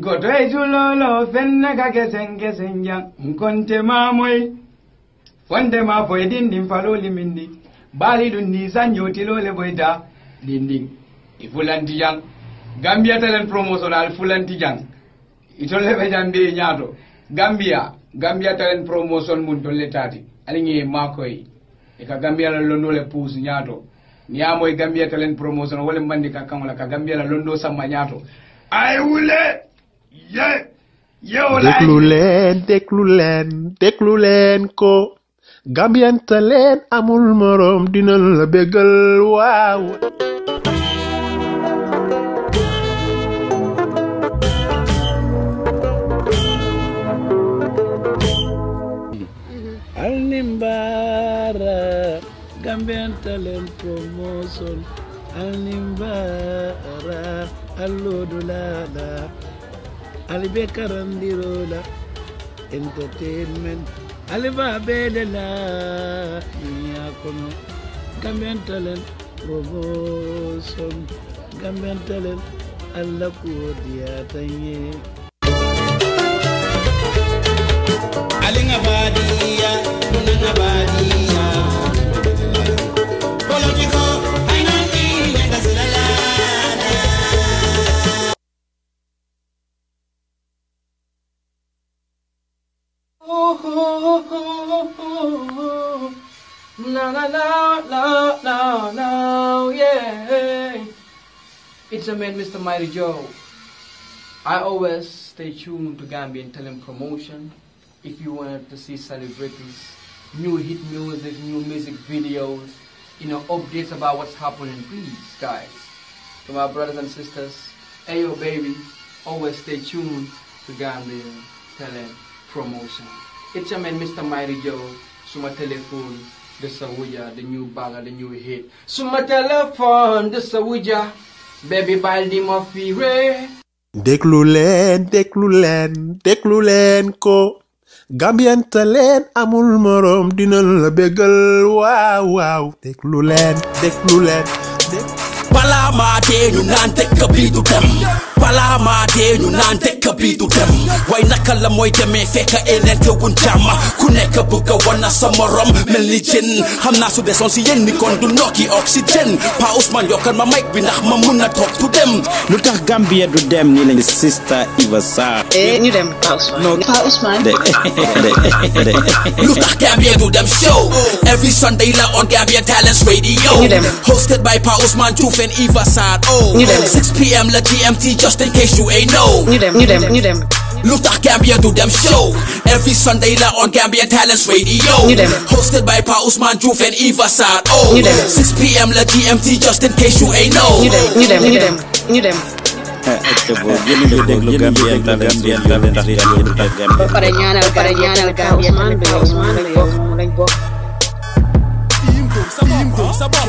gotoy julolo fennaka kesen kesen jang konte mamoy fonde ma boy din din faloli min di bali ɗum ni san yowtilole boyta ɗin ɗin e fulanti jang gambia talen promotionnal fulanti jang itolle ɓe jan mbiye ñaato gambia gambia talen promotion mum tolle tati aliŋe makoye e ka gambia la londole pus ñaato niyamoye gambia talen promotion wole mandi ka kaŋola ka gambia la londo samma ñaato ay wule déglu leen déglu leen déglu leen ko gambiyante leen amul morom dina la bégal waaw Alimbara Gambian Talent Promotion Alimbara Allodulala alibe karandirola entertainment aliba belela duniya kono gambian talent promotion gambian talent allah kodiyatan ye alinga badiya nunanga badiya political ooh, na na na na na yeah. It's a man, Mr. Mighty Joe. I always stay tuned to Gambian Talent Promotion. If you want to see celebrities, new hit music, new music videos, you know, updates about what's happening, please, guys. To my brothers and sisters, Ayo Baby, always stay tuned to Gambian Talent Promotion. it's a man Mr. Mighty suma téléphone de Sawuja dañu baaga dañu hit suma téléphone de Sawuja baby baldi ma déglu leen déglu leen déglu leen ko Gambian Talents amul morom dina la bégal waaw waaw déglu leen déglu leen balaa maa ñu naan dëkk bi du dem Palama deenu naan dekka biitu dem wayna kala mooy demee fekka enente wun jàmm ku nekk bëgga wana sa morom mel ni jën xam naa su desoon si yéen ni kon du nokki oxygène Pa Ousmane yokkal ma mic bi ndax ma muna na toog dem lu tax Gambia du dem ni lañ Sister Eva Sarr eh ni dem Pa Ousmane Pa Usman. De de de tax Gambia du dem show every Sunday la on Gambia Talents Radio hosted by Pa Usman Diouf and Eva Sarr oh 6 p.m. la GMT just just in case you ain't know. Knew them, knew them, knew them. Luther Gambia do them show Every Sunday night on Gambia Talents Radio Hosted by Pa Usman Juf and Eva Sad Oh 6pm la GMT just in case you ain't know New them, new them, new them, knew them. pare ñaanal pare ñaanal gaaw Ousmane bi Ousmane bi bokk mu lañ bokk yim doom sa bopp yim doom sa bopp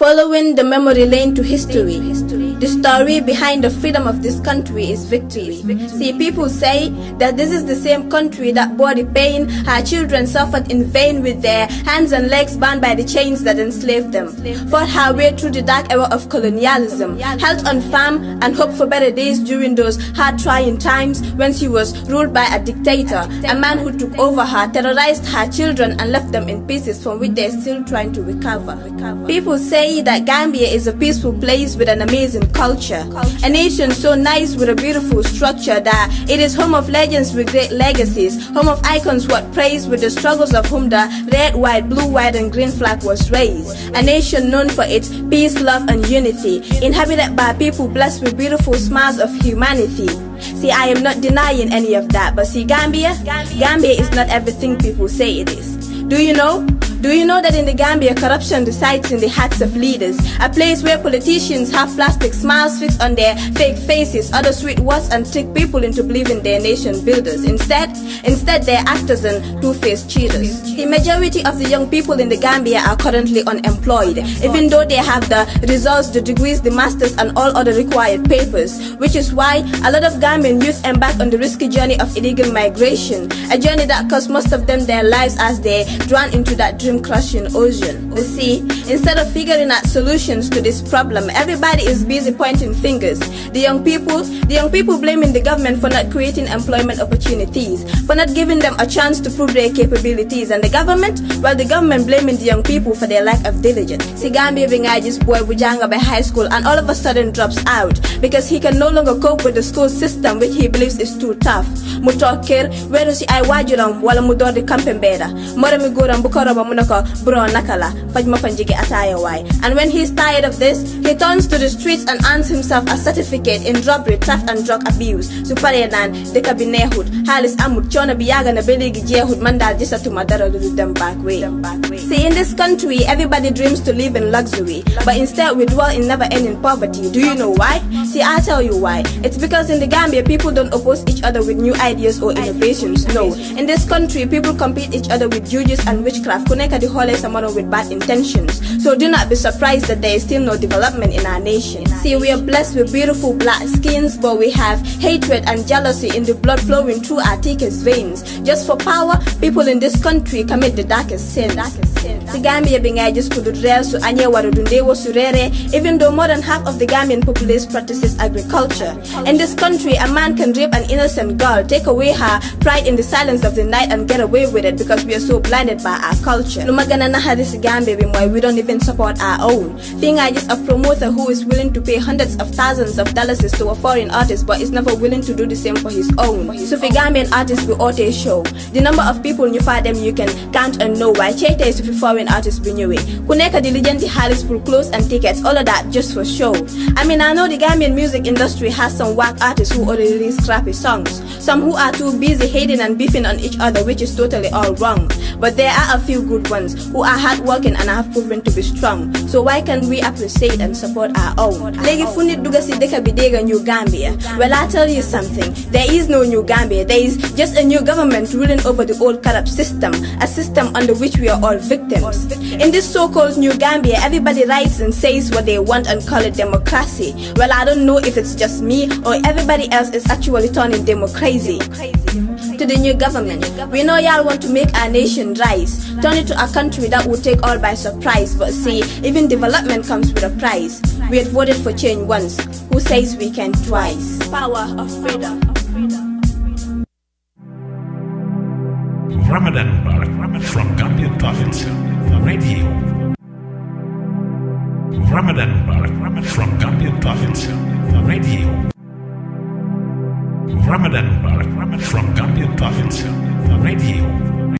Following the memory lane to history, the story behind the freedom of this country is victory. See, people say that this is the same country that bore the pain her children suffered in vain with their hands and legs bound by the chains that enslaved them, fought her way through the dark era of colonialism, held on farm and hoped for better days during those hard trying times when she was ruled by a dictator, a man who took over her, terrorized her children and left them in pieces from which they are still trying to recover. People say say that Gambia is a peaceful place with an amazing culture. culture. A nation so nice with a beautiful structure that it is home of legends with great legacies, home of icons what praise with the struggles of whom the red, white, blue, white and green flag was raised. A nation known for its peace, love and unity, inhabited by people blessed with beautiful smiles of humanity. See, I am not denying any of that, but see Gambia, Gambia, Gambia is not everything people say it is. Do you know? Do you know that in the Gambia, corruption resides in the hearts of leaders? A place where politicians have plastic smiles fixed on their fake faces, other sweet words, and trick people into believing they're nation builders. Instead, instead they're actors and two-faced cheaters. The majority of the young people in the Gambia are currently unemployed, even though they have the results, the degrees, the masters, and all other required papers. Which is why a lot of Gambian youth embark on the risky journey of illegal migration, a journey that costs most of them their lives as they drown into that dream crushing ocean. You see, instead of figuring out solutions to this problem, everybody is busy pointing fingers. The young people, the young people blaming the government for not creating employment opportunities, for not giving them a chance to prove their capabilities, and the government, well, the government blaming the young people for their lack of diligence. See, Gambia Bingaji's boy Bujanga by high school, and all of a sudden drops out because he can no longer cope with the school system, which he believes is too tough. Mutokir, where is I wajulam, wala mudori kampembera, mora miguram bukoroba bro nakala fajma fanjige and when he's tired of this he turns to the streets and earns himself a certificate in robbery theft and drug abuse su pare halis amut chona bi na mandal jisa tuma dara dem back way see in this country everybody dreams to live in luxury but instead we dwell in never ending poverty do you know why see i will tell you why it's because in the gambia people don't oppose each other with new ideas or innovations no in this country people compete each other with juju and witchcraft the Dihole is someone with bad intentions, so do not be surprised that there is still no development in our nation. See, we are blessed with beautiful black skins, but we have hatred and jealousy in the blood flowing through our thickest veins. Just for power, people in this country commit the darkest sins. Darkest sin. being ages could su anye warudundewo surere, even though more than half of the Gambian populace practices agriculture. In this country, a man can rape an innocent girl, take away her pride in the silence of the night and get away with it because we are so blinded by our culture. Lumagana na this gambe bimwe, we don't even support our own. Thing I just a promoter who is willing to pay hundreds of thousands of dollars to a foreign artist but is never willing to do the same for his own. For his so Gambian artists will a show. The number of people you find them you can count and know why Chete is with foreign artists binyewe. Kuneka diligently Harris for clothes and tickets, all of that just for show. I mean I know the Gambian music industry has some whack artists who already release crappy songs. Some who are too busy hating and beefing on each other which is totally all wrong. But there are a few good ones who are hardworking and have proven to be strong. So why can't we appreciate and support our own? Legi fundi duga si deka bidega New Gambia. Well, I tell you something. There is no New Gambia. There is just a new government ruling over the old corrupt system, a system under which we are all victims. In this so-called New Gambia, everybody writes and says what they want and call it democracy. Well, I don't know if it's just me or everybody else is actually turning democracy to the new government. We know y'all want to make our nation rise, turn it to a country that will take all by surprise. But see, even development comes with a price. We had voted for change once. Who says we can twice? Power of freedom. Ramadan Mubarak from Gambian Province Radio. Ramadan Mubarak from Gambian Province Radio. Ramadan Mubarak from Gambian Province Radio.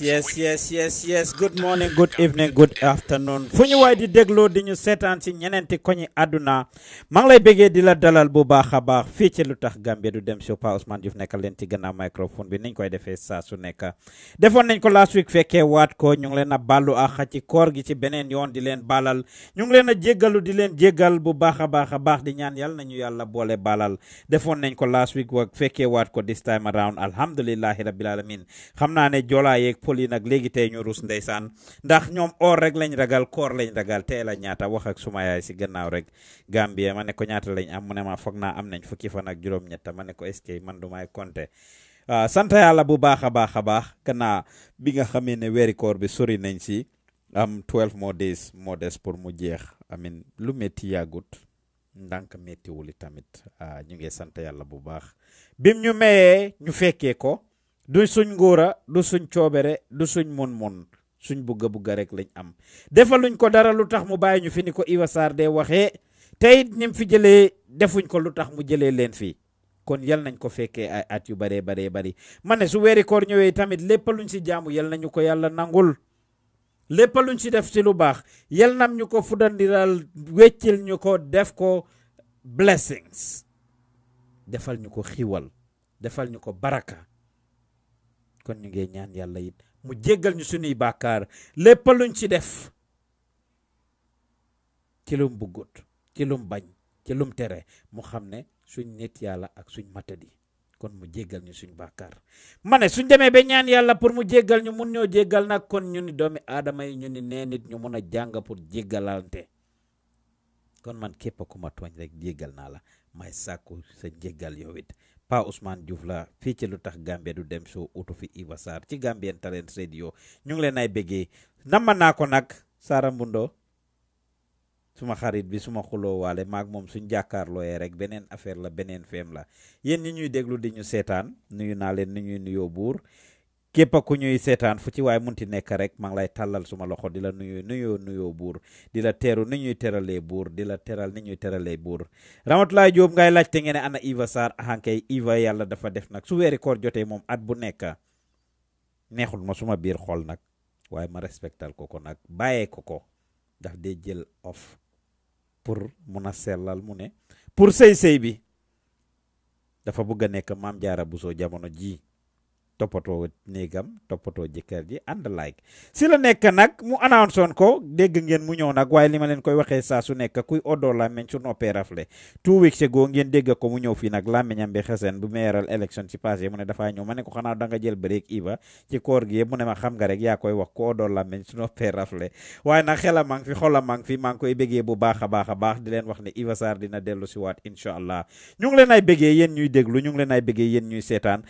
yes yes yes yes good morning good evening good afternoon fu ñu waay di dégloo di ñu seetaan si ñeneenti koñi àdduna maa ngi lay bëggee di la dalal bu baax a baax fii ci lu tax Gambia du dem show Pa Ousman Joof nekkal leen ci gannaaw microphone bi niñ koy defee saa su nekk defoon nañ ko last week fekkee waat ko ñu ngi leen a baalu àq ci koor gi ci beneen yoon di leen baalal ñu ngi leen a jéggalu di leen jéggal bu baax a baax a baax di ñaan yàlla ñu yàlla boole baalal defoon nañ ko last week fekkee waat ko this time around alhamdulilahi rabbil alamin xam naa ne joolaa yeeg li nak léegi tay ñu rus ndeysaan ndax ñom or rek lañ ragal koor lañ ragal tay la ñaata wax ak suma yaay si gannaaw rek Gambie ma ne ko ñaata lañ am ne ma foog naa am nañ fukki fan ak juroom ñett ma ne ko est-ce man du may compter ah, sante yalla bu baax a baax bi nga xamé ne wéri koor bi sori nañ ci am 12 more days More des pour mu jeex amin lu yagut ndank metti wuli tamit ah, ñu ngi sante yalla bu baax bim ñu mayé ñu féké ko. du suñ ngóora du suñ coobere du suñ mon-mon suñ bugga-bugga rek lañ am defaluñ ko dara lu tax mu bàyyi ñu fi ni ko Iba dee waxee tey it ñim fi jëlee defuñ ko lu tax mu jëlee leen fii kon yal nañ ko fekkee ay at yu baree baree bari ma ne su weeri koor ñëwee tamit lépp luñ si jaamu yal nañu ko yàlla nangul lépp luñ si def si lu baax yal nam ñu ko fudandiral weccil ñu ko def ko blessings defal ñu ko xiiwal defal ñu ko baraka kon ñu ngi ñaan yalla yi mu jéggal ñu sunuy bakkar lepp luñ ci def ci lu buggut ci lu bañ ci lu tere mu xamné suñ nit yalla ak suñ matadi kon mu jéggal ñu suñ bakkar ma ne suñ demee ba ñaan yalla pour mu jéggal ñu mun ñoo jéggal nak kon ñu ni doomi aadama yi ñu ni né nit ñu mëna jàng pour jéggalante kon man képp ku ma tooñ rek jéggal na la may sakku sa jéggal yowit Pa Ousmane Diouf la fii ci lu tax Gambia du dem show utu fi Iba Sarr ci Gambian Talents Radio ñu ngi leen ay bëggee nama naa ko nag Sara Mbundo suma xarit bi suma xuloo waale maak moom suñ jàkkaarlooyee rek beneen affaire la beneen feem la yéen ñi ñuy déglu di ñu seetaan nuyu naa leen ni ñuy nuyoo buur képp ku ñuy seetaan fu ci waaye munti nekk rek maa ngi lay tàllal suma loxo di la nuyu nuyoo nuyoo buur di la teeru ni ñuy teralee buur di la teral ni ñuy teralee buur Ramatulaay Jóob ngay laaj te ngeene ana Eva Sarr ahankay Eva yàlla dafa def nag su weeri koor jotee moom at bu nekk neexul ma suma biir xol nag waaye ma respectal ko ko nag bàyyee ko ko daf dee jël off pour mun a sellal mu ne pour sëy sëy bi dafa bëgg a nekk maam jaara busoo jamono jii toppatoo néegam toppatoo jëkkër ji ànd like si la nekk nag mu annoncé woon ko dégg ngeen mu ñëw nag waaye li ma leen koy waxee saa su nekk kuy oddoo làmmeñ su noppee rafle two weeks ago ngeen dégg ko mu ñëw fii nag làmmeñam bi xeseen bu mayoral élection ci passé mu ne dafaa ñëw ma da nga jël break iba ci koor gi xam nga rek yaa koy wax ku oddoo làmmeñ su noppee rafle waaye nag xelam maa ngi fi xolam maa ngi fi maa ngi koy bégee bu baax a baax a baax di leen wax ne Iba Sarr dina dellu si waat incha allah ñu ngi leen ay ñuy déglu ñu ngi leen ay ñuy seetaan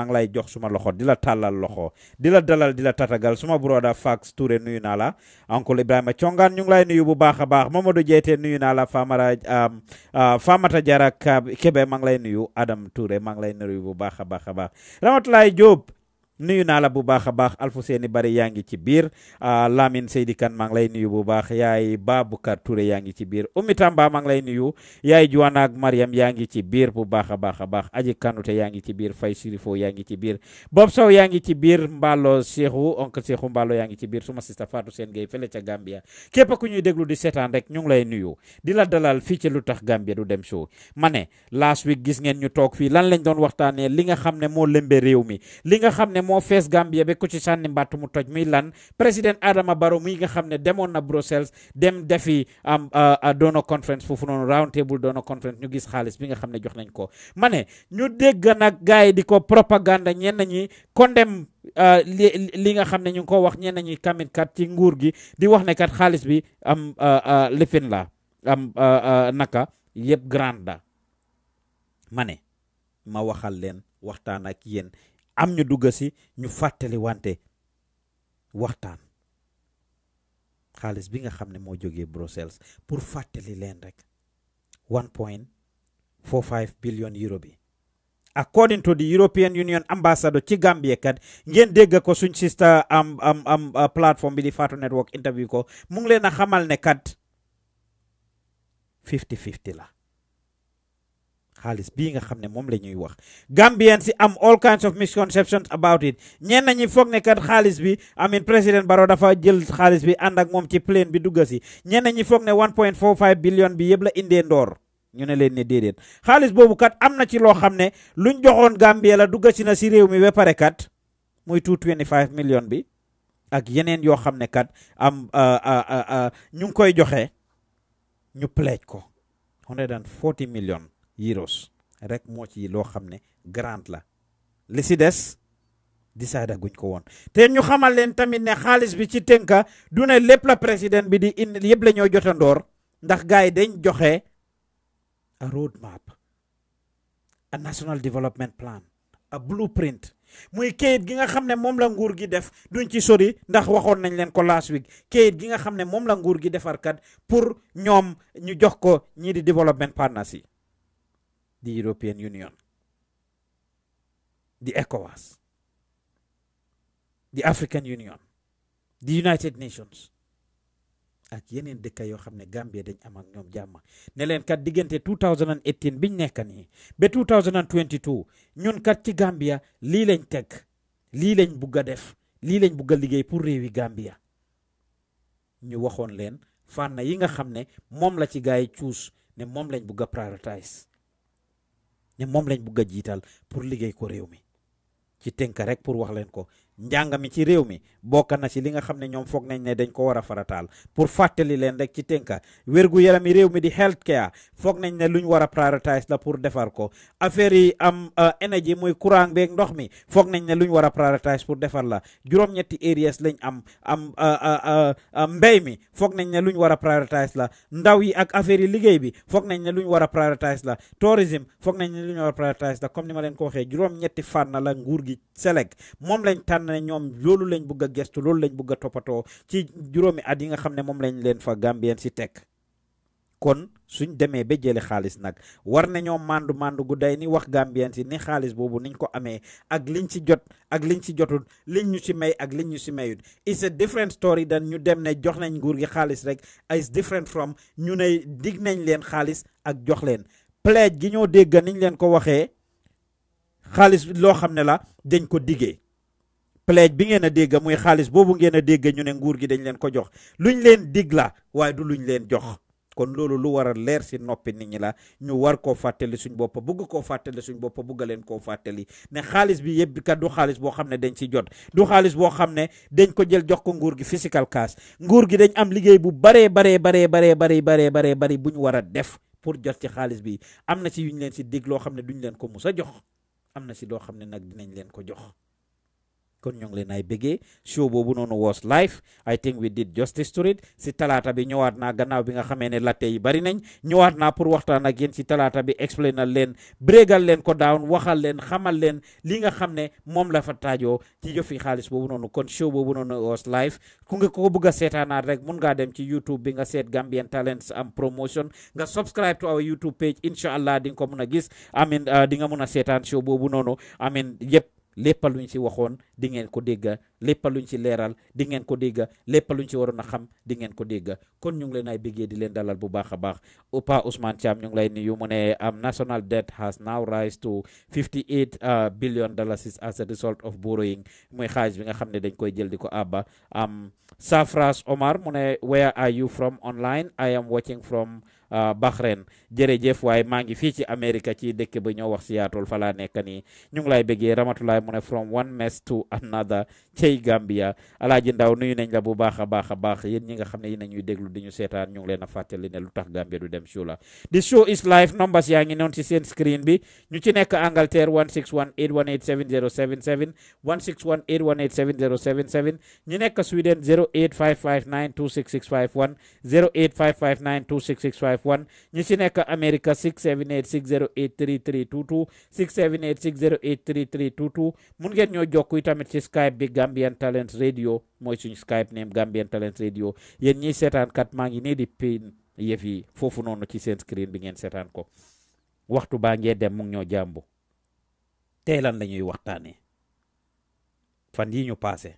maa ngi lay jox suma loxo di la tàllal loxo di la dalal di la tatagal suma broda Fax Touré nuyu naa la oncle Ibrahima Congaan ñu ngi lay nuyu bu baax a baax Mamadou Jeete nuyu naa la faamata Famata Jara Kebe maa ngi lay nuyu Adam Touré maa ngi lay nuyu bu baax a baax a baax Ramatulaay Jóob nuyu naa la bu baax a baax Alfousseyni Barry yaa ngi ci biir ah, Lamine Seydi kan maa ngi lay nuyu bu baax yaay baabu Baboucar Touré yaa ngi ci biir Oumy Tamba maa ngi lay nuyu yaay Juwana ak Mariam yaa ngi ci biir bu baax a baax a baax Aji Kanute yaa ngi ci biir fay Sirifo yaa ngi ci biir Bob Sow yaa ngi ci biir Mballo Cheikhou oncle Cheikhou mbaalo yaa ngi ci biir suma sista Fatou Seen Gueye fële ca Gambia képp ku ñuy déglu di seetaan rek ñu ngi lay nuyu di la dalal fii ci lu tax Gambia du dem show ma ne last week gis ngeen ñu toog fii lan lañ doon waxtaanee li nga xam ne moo lëmbe réew mi moo fees Gambia ba ku ci sànni mbàtt mu toj muy lan président Adama Barrow muy nga xam ne demoon na Bruxelles dem defi am donor conference foofu noonu round table donor conference ñu gis xaalis bi nga xam ne jox nañ ko ma ne ñu dégg nag gars yi di ko propaganda ñenn ñi condemn li nga xam ne ñu ngi ko wax ñenn ñi kamit kat ci nguur gi di wax ne kat xaalis bi am lifin la naka yëpp grande la ma ne ma waxal leen waxtaan ak am ñu dugg si ñu fàttali wante waxtaan xaalis bi nga xam ne moo jógee Brussels pour fàttali leen rek one point four five billion euro bi according to the European Union ambassador ci Gambie kat ngeen dégg ko suñ sista am am am uh, platform bi di Fatu Network interview ko mu ngi leen a xamal ne kat fifty fifty la xaalis bii nga xam ne moom la ñuy wax Gambians si am all kinds of misconceptions about it ñenn ñi foog ne kat xaalis bi amin président Barrow dafa jël xaalis bi ànd ak moom ci plane bi dugga si ñenn ñi foog ne 1.45 billion bi yëpp la indee ndoor ñu ne leen ne déedéet xaalis boobu kat am na ci loo xam ne lu luñ joxoon Gambia la dugga si na si réew mi ba pare kat muy 225 million bi ak yeneen yoo xam ne kat am uh, uh, uh, ñu ngi koy joxe ñu pledge ko 140 million Yiros, rek mo ci lo xamne ne grant la li si des disaada guñ ko won te ñu xamal leen tamit ne xaaliss bi ci tenka du ne lepp la president bi di in yeb la ñoo ndax gaay dañ joxe a road map a national development plan a blueprint muy kayit gi nga xamne ne la nguur gi def duñ ci sori ndax waxon nañ leen ko last week kayit gi nga xamne ne la nguur gi kat pour ñom ñu jox ko ñi di development partners yi the European Union, di ECOWAS, the African Union, di United Nations ak yeneen dëkk yoo xam ne Gambia dañ am ak ñoom jàmm ne leen kat diggante 2018 biñ nekk nii ba 2022 ñun kat ci Gambia lii lañ teg lii lañ bugg a def lii lañ bugg a liggéey pour réewi Gambia ñu waxoon leen fànn yi nga xam ne moom la ci gars yi cuus ne moom lañ bugg a prioritise ne moom lañ bugg a jiital pour liggéey ko réew mi ci tënk rek pour wax leen ko njàng mi ci réew mi bokk na ci li nga xam ne ñoom foog nañ ne dañ ko war a farataal pour fàttali leen rek ci tenka wérgu yaram yi réew mi di health care foog nañ ne lu ñu war a prioritize la pour defar ko affaire yi am euh, énergie muy courant ndox mi foog nañ ne lu ñu war a prioritize pour defar la juróom-ñetti areas lañ am am euh, euh, mbéy mi foog nañ ne lu ñu war a prioritize la ndaw yi ak affaire yi liggéey bi foog nañ ne lu ñu war a prioritize la tourism foog nañ ne lu ñu war a la comme ni ma leen ko waxee juróom-ñetti fànn la nguur gi select moom lañ tànn na ne ñoom loolu lañ bëgg gestu loolu lañ bëgg topato. ci juroomi at yi nga xamne mom lañ leen fa gambien ci tek kon suñ démé ba jëlé xaaliss nag war ñom mandu mandu gu day ni wax gambien si ni xaaliss bobu niñ ko amé ak liñ ci jot ak liñ ci jotul liñ ñu ci may ak liñ ñu ci mayut it's a different story dan ñu dem né jox nañ nguur gi xaaliss rek is different from ñu né dig nañ leen xaaliss ak jox leen pledge gi ñoo dégg niñ leen ko waxé xaalis lo xam la dañ ko diggé plaide bi ngeen a dégg mooy xaalis boobu ngeen a dégg ñu ne nguur gi dañ leen ko jox luñ leen dig la waaye du luñ leen jox kon loolu lu war a leer si noppi nit ñi la ñu war koo fàttali suñ boppa bugg koo fàttali suñ boppa bugg leen koo fàttali ne xaalis bi yëpp kat du xaalis boo xam ne dañ si jot du xaalis boo xam ne dañ ko jël jox ko nguur gi physical cash nguur gi dañ am liggéey bu baree baree baree baree baree baree baree bari bu ñu war a def pour jot ci xaalis bi am na si yuñ leen si dig loo xam ne duñ leen ko mus a jox am na si loo xam ne nag dinañ leen ko jox kon ñu ngi leen ay bëggee show boobu noonu was live I think we did justice to it si talaata bi ñëwaat naa gannaaw bi nga xamee ne latte yi bari nañ ñëwaat na pour waxtaan ak yéen si talaata bi explainal leen brégal leen ko down waxal leen xamal leen li nga xam ne moom la fa taajoo ci jëfi xaalis boobu noonu kon show boobu noonu was live ku nga ko bëgg a seetaanaat rek mun ngaa dem ci youtube bi nga seet Gambian Talents am promotion nga subscribe to our youtube page incha allah di nga ko mun a gis amin ah, di nga mun a seetaan show boobu noonu amin yëpp lépp ñu ci waxoon di ngeen ko dégga lépp luñ ci leeral di ngeen ko dégga lépp luñ ci waroon a xam di ngeen ko dégga kon ñu ngi leen ay béggee di leen dalal bu baax a baax Opa Ousmane Cham ñu ngi lay nuyu mu ne am um, national debt has now rise to 58 uh, billion dollars as a result of borrowing mooy xaalis bi nga xam ne dañ koy jël di ko àbba am um, Safras Omar mu ne where are you from online I am watching from Euh, Bahrain jërëjëf waaye maa ngi fii ci Amérique ci dëkk ba ñoo wax Seattle fa laa nekk nii ñu ngi lay bëggee Ramatulaay mu ne from one mess to another cey Gambia Alaaji Ndaw nuyu nañ la bu baax a baax a baax yéen ñi nga xam ne yéen nañuy déglu di ñu seetaan ñu ngi leen a fàttali ne lu tax Gambia du dem show la the show is live numbers yaa ngi noonu ci seen screen bi ñu ci nekk Angleterre 161818707 161818707 ñu nekk Sweden 0855926651085592665 F1 ñu ci nekk America 678 608 3322 678 608 3322 mun ngeen ñoo jokk yi tamit ci skype bi Gambian Talent Radio mooy suñu skype name Gambian Talent Radio yéen ñi seetaan kat maa ngi nii di pin yëf yi foofu noonu ci seen screen bi ngeen seetaan ko waxtu baa ngee dem mu ngi ñoo jàmbu tey lan la waxtaanee fan yi ñu paase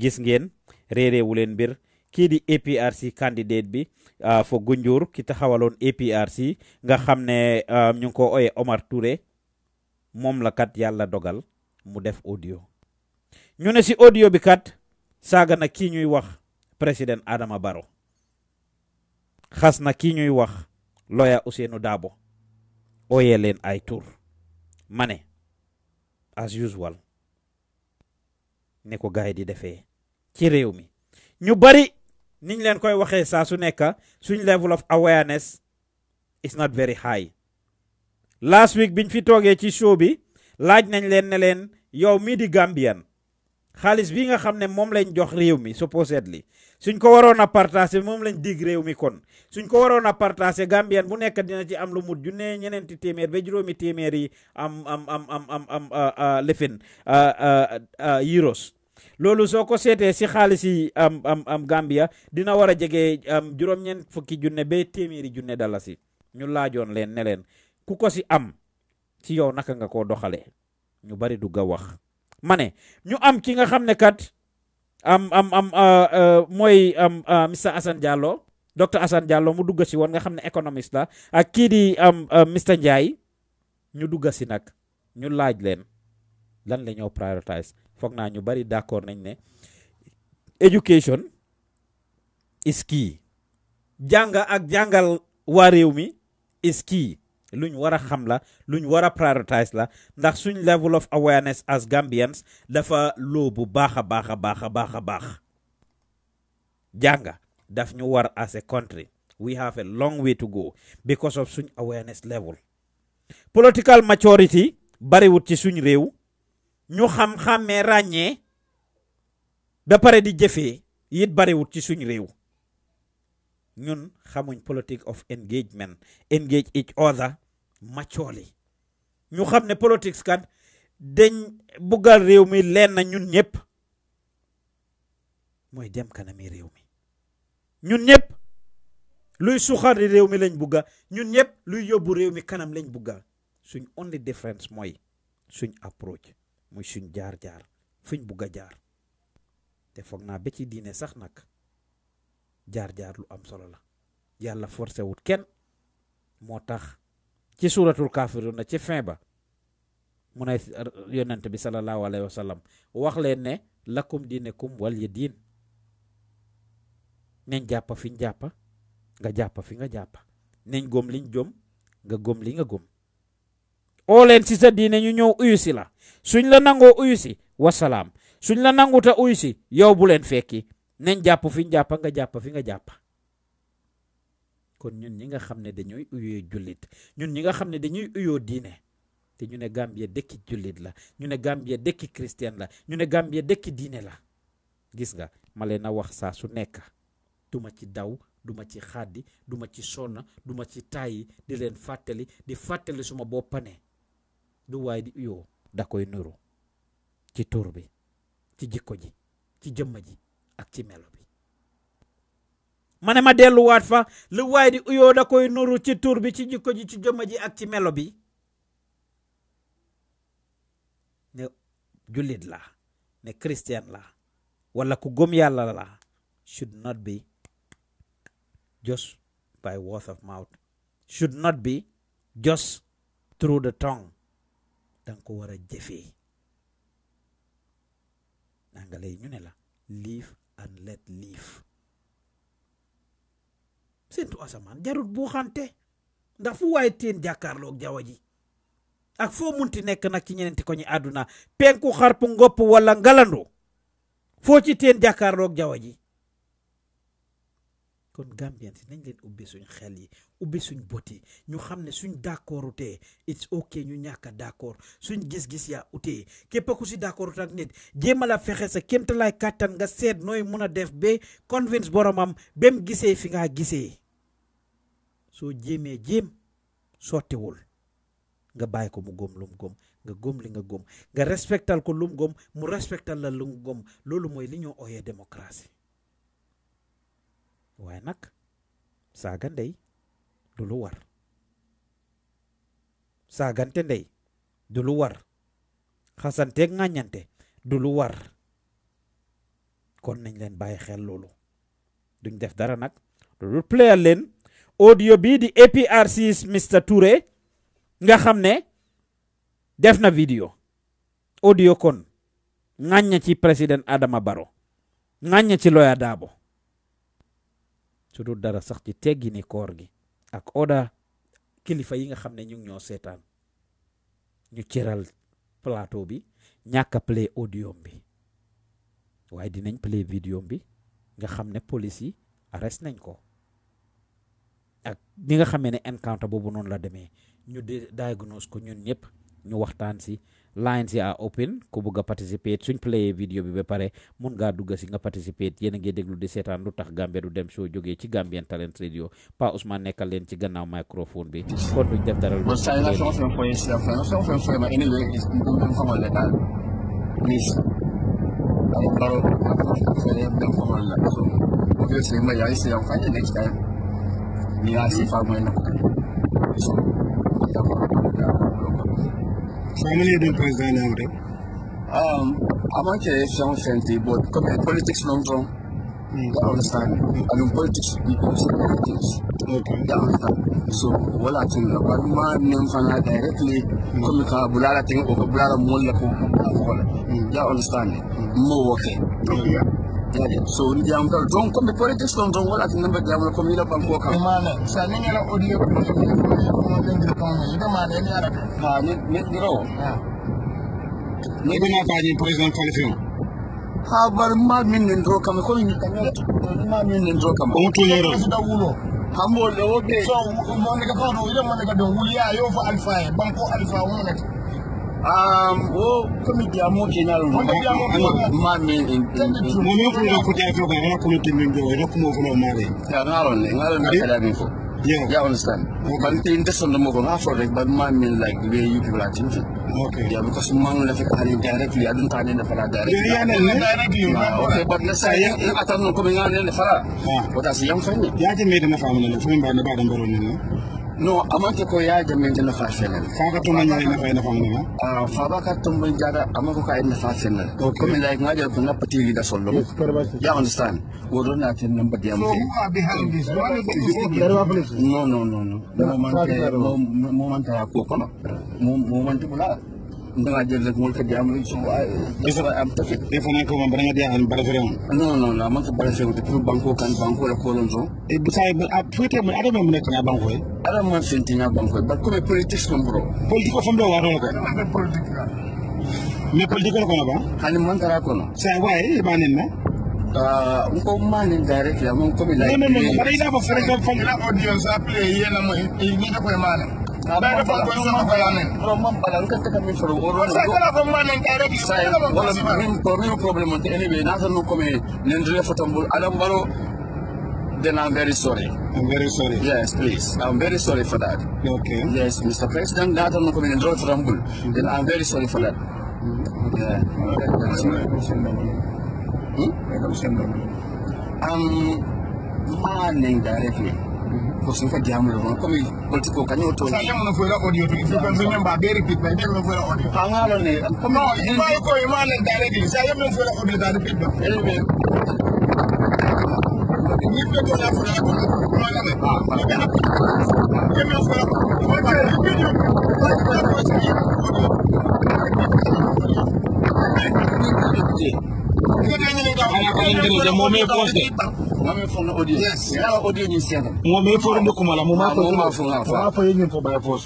gis ngeen réeréewu leen mbir Kiri di APRC candidate bi ah, fo Gunjur ki taxawalon APRC nga xamne ne ah, ñu ko Omar Touré mom la kat yalla dogal mu def audio ñu ne si audio bi kat saga na ki ñuy wax president Adama Barrow na ki ñuy wax lawyer Ousseynou Dabo ooyee len ay tour mané as usual ne ko gaay di defé ci réew mi ñu bari niñ leen koy waxee saa su nekk suñ level of awareness is not very high last week biñ fi toogee ci show bi laaj nañ leen ne leen yow mii di Gambian xaalis bi nga xam ne moom lañ jox réew mi supposedly suñ ko waroon a partager moom lañ dig réew mi kon suñ ko waroon a partager Gambian bu nekk dina ci am lu mut junne ñeneenti téeméer ba juróomi téeméer am am am am am am uh, uh, lefin uh, euros lolou soko sété ci si am am am Gambia dina wara jégué am juróom ñen fukki junne ba téméri junne dalasi ñu len leen ne ku am ci yow naka nga ko doxalee ñu bari du ga wax. mané ñu am ki nga xamné kat am am am moy am Mr Assane Diallo docteur Assane Diallo mu dugg ci won nga xamné ne économiste la ak ki di am Mr Ndjay ñu dugg si nak ñu laaj len lan lañu prioritize foog naa ñu bari d' nañ ne education is key jàng ak jàngal waa réew mi is key luñ war a xam la luñ war prioritize la ndax suñ level of awareness as Gambians dafa loo bu baax a baax a baax a baax a baax jànga daf ñu war as a country we have a long way to go because of suñ awareness level political maturity bariwut ci suñ réew ñu xam-xàmmee ràññee ba pare di jëfee it bariwut ci suñ réew ñun xamuñ politique of engagement engage each other macooli ñu xam ne politics kat dañ buggal réew mi leen na ñun ñëpp mooy dem kanami réew mi ñun ñëpp luy suxari réew mi lañ bugga ñun ñëpp luy yóbbu réew mi kanam lañ bugga suñ only difference mooy suñ approach muy suñ jaar-jaar fuñ bugg a jaar te foog naa ba ci diine sax nag jaar-jaar lu am solo la yàlla forcé wut kenn moo tax ci suuratul kaafiruun na ci fin ba mu ne yonent bi salallaahu alayhi wa sallam wax leen ne lakum diinukum waliya diin nañ jàpp fi ñu jàpp nga jàpp fi nga jàpp nañ góom liñ jom nga góom li nga gom oo leen si sa diine ñu ñëw uyu la suñ la nangoo uyu wasalaam suñ la nanguta uyu si yow bu leen fekki nañ jàpp fi ñu jàppa nga jàpp fi nga jàpp kon ñun ñi nga xam ne dañuy uyoo jullit ñun ñi nga xam ne dañuy uyoo diine te ñu ne Gambia dëkki jullit la ñu ne Gambia dëkki chrétien la ñu ne Gambia dëkki diine la gis nga ma leen a wax saa su nekk duma ci daw duma ci xàddi duma ci sonna duma ci tàyyi di leen fàttali di fàttali suma boppane du waay di uyoo da nuru ci tuur bi ci jikko ji ci jëmm ji ak ci melo bi ma ne ma delluwaat fa lu waay di uyoo da koy nuru ci tuur bi ci jikko ji ci jëmma ji ak ci melo bi ne jullit la ne christian la wala ku gëm yàlla la should not be just by word of mouth should not be just through the tongue danga ko war a jëfee angale yi ñu ne la live and let live séntu asamaan jarut buuxante ndax fu waaye teen jàkkaarloog jaww ji ak foo munti nekk nag ci ñeneenti ko ñi àdduna penku xarpu ngopp walla ngalandoo foo ci teen jàkkaarloog jaww ji kon Gambien si nañ leen ubbi suñ xel yi ubbi suñ bët yi ñu xam ne suñ d' accord utee it's ok ñu ñàkk a d' accord suñ gis-gis yaa utee képp ku si d' accord ut ak nit jéem a la fexe sa kéemtalaay kàttan nga seet nooy mun a def ba convince boromam ba mu gisee fi ngaa gisee soo jéemee jéem sottiwul nga bàyyi ko mu góom lum mu nga góom li nga góom nga respectal ko lu mu mu respectal la lu mu góom loolu mooy li ñoo ooyee démocratie. waaye nag saaga ndey du lu war saagante ndey du lu war xasanteeg ŋàññante du lu war kon nañ leen bàyyi xel loolu duñ def dara nag loolu playal leen audio bi di 6 Mr Touré nga xam ne def na video audio kon ŋàñña ci président Adama baro ŋàñña ci loya Dabo. su dul dara sax ci teggi ni koor gi ak oda kilifa yi nga xam ne ñu ñoo seetaan ñu cëral plateau bi ñàkk a play bi waaye dinañ play vidéo bi nga xam ne police yi arrest nañ ko ak ni nga xamee ne encounter boobu noonu la demee ñu diagnose ko ñun ñëpp ñu waxtaan si lines ya open ku bëgg participate suñ play video bi ba pare mun ngaa dugg si nga participate yéen a ngi déglu di seetaan lu tax Gambia du dem show jógee ci Gambian Talent Radio Pa Ousmane nekkal leen ci gannaaw microphone bi kon duñ def dara lu Please. I'm proud of the So, obviously, my eyes are fine the ya, next time. Me ask if I'm going to So, I'm So don't of them Um, I'm actually a young friendly, but come here, politics long term. Mm. You understand? Mm. And in politics, we things. Okay. You understand? So, what I think, but my name from her directly, hmm. come here, Bulala thing, or Bulala Molia, hmm. you understand? Hmm. More working. Okay yade so ni jam kal don ko be politics don don wala tin nambe jam ko mi la ban ko kam mana sa ni ngala audio ko so ni ko ko den dir ko ni da mana ni ara ha ni ni diro ni bina ba ni president kalifin ha bar ma min ni diro kam ko ni kan ma min ni diro kam o mutu ne ro da wulo hambo le obe so mo ne ka fa do ile mo ne ka do wuliya yo fa alfa banko alfa wona maa min moni fuɗa kutato ka ala kono timmin jowo rokku mo fuɗo maare ya ngaron ne ngaron nakada min fo Yeah. Yeah, I understand. Okay. But in this on the move, not for like, but man mean like the way you people are thinking. Okay. Yeah, because man left it directly. I don't turn in the fara directly. Yeah, yeah, directly. Nah, okay, but let's say yeah, I turn on coming on in the fara. But as a young friend. Yeah, I just made enough family. Friend, but the bad and baron, you know. no amake ko yaaja men nde nafa fenel faka to man yaari nafa nafa ngona ah faba ka to ya? man jara amako ka en nafa fenel ko men like ngaja ko nappa tiri da sollo ya understand wodo na ten namba diam so wa bi handis no no no no mo man ke mo man ta ya ko no. mo man ti bula ndanga jël rek mul tagi am lu ci way bisu am tafi defu ne ko mbar nga diaxal bar fi non non la man ko kan banko la kolon so e bu say bu ab fete mu adam mu nek na banko e adam man senti na banko ba ko politique ko bro politique ko fam do waro ko politique mais ya. politique ko ko ba hani man dara ko no say way para ila ba fere ko fam la audience appelé yena mo ni ko bani fa ko sama fa yamen ro mam bala ka ta kam foro o ro sa kala fam man en kare ki sa wala min ko min problem on ene be na tan ko me nen dre fotambul alam baro then I'm very sorry. I'm very sorry. Yes, please. I'm very sorry for that. Okay. Yes, Mr. President, that I'm not coming and draw to Rambul. Then I'm very sorry for that. Yeah. Hmm? I'm demanding directly. kusunka jamu ron komi politiko kanyo to sa jamu no fuera audio to if you can remember they repeat by jamu no fuera audio angalo ne komi no ima ko ima ne directly sa jamu no fuera audio da repeat ba elbe ni pe to na fuera ko no ya me pa pa jamu no fuera ko ta repeat yo ko ta ko ta ko ta Anakadengere ah,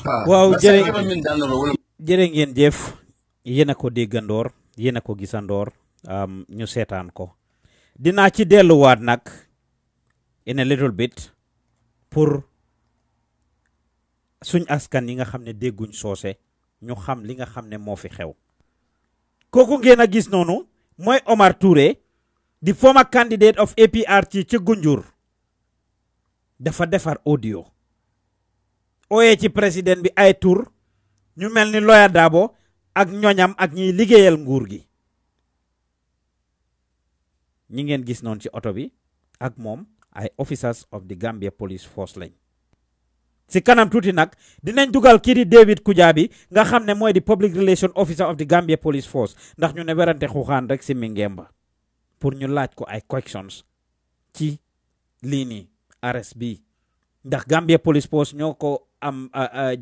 ah. waaw jërë ngeen jëf yéen a ko déggandoor yéen a ko gissandoor ñu seetaan ko dinaa ci delluwaat nag in a little bit pour suñ askan yi nga xam ne dégguñ soose ñu xam li nga xam ne moo fi xew kooku ngeen a gis noonu mooy Omar Touré di former candidate of APRC ci Gunjur dafa defar audio ooyee ci président bi ay tur ñu mel ni Lawyer Darboe ak ñoñam ak ñiy liggéeyal nguur gi ñi ngeen gis noonu ci oto bi ak moom ay officers of the Gambia Police Force lañ si kanam tuuti nag dinañ dugal kii di David Kujabi nga xam ne mooy di public relation officer of the Gambia Police Force ndax ñu ne werante xuuxaan rek si Mingemba pour ñu laaj ko ay questions ci lii nii arrest bi ndax Gambia Police Force ñoo ko am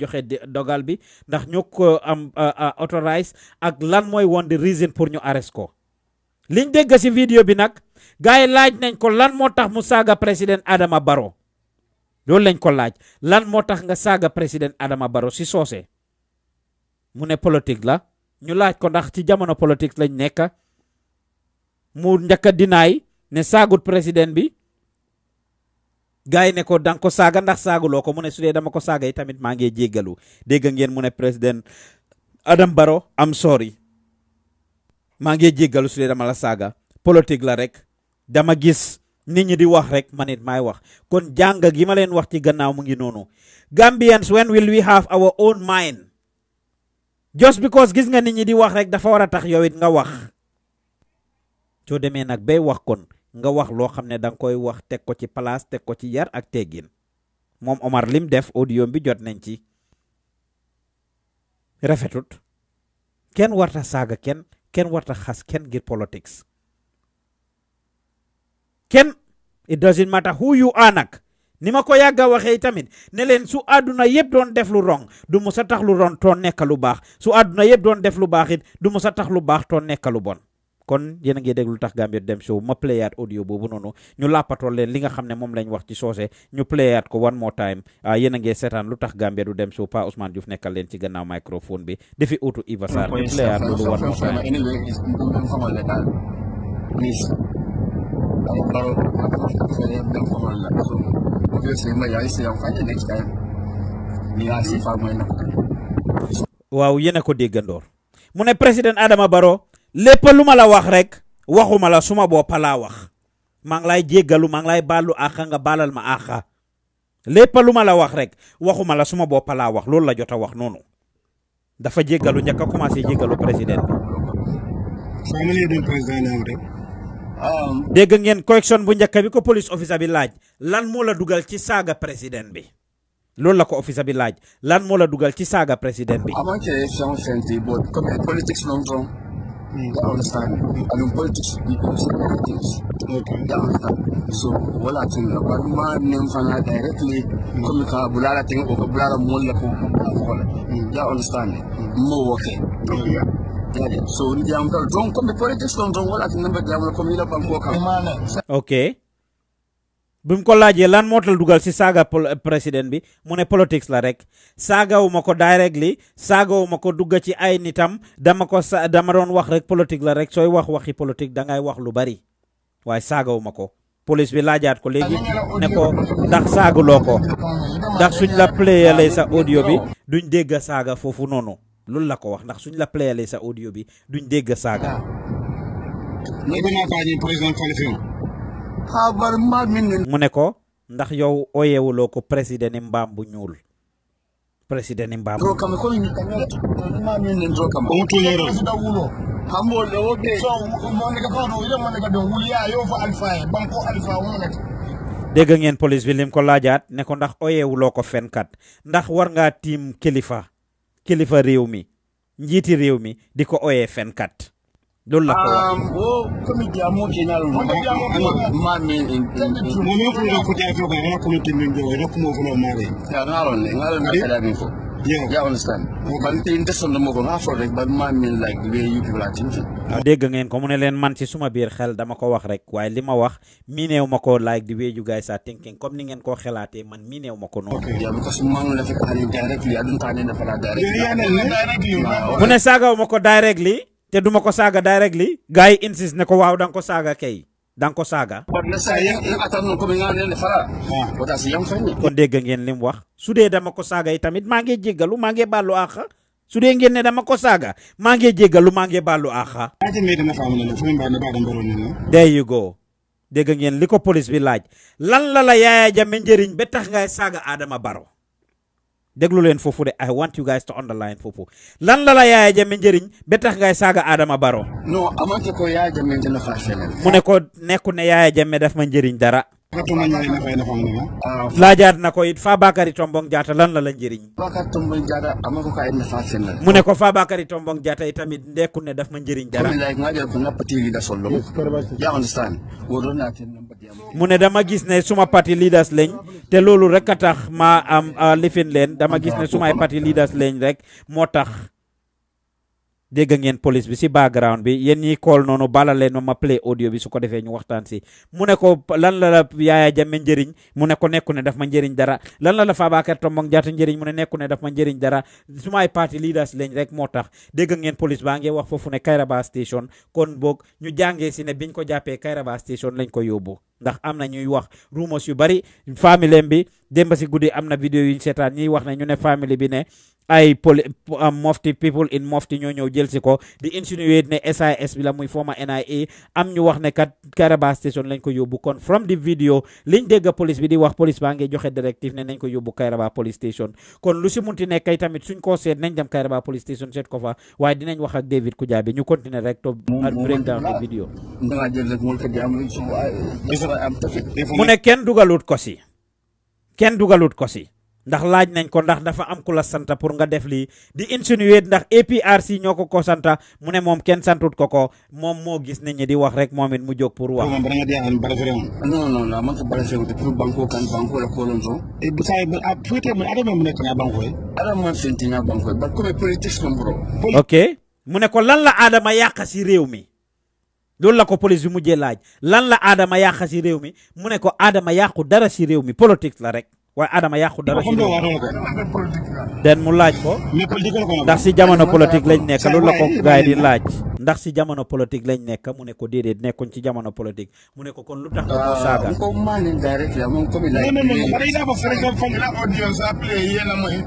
joxe dogal bi ndax ñoo ko am authorize ak lan mooy woon di reason pour ñu arrest ko liñ dégg si vidéo bi nag gars yi laaj nañ ko lan moo tax mu saaga président Adama baro lol lañ ko laaj lan moo tax nga saaga président Adama baro si soose mu ne politique la ñu laaj ko ndax ci jamono politique lañ nekk mu njëkk dinaay ne saagut président bi gaay ne ko danga ko saaga ndax saaguloo ko mu ne su dee dama ko saaga yi tamit maa ngi jéggalu dégg ngeen mu ne président Adam baro am sorry maa ngi jéggalu su dee dama la saaga politique la rek dama gis nit ñi di wax rek manit may wax kon jang gi ma len wax ci gannaaw mu ngi nonu gambians when will we have our own mind just because gis nga nit ñi di wax rek dafa wara tax yowit nga wax so demé nak bay wax kon nga wax lo xamne dang koy wax tek ko ci place tek ko ci yar ak teggin mom omar lim def audio bi jot nañ ci rafetut ken warta saga ken ken warta khas ken gir politics kem it doesn't matter who you are nag ni ma ko yàgg a waxee tamit ne leen su àdduna yëpp doon def lu rong du mu sa tax lu ron too nekk lu baax su àdduna yëpp doon def lu baax it du mu sa tax lu baax too nekk lu bon kon yéen a ngi déglu tax Gambia dem show ma playaat audio boobu noonu ñu lapatoo leen li nga xam ne moom lañ wax ci soose ñu playaat ko one more time ah, yéen a ngi seetaan lu tax Gambia du dem show Pa Ousmane Diouf nekkal leen ci gannaaw microphone bi defi utu Iva Sarr ñu playaat loolu one more I'll borrow from him them for one ko déggandoor mu ne président adama baro lépp lu ma la wax rek waxuma la suma boppa laa wax maa ngi lay jéggalu maa lay nga baalal ma àqa lépp lu ma la wax rek waxuma la suma boppa laa wax loolu la jot a wax noonu dafa jéggalu njëkk commencé jéggalu président Degen gen kweksyon mwenja kebi ko polis ofisa bi laj lan mou la dugal ki saga prezident bi. Lon la ko ofisa bi laj lan mou la dugal ki saga prezident bi. Aman kwe seman senti, but komi an politiks nan dron, jan onestan. Anon politiks, dikonsi an meratins, jan onestan. So wala teni la, bagman nem fana direkli, komi ka blara teni, blara mou la kon, blara mou la. Jan onestan, mou wakit. Oke, so ni don ko wala ko mi la bam ko kam okay bim lan dugal si saga presiden bi mune politics la rek wu mako directly wu mako dugga ci ay nitam dama ko sa dama doon wax rek politique la rek sooy wax waxi politique dangay wax lu bari saga wu mako polis bi laajaat ko legi ne ko ndax saaguloo ko ndax suñ la sa audio bi duñ dega saga fofu nono loolu la ko wax ndax suñ la playalee sa audio bi duñ dégg saga. ñu demaa bàyyi président Kaliphone. ah bari maa min mu ne ko ndax yow oyewuloo ko président mbam mbaam bu ñuul. président ni mbaam. doo kame ko ñu maa min nen doo kame. on tuñu yoro. ambo le wobe. so mo ne ka fa do yo mo ne ka do wuli ya yo fa alfa banko alfa mo ne dégg ngeen police bi lim ko laajaat ne ko ndax oyewuloo ko fenkat ndax war ngaa tiim kilifa kilifa réew mi njiiti réew mi di ko oyee kat loolu la ko wax ko um, Yeah. Yeah, I understand. But it interesting mo ah, dégg ngeen ko mu ne leen man ci suma biir xel dama ko wax rek waaye li ma wax miineew ma ko like the way you guys are thinking comme ni ngeen koo xelaate man miineew ma ko noonu. ok yeah because I don't have any for mu ne saagaw ma ko directly te duma ko saaga directly gars yi insist ne ko waaw danga ko saaga kay. danga ko saaga. kon dégg ngeen lim wax. su dee dama ko saaga yi tamit maa ngi jéggalu maa ngi baalu àq. su dee ngeen ne dama ko saaga maa ngi jéggalu maa ngi baalu àq. there you go. dégg ngeen li ko police bi laaj lan la la Yaya Jammeh njëriñ ba tax ngay saaga Adama Barrow. déglu leen foofu de I want you guys to underline foofu lan la la Yaya Jammeh njëriñ be tax ngay saaga Adama baro non amante ko Yaya Jammeh dina faa mu ne ko nekku ne Yaya Jammeh def ma njëriñ dara. Ah, laajaat na ko it Fabakary Tombong Jatta lan la la njëriñ mu ne ko Fabakary Tombong Jatta itamit ndekku ne daf ma njëriñ dara mu ne dama gis ne suma parti leaders lañ te loolu rek a tax ma am ah, lifin leen dama gis ne sumay parti leaders lañ rek moo tax dégg ngeen police bi si background bi yéen ñiy call noonu bala leen ma ma play audio bi su ko defee ñu waxtaan si mu ne ko lan la la Yaya Jammeh njëriñ mu nekko nekku ne daf ma njëriñ dara lan la la Fabakary Tombong Jatta njëriñ mu ne nekku ne daf ma njëriñ dara su maay parti leaders lañ rek moo tax dégg ngeen police baa ngee wax foofu ne Kairaba station kon boog ñu jàngee si ne biñ ko jàppee Kairaba station lañ ko yóbbu ndax am na ñuy wax rumeurs yu bari famille bi démb si guddi am na vidéo yuñ seetaan ñiy wax ne ñu ne famille bi ne ay poli mofti people in mofti ñoo ñëw jël si ko di insinuate ne SIS bi la muy former NIA am ñu wax ne kat Karaba station lañ ko yóbbu kon from the video liñ dégg police bi di wax police baa ngi joxe directive ne nañ ko yóbbu Karaba police station kon lu si munti nekk kay tamit suñ koo seet nañ dem Karaba police station seet ko fa waaye dinañ wax ak David Kujabi ñu continuer rek to break down the video mu ne kenn dugalut ko si kenn dugalut ko si ndax laaj nañ ko ndax dafa am ku la santa pour nga def lii di insinuer ndax APRC ñoo ko santa mu ne moom kenn santut ko ko moom moo gis nit ñi di wax rek moom it mu jóg pour wax. non non non man ko balasé wuti pour banko kan banko la kolon so e bu say bu ah, fuite mu adam mu nekk nga banko yi adam man senti nga banko yi ba ko politique ko bro ok mu ne ko lan la adama yàq si réew mi loolu la ko police bi mujjee laaj lan la adama yàq si mu ne ko adama yàqu dara si réew politique la rek waaye Adama yàqu dara ci mu laaj ko ndax si jamono politique lañ nekk loolu la ko gaay di laaj ndax si jamono politique lañ nekk mu nekko ko déedéet nekkuñ ci jamono politique mu ne ko kon lu tax ko saaga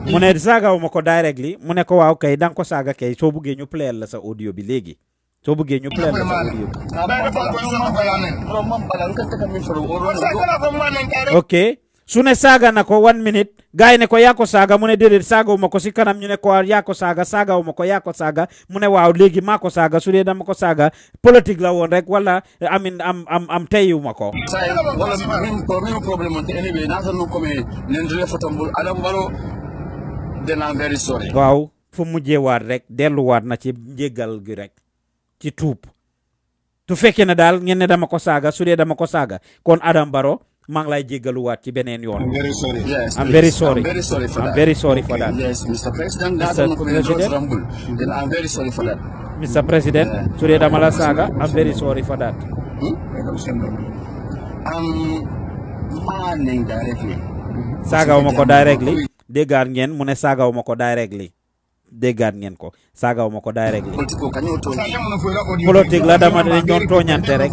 mu ne saagawuma ko directly mu ne ko waaw kay danga ko saaga kay soo buggee ñu playal la sa audio bi léegi soo bëggee ñu plaire la sa audio bi ok su ne saaga na ko one minute gars yi ne ko yaa ko saaga mu ne déedéet ma ko si kanam ñu ne ko yaa ko saaga saagawuma ko yaa saaga mu ne waaw léegi maa ko saaga su dee dama ko saaga politique la woon rek wala amin am am am teyiwuma ko wala même problème on te ene naata nu comme waaw fu mujjeewaat rek delluwaat na ci njéggal gi rek ci tuub tu fekkee ne daal ngeen ne dama ko saaga su dee dama ko saaga kon adam baro maa ngi lay jéggaluwaat ci beneen yoon. I'm very sorry. Yes, I'm very sorry. I'm very sorry for that. I'm very sorry for that. Yes, Mr. President. I'm very um, sorry for dama la saaga am very sorry for that. saagaw ma ko directly déggaat ngeen mu ne saagaw ma ko directly degan ko saga wo mako directly politique la dama de ñon toñante rek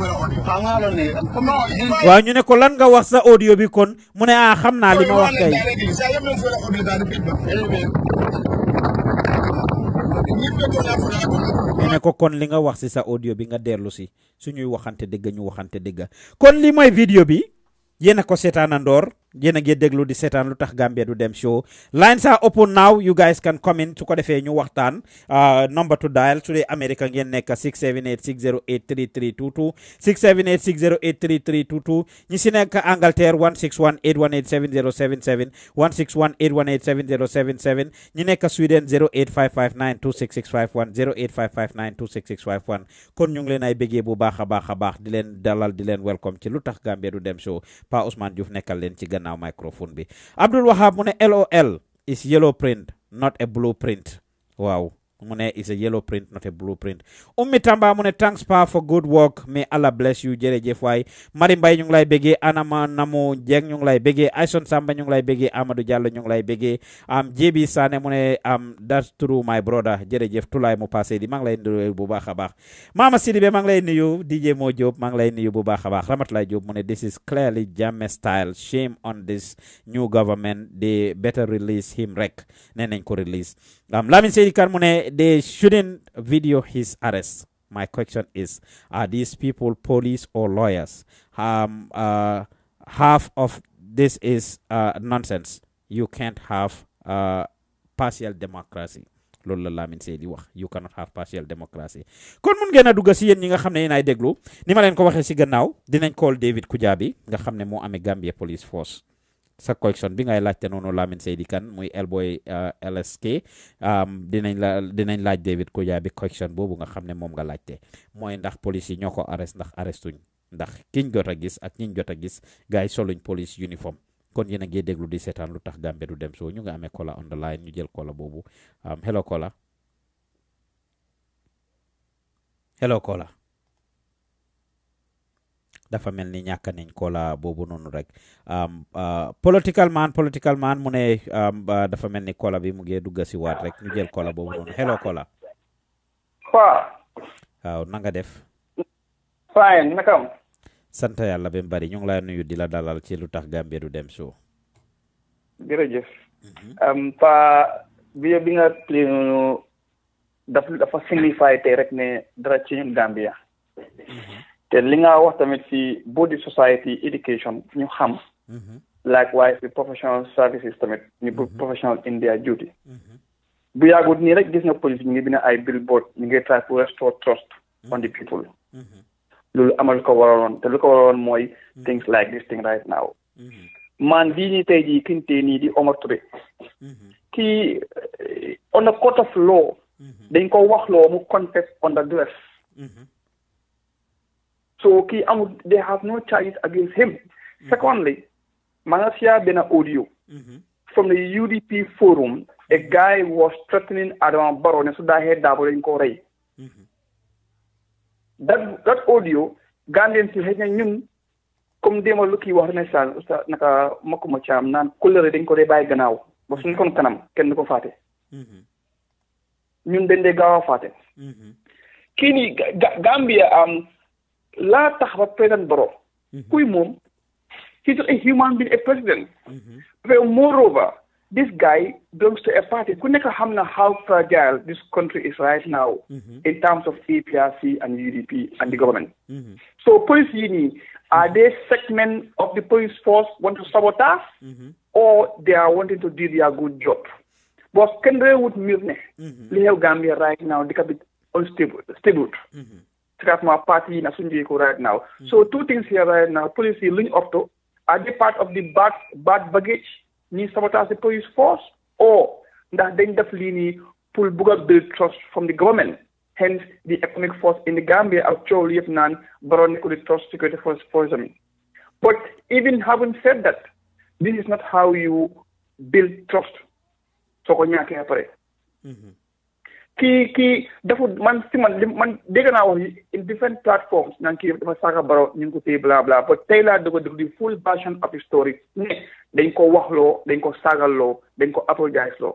wa ñu ne ko lan nga wax sa audio bi kon mu ne a ah, xamna lima wax kay ne ko kon li nga wax ci sa audio bi nga derlu si suñuy waxante degg ñu waxante degg kon li moy video bi yena ko setan andor yéen a ngi déglu di seetaan lu tax Gambia du dem show lines are open now you guys can come in su ko defee ñu waxtaan ah, number to dial su dee America ngeen nekk 678 608 3322 678 608 3322 ñi si nekk Angleterre ñu 818 7077 161 818 7077 ñi nekk Sweden 08559 26651 08559 26651 kon ñu ngi leen ay bëggee bu baax a baax baax di leen dalal di leen welcome ci lu tax Gambia du dem show Pa Ousmane Diouf nekkal leen ci gan now microphone be Abdul Wahab mu LOL is yellow print not a blue print Mune is a yellow print, not a blueprint. Umitamba mune thanks pa for good work. May Allah bless you, Jere Jefwai. Marimba yung lai bege, Anama Namu, Jeng yung lai bege, Aison Samba yung lai bege, Amadu Jalo yung lai bege. Um, JB Sane mune, um, that's true, my brother. Jere Jef tulai mo pase di manglay ndu buba khabak. Mama Sidibe manglay niyu, DJ Mojo, Job manglay niyu buba khabak. Ramatlai Job mune, this is clearly Jamme style. Shame on this new government. They better release him wreck. Nenen ko release. Um, Lamin Sedi Kar mune, they shouldn't video his arrest. My question is: Are these people police or lawyers? Um, uh, half of this is uh, nonsense. You can't have uh, partial democracy. loolu la Lamine Sey di wax you cannot have partial democracy kon mun ngeen a dugg si yéen ñi nga xam ne yéen ay déglu ni ma leen ko waxee si gannaaw dinañ call David Kujabi nga xam ne moo amee Gambia Police Force. sa collection bi ngay laajte noonu Lamine Seydi Kane muy Elboy uh, LSK um, dinañ la dinañ laaj David Kujaa bi collection boobu nga xam ne moom nga laajte mooy ndax police yi ñoo ko arrest ndax arrestuñ ndax kiñ jot a gis ak ñiñ jot a gis gars yi soluñ police uniforme kon yéen a ngi déglu di seetaan lu tax Gambia du dem soo ñu nga ame kola on the line ñu jël kola boobu um, hello kola hello kola dafa mel ni ñàkk nañ ko la boobu noonu rek political man political man mu ne dafa mel ni kola bi mu ngi dugg si waat rek ñu jël kola boobu noonu hello kola waaw waaw na nga def fine nakam sant yàlla bi bari ñu ngi lay nuyu di la dalal ci lu tax gambie du dem show jërëjëf mhm. pa bio bi nga play noonu dafa signify tey rek ne dara ci ñun Gambia mhm. te li nga wax tamit ci body society education ñu xam mhm. likewise the professional services tamit ñu mhm. professional in their duty mhm. bu yàggut nii rek gis nga police ñu ngi bind ay billboard ñu ngi try to restore trust on the people The amal ko on, te lu ko my things like this thing right now man we need to jii kiñ tee nii di Omar Touré eh, on a court of law dañ ko wax law, mu contest on the dress so ki Amud, um, they have no charges against him. Mm-hmm. Secondly, Manasseh Bena Odio mm-hmm. from the UDP forum, a mm-hmm. guy was threatening Adam Barone, so that head double in Korea. Mm-hmm. That that audio, Ghanaian to hanya ñun comme dema lu kii wax ne sa naka makuma caam naan couleur dañ ko dee bàyyi gannaaw ba suñ kon kanam kenn du ko faate mm-hmm. ñun Kini Gambia um. La tax ba President Barrow kuy moom he's a human being a president Well, moreover this guy belongs to a party ku nekk xam na how fragile this country is right now in terms of APRC and UDP and the government so police yi are they segment of the police force want to sabotage or they are wanting to do their good job but Kendre would mbir ne li Gambia right now di ka bit unstable traitement party na sunjiko right now. So two things here right now. Police link up to are they part of the bad bad baggage ni sabotage the police force or that dañ def lii nii pour bugg build trust from the government hence the economic force in the Gambia ak coow yëpp naan Barrow nekkul di trust security force for poison but even having said that this is not how you build trust soo ko ñàkkee après kii kii dafa man si man li man dégg naa wax in different platforms naan kii dafa Saaka Barrow ñu ko fii bla bla ba tey laa dugg dugg di full version of story ne dañ ko waxloo dañ ko saagaloo dañ ko apologize loo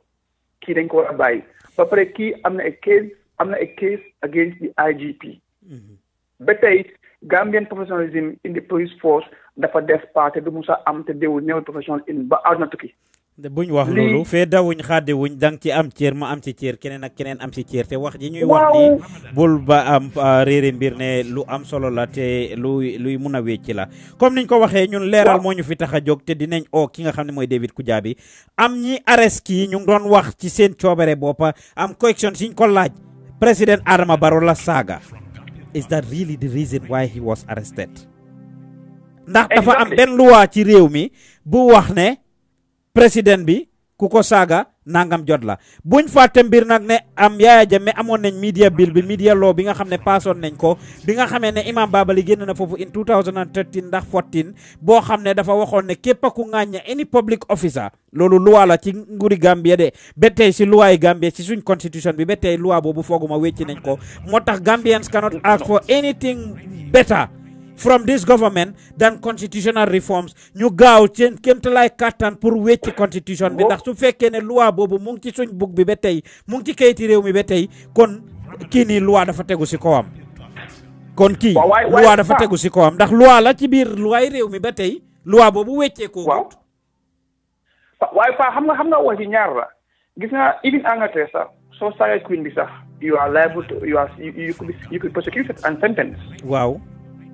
kii dañ ko war bàyyi ba pare kii am na a case am na a case against the IGP mm-hmm. ba tey Gambian professionalism in the police force dafa def part te du musa am te déwul new professional in ba àdduna tukki buñ wax loolu fee dawuñ xàddi wuñ dang ci am cër ma am ci cër keneen am ci cër te wax ji ñuy wax ni bul ba am ah, réere ne lu am solo la te lu luy mun a wecci la comme niñ ko waxee ñun leeral moo ñu fi tax a jog te dinañ oo ki nga xam ne mooy David Kujabi am ñi arrest kii ñu ngi doon wax ci seen coobare boppa am correction siñ ko laaj président Adama Barrow la saaga is that really the reason why he was arrested ndax dafa am benn luwaa ci réew mi bu wax ne président bi ku ko saaga nangam jot la buñ fàtte mbir nag ne am Yaya Jammeh amoon nañ media bill bi media law bi nga xam ne paasoon nañ ko bi nga xamee ne imam Babali génn na foofu in 2013 ndax 14 boo xam ne dafa waxoon ne képp ku ŋàññe any public officer loolu luwa la ci nguuri Gambia de ba tey si luwaayi Gambia si suñ constitution bi ba tey luwa boobu fooguma wecci nañ ko moo tax Gambians cannot ask for anything better from this government than constitutional reforms ñu gaaw seen kéemtalaay kàttan pour wecci constitution bi ndax su fekkee ne loi boobu mu ngi ci suñ bug bi ba tey mu ngi ci kayiti réew mi ba tey kon kii nii luwaa dafa tegu si kawam kon kii loi dafa tegu si kawam ndax loi la ci biir loi réew mi ba tey loi boobu weccee koo waaw waaye pa xam nga xam nga wax ci ñaar la gis nga even Angleterre sax soo saaga queen bi sax you are liable you could be and sentenced waaw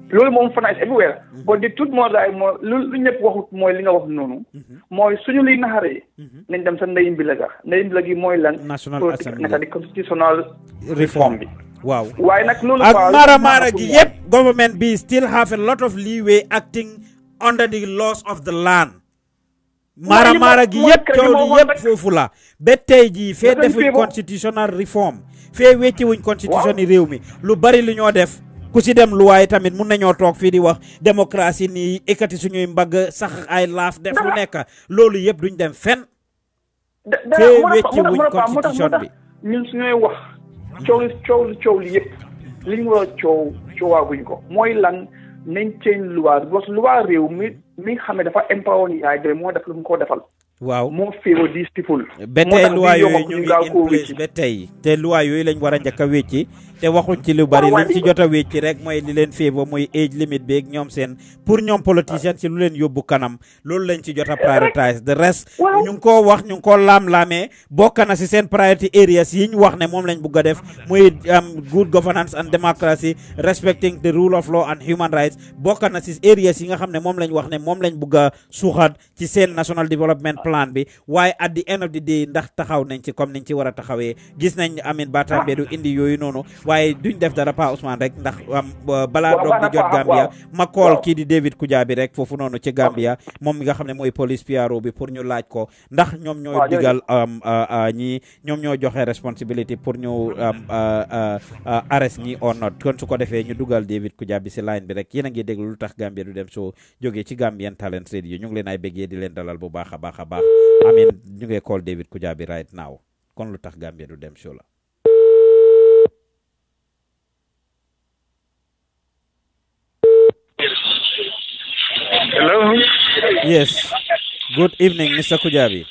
loolu moom FNAC everywhere mhm. but the truth moo daay moo lu lu waxut mooy li nga wax noonu mhm. mooy suñu liy naxaree mhm. nañ dem sa ndey mbilag ga ndey mooy lan national assembly naka di constitutional reform bi waaw waaye nag loolu ak maara maara gi yëpp government bi still have a lot of leeway acting under the laws of the land maara maara gi yëpp coow li yëpp foofu la ba tey jii fee defuñ constitutional reform fee wecciwuñ constitution yi réew mi lu bari lu ñoo def ku ci dem luwaay tamit mun nañoo tok fi di wax démocratie ni ekkati suñuy mbag sax ay laaf def lu nekk lolu yëpp duñ dem fenn té wecci wuñ constitution bi ñun suñuy wax ciow li ciow li coow li yëpp liñ war a coow coowaaguñ ko moy lan nañ change loi parce que loi réew mi mi xamé dafa empower ni ay mo def lu ko defal waaw moo féewa diis tiful ba tey loi yooyu ñu ngi in place ba tey loi yooyu lañ war a njëkk a te waxuñ ci lu bari liñ ci jot a wécc rek mooy li leen fii ba muy age limit beeg ñoom seen pour ñoom politiciens ci lu leen yóbbu kanam loolu lañ ci jot a prioritize the rest ñu ngi koo wax ñu ngi koo laam-laamee bokka na si seen priority areas yi ñu wax ne moom lañ bugg a def muy um, good governance and democracy respecting the rule of law and human rights bokk na si areas yi nga xam ne moom lañ wax ne moom lañ bugg a suuxat ci seen national development plan bi waaye at the end ndax taxaw nañ ci comme niñ ci war a taxawee gis nañ amin baata indi yooyu noonu waaye duñ def dara Pa Ousmane rek ndax balaa doog di jot Gambia ma kool kii di David Kujabi rek foofu noonu ci Gambia moom mi nga xam ne mooy police PRO bi pour ñu laaj ko ndax ñoom ñoo digal ñi ñoom ñoo joxe responsibility pour ñu arrest ñi or not kon su ko defee ñu dugal David Kujabi si line bi rek yéen a ngi déglu lu tax Gambia du dem soo jógee ci Gambian Talents Radio ñu ngi leen ay béggee di leen dalal bu baax a baax a baax amin ñu ngi kool David Kujabi right now kon lu tax Gambia du dem show la Hello? Yes. Good evening, Mr. Kujabi.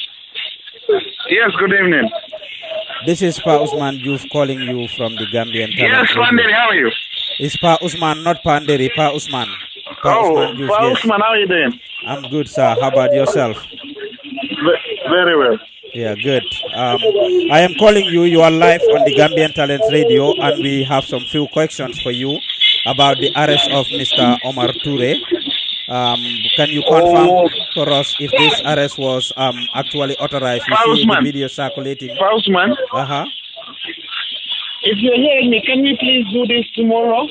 Yes, good evening. This is Pa Usman You're calling you from the Gambian Yes, Pandiri. how are you? It's Pa Usman, not Panderi, Pa Usman. Pa oh, Usman Pa yes. Usman, how are you doing? I'm good, sir. How about yourself? Very well. Yeah, good. Um, I am calling you. You are live on the Gambian Talent Radio, and we have some few questions for you about the arrest of Mr. Omar Toure. Um, can you confirm oh. for us if this arrest was um, actually authorized? You see the video circulating. Faustman. Uh huh. If you're hearing me, can we please do this tomorrow?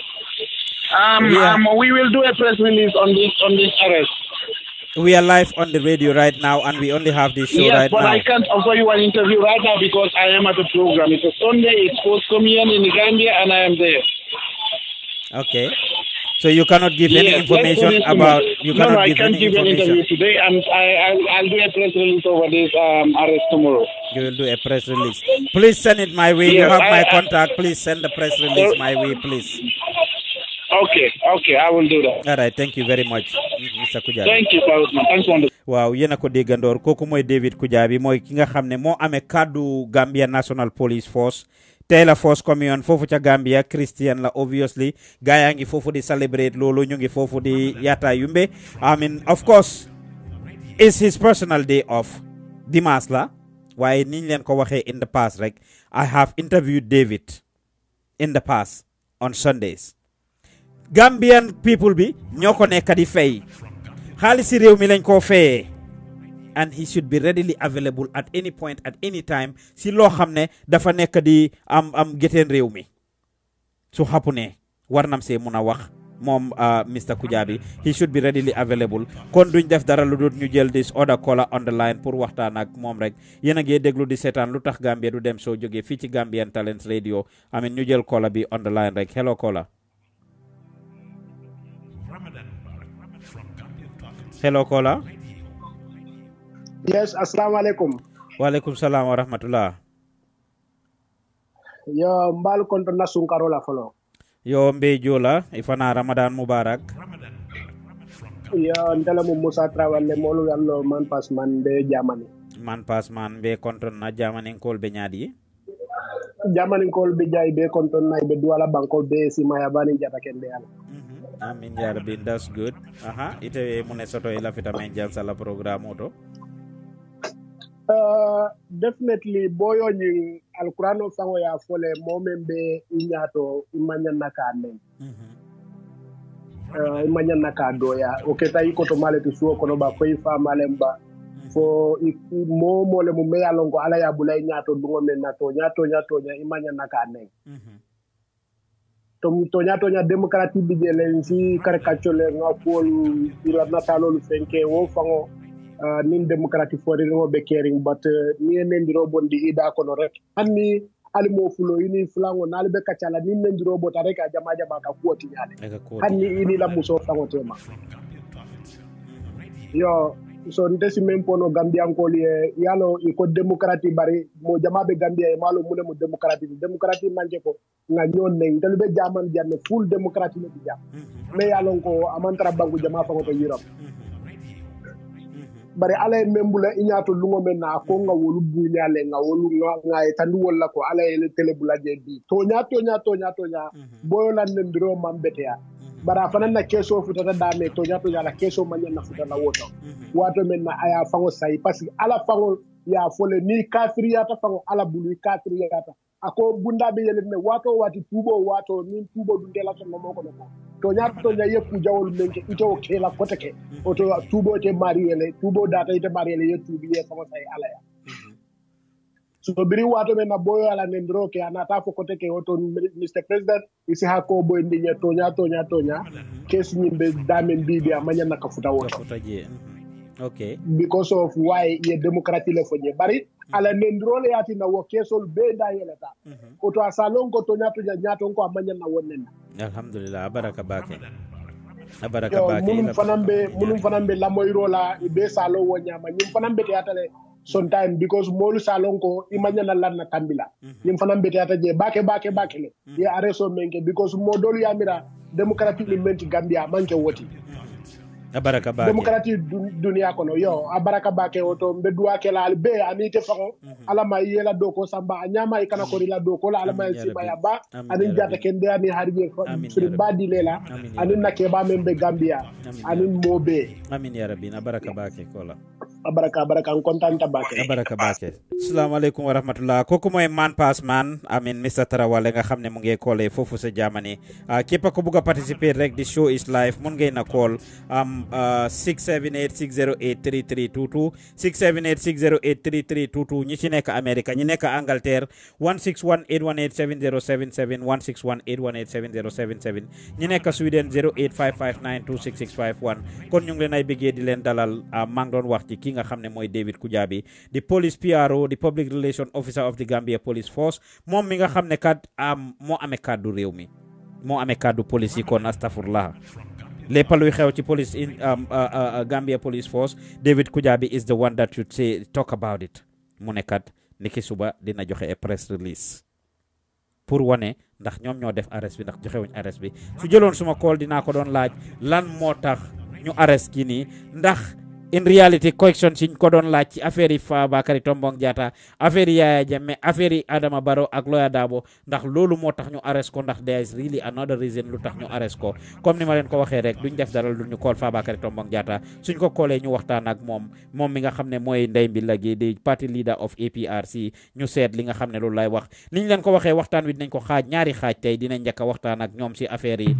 Um, yeah. um, we will do a press release on this on this arrest. We are live on the radio right now, and we only have this show yes, right but now. but I can't offer you an interview right now because I am at the program. It's a Sunday. It's post communion in Gambia, and I am there. Okay. So you cannot give yes, any information about you cannot no, give I can't any give an interview today. I'm, I, I, I'll do a press release over this um, arrest tomorrow. You will do a press release. Please send it my way. Yes, you have I, my contact. Please send the press release my way, please. Okay, okay, I will do that. All right, thank you very much, Mr. Thank you, for the... waaw yéen a ko déggandoor kooku mooy David Kujabi mooy ki nga xam ne moo amee kàddu Gambia National Police Force tey la first communion foofu ca Gambia Christian la obviously gaa yaa ngi foofu di celebrate loolu ñu ngi foofu di yaata yumbe I mean of course it's his personal day off dimanche la waaye niñ leen ko waxee in the past rek I have interviewed David in the past on Sundays Gambian people bi ñoo ko nekk di fay xaalisi réew mi lañ koo fayee and he should be readily available at any point at any time si lo xamne dafa nek di am am geten rew mi su xapune warnam se muna wax mom uh, ah, Mr Kujabi he should be readily available kon duñ def dara lu dut ñu jël dis order caller on the line pour waxtaan ak mom rek yena ge deglu di setan lutax gambia du dem so joge fi ci gambian talents radio amen ñu jël caller bi on the line rek hello caller hello caller Yes, assalamu alaikum. Wa alaikum salam wa rahmatullah. Yo mbal konto na sunkaro folo. Yo mbe jola ifana Ramadan Mubarak. Ramadan. yo ntele mo musa trawalle molu yallo man pas man be jamani man pas man be konton na jamani kol be nyaadi jamani kol be jay be konton na be duwala banko be si bani jata ken be ala mhm. amin ya rabbi that's good aha ite ne soto ila fita men jansa la programme oto Uh, definitely boyo ñin alkurano sango ya fole momen be i ñaato i mañanna mm -hmm. uh, i naka ka doya o keta i kotomale ti kono ba fo i famalen ba mm -hmm. fo iku mo le mu meya lonko ala ya bula i ñaato duŋo men na toña toña toña i mañanna ka men mm -hmm. to toña toña démocratie bi je nsi si mm-hmm. karkacco le ŋa kuwolu ila natalolu fenke wo fango Uh, nin démocratie fore rewoɓe kering but uh, ni e bonɗi ida kono rek hanni alimo fulo ini fulango na ɓe kacala nin nendiro bota rek a jama jama ka kuwo tiñale hanni ini la muso fango tema yo so nte si men pono gambiyankolu yaalo eh, yalo ko démocratie bari mo jama be gambia ye malo mune mo démocratie ti démocratie manje ko nga ñoon ne ntelu be jaman janne full démocratie ne jam mais mm-hmm. yalon ko amantara bangu jama fango ko europe bari ala ye men bula i e ñaato lungo men na a ko n ka wolu buɲa le nka wolu nka ye tandi wolu la ko ala ye tele bula je bi to ɲa to ɲa to ɲa to ɲa mhm. boyo la nen doro man beteya mhm. bari a fana na keso futata dame to ɲa to ɲa la keso man ɲa na futata woto mhm. wato men na a y'a fango sayi parce que ala fango y'a le ni kafiriyata fango ala bulu i kafiriyata ako yele ne wato wati tubo wato min tuuɓo ɗum ndelatonnoma kono ko to ye ku jawol men ke itowo keela kote ke mm-hmm. to tuuɓo te mariele tuuɓo data ite mariele ye tuuɓi ye sama sa ala ya mm-hmm. so biri wato men na boyo ala ndro ke anata fo kote ke oto mr president isi ha ko boy ndiñe toña toña toña mm-hmm. kesi ñimɓe damen mbiɓe a na ka futa woto okay because of why ye democracy le fo ñe bari ala nendrole yati na wo kesol be da yelata mm -hmm. ko to asalon ko to nyato nyato ko amanya na wonnena alhamdulillah baraka bake baraka bake munum fanambe munum fanambe la rola e be salo wo ma nyum fanambe yatale sometime because molu salon ko na lan na tambila mm -hmm. nyum fanambe je bake bake bake le mm -hmm. ye areso menke because modolu yamira democratic movement gambia manke woti mm -hmm a baraka démocratie duniya kono yo a baraka ba ke woto mbe duwa ke la albe ani te fako mm-hmm. ala ma yela doko samba anyama ikana mm-hmm. kori la doko la ala ma sima ya ba ani jata kende ani harbi sir badi lela ani nakeba membe gambia ani mobe amin ya rabbi na baraka ba ke kola baraka baraka baake baraka baake salaamaaleykum wa man pass man amin Mr Tarawale nga xam ne mu ngi koolee foofu sa Germany ah, képp ku bugg a participer rek di show is live mun ngay na call am 678 608 3322 678 608 3322 ñi ci nekk Amérique ñi nekk Angleterre 161 818 7077 161 818 7077 ñi nekk Sweden 0855926651 kon ñu ngi leen ay bëggee di leen dalal ah, maa doon wax nga xamne ne David Kujabi di police PRO di public relation officer of the Gambia Police Force mom mi nga xamne ne kat am mo amé cadeau rew mi mo amé cadeau police kon astafurlah Le xew ci police in Gambia Police Force David Kujabi is the one that you say talk about it mu ne kat niki suba dina joxe a press release pour wane ndax ñom ñoo def arrest bi ndax wuñ arrest bi su jëlone suma call dina ko don laaj lan motax ñu arrest ki ni ndax in reality correction siñ ko doon laaj ci affaire yi Fabakary Tombong Jatta affaire yi Yaya Jammeh affaire yi Adama Barrow ak Lawyer Darboe ndax loolu moo tax ñu arrest ko ndax there is really another reason lu tax ñu arrest ko comme ni ma leen ko waxee rek duñ def dara lu ñu kool Fabakary Tombong Jatta suñ ko koolee ñu waxtaan moom mi nga xam ne mooy ndey mbi la gi di party leader of APRC ñu seet li nga xam ne loolu lay wax ni leen ko waxee waxtaan wi dinañ ko xaaj ñaari xaaj tey dinañ njëkk a waxtaan ak ñoom si affaire yi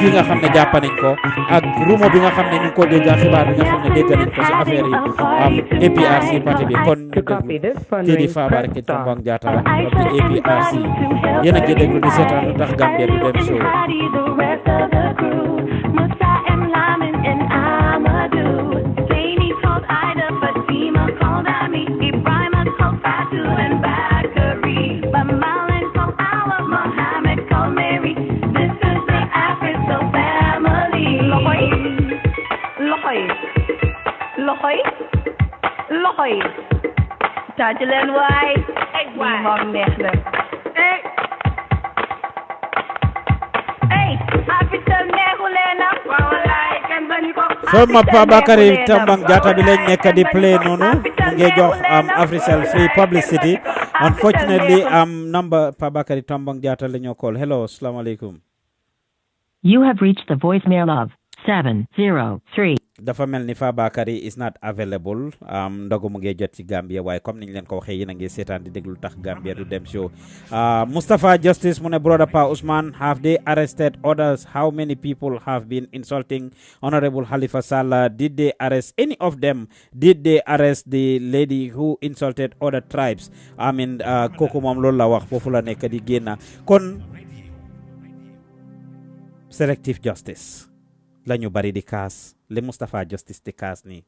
kii nga xam ne jàpp nañ rumo bi nga xam ne ñu ngi ko dégg xibaar bi nga xam ne dégg nañ ko si affaire yi APRC parti bi kon kii di Fabakary Tombong Jatta di APRC yéen a ngi déglu di seetaan lu tax Gambia du dem show loxoy loxo yi tàcc leen waay Hey, hey. moom neex na ay ay afital neexu leen am waaw wallaay kenn bañu ko sama Bakary Tambang Jatta bi lañ nekk di play noonu nge jox am um, Africell free publicity unfortunately am um, number Pa Bakary Tambang Jatta la ñoo call hello asalaamaaleykum You have reached the voicemail of 703 dafa mel ni Bakari is not available um, ndogu mu ngi jot ci Gambia waaye comme niñ leen ko waxee yéen a ngi seetaan di déglu tax Gambia du dem show uh, Moustapha Justice mu ne brother Pa Ousmane have they arrested others how many people have been insulting Honorable Halifa Sallah did they arrest any of them did they arrest the lady who insulted other tribes I mean uh, kooku moom loolu la wax foofu la nekk di génn kon selective justice lañu bari di kaas li mustapha Justice di kaas ni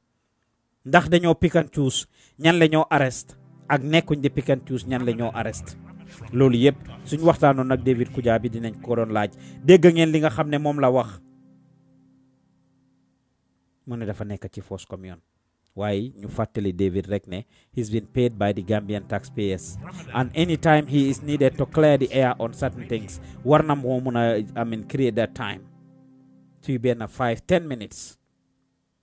ndax dañoo pick and choose ñan lañoo arrest ak nekkuñ di pick and ñan lañoo arrest loolu yépp suñ waxtaanoon nag David Kujabi dinañ ko doon laaj dégg ngeen li nga xam ne moom la wax mu ne dafa nekk ci fausse commune waaye ñu fàttali David rek he's been paid by the Gambian taxpayers and any time he is needed to clear the air on certain things war na moo I mean create that time ci benn five ten minutes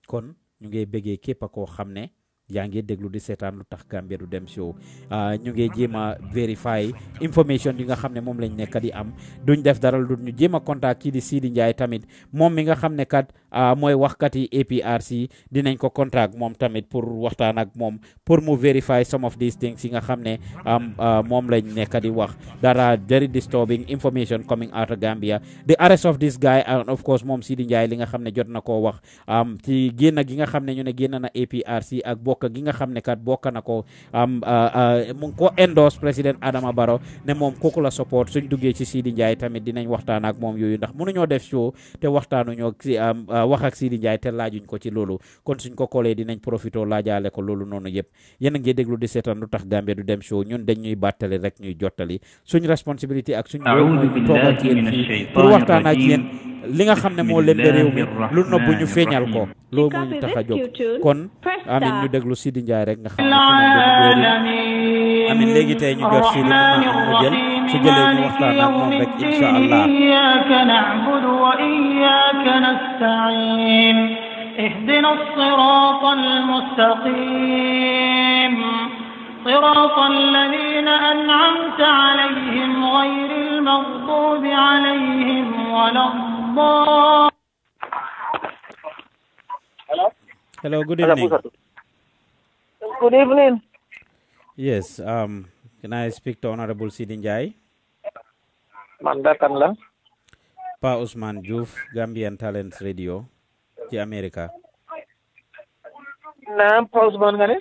kon ñu nge bëggee képp koo xam ne yaa ngi déglu di seetaan lu tax Gambia du dem show ah, ñu ngi jéem a vérifier information yi nga xam ne moom lañ nekk di am duñ def dara lu ñu jéem a contact kii di Sidi Ndiaye tamit moom mi nga xam ne kat. Ah, mooy waxkat yi APRC dinañ ko contact moom tamit pour waxtaan ak moom pour mu verify some of these things yi nga xam ne ah, moom lañ nekk di wax dara very disturbing information coming out of Gambia the arrest of this guy and of course moom Sidi Ndiaye li nga xam ne jot na koo wax ci génn gi nga xam ne ñu ne génn na APRC ak bokk gi nga xam ne kat bokk na ko ah, mu ngi ko endorse président Adama Barrow ne moom kooku la support suñ duggee si Sidi njaay tamit dinañ waxtaan ak moom yooyu ndax mënuñoo def show te waxtaanuñoo wax ak te laajuñ ko ci loolu kon suñ ko koolee dinañ profito laajaale ko loolu noonu yëpp yéen a ngi déglu di seetaan lu tax Gambia du dem show ñun dañ ñuy bàttali rek ñuy jottali suñ responsabilité ak suñ loolu toog ak yéen fii pour waxtaan ak yéen li nga xam ne moo leen de réew mi lu nopp ñu feeñal ko loolu moo ñu tax a jóg kon amin ñu déglu Sidi Ndiaye rek nga xam ne amin léegi tey ñu jot si li mu jël الإيمان في يوم نعم، الدين إياك نعبد وإياك نستعين اهدنا الصراط المستقيم صراط الذين أنعمت عليهم غير المغضوب عليهم ولا الضالين Hello, good evening. Good evening. Yes, um, Can I speak to Honorable Sidin Jai? Mandakanla. Pa Usman Juf, Gambian Talent Radio, ci America. Naam, Pa Usman nga ne?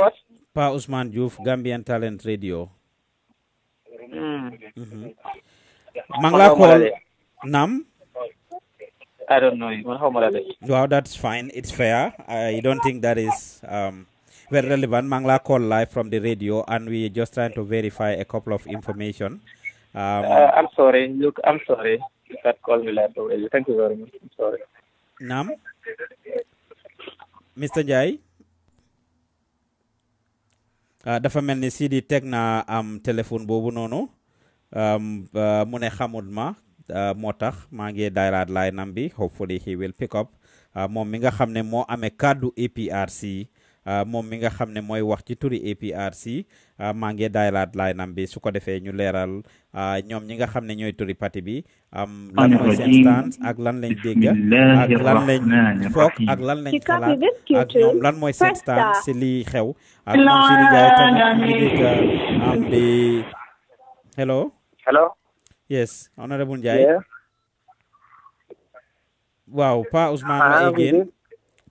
what? Pa Usman Juf, Gambian Talent Radio. Mm. Mm -hmm. Mhm. Mangla call. Nam? I don't know. Wow, that's fine. It's fair. I don't think that is um, very relevant. Mangla call live from the radio, and we're just trying to verify a couple of information. Um, uh, I'm sorry. Look, I'm sorry. That call me live already. Thank you very much. I'm sorry. Nam? Mr. Jai? Uh, dafa mel ni Sidi teg na am téléphone boobu noonu um, uh, mu ne xamul ma uh, moo tax maa ngi daylaat laay nam bi hopefully he will pick up uh, moom mi nga xam ne moo amee kàddu APRC Ah, mom mi nga xamne moy wax ci turi APRC ah, ma nge daylaat lay nam bi su ko defee ñu léral ah, ñom ñi nga xamne ñoy ñooy turi parti bi am lan mooy seen stance ak lan lañ dégg ak lan lañ fokk ak lan lañ xalaat ak ñom lan moy seen stance si lii xew ak moom ci li jaay tamit ñu dégg am bi hello hello yes honorable jaay Njie waaw Pa Ousmane again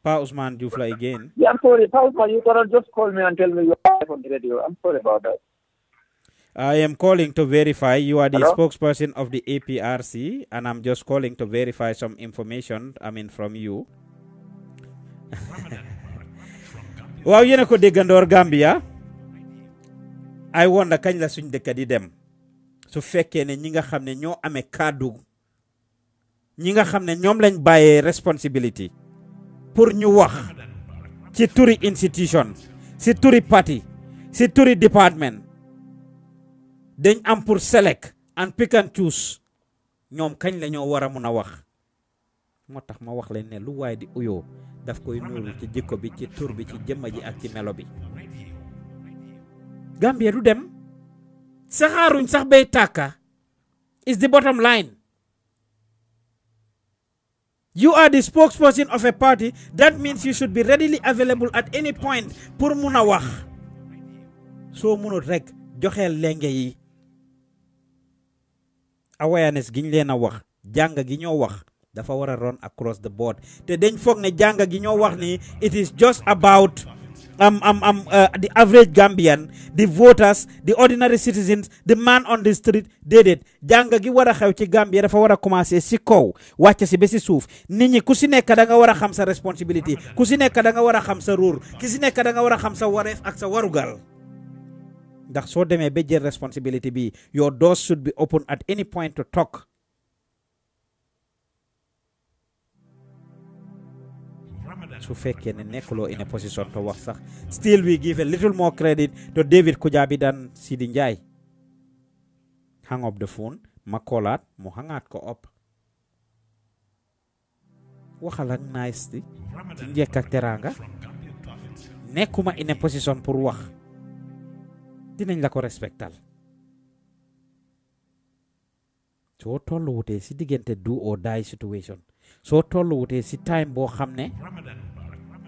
Pa Usman Dufla again. Yeah, I'm sorry. Pa Usman, you cannot just call me and tell me you're live on the radio. I'm sorry about that. I am calling to verify you are the Hello? spokesperson of the APRC, and I'm just calling to verify some information, I mean, from you. Wow, yéen a ko déggandoor Gambia I wonder, can you la the dëkk dem So, fekkee ne ñi nga xam ne Ninga amee kàddu ñi lañ responsibility pour ñu wax ci turi institution ci turi parti ci turi department dañ am pour select and pick and choose ñom kañ lañu wara mëna wax motax ma wax leen ne lu way di uyo daf koy nuru ci jikko bi ci tour bi ci jëm ji ak ci melo bi Gambia du dem saxaruñ sax bay taka is the bottom line You are the spokesperson of a party. That means you should be readily available at any point pour mun wax rek joxeel lenge yi awareness giñ leen Janga wax jàng gi ñoo wax dafa run across the board te dañ foog ne janga gi ñoo wax ni it is just about um, um, um, uh, the average Gambian, the voters, the ordinary citizens, the man on the street did it. jàng gi war a xew ci Gambia dafa war a commencé si kaw wàcc si ba si suuf nit ñi ku si nekk da nga war a xam sa responsibility ku si nekk da nga war a xam sa ruur ku si nekk da nga war a xam sa wareef ak sa warugal. ndax soo demee ba jël responsibility bi your doors should be open at any point to talk. su fekkee ne nekkuloo in position to wax sax still we give a little more credit to David Kujabi dan Sidi Njai hang up the phone ma koolaat mu hangaat ko op. waxal ak di, ci njëkk ak teranga nekkuma in position pour wax dinañ la ko respectal soo si diggante do or die situation soo tollu wutee si time boo xam ne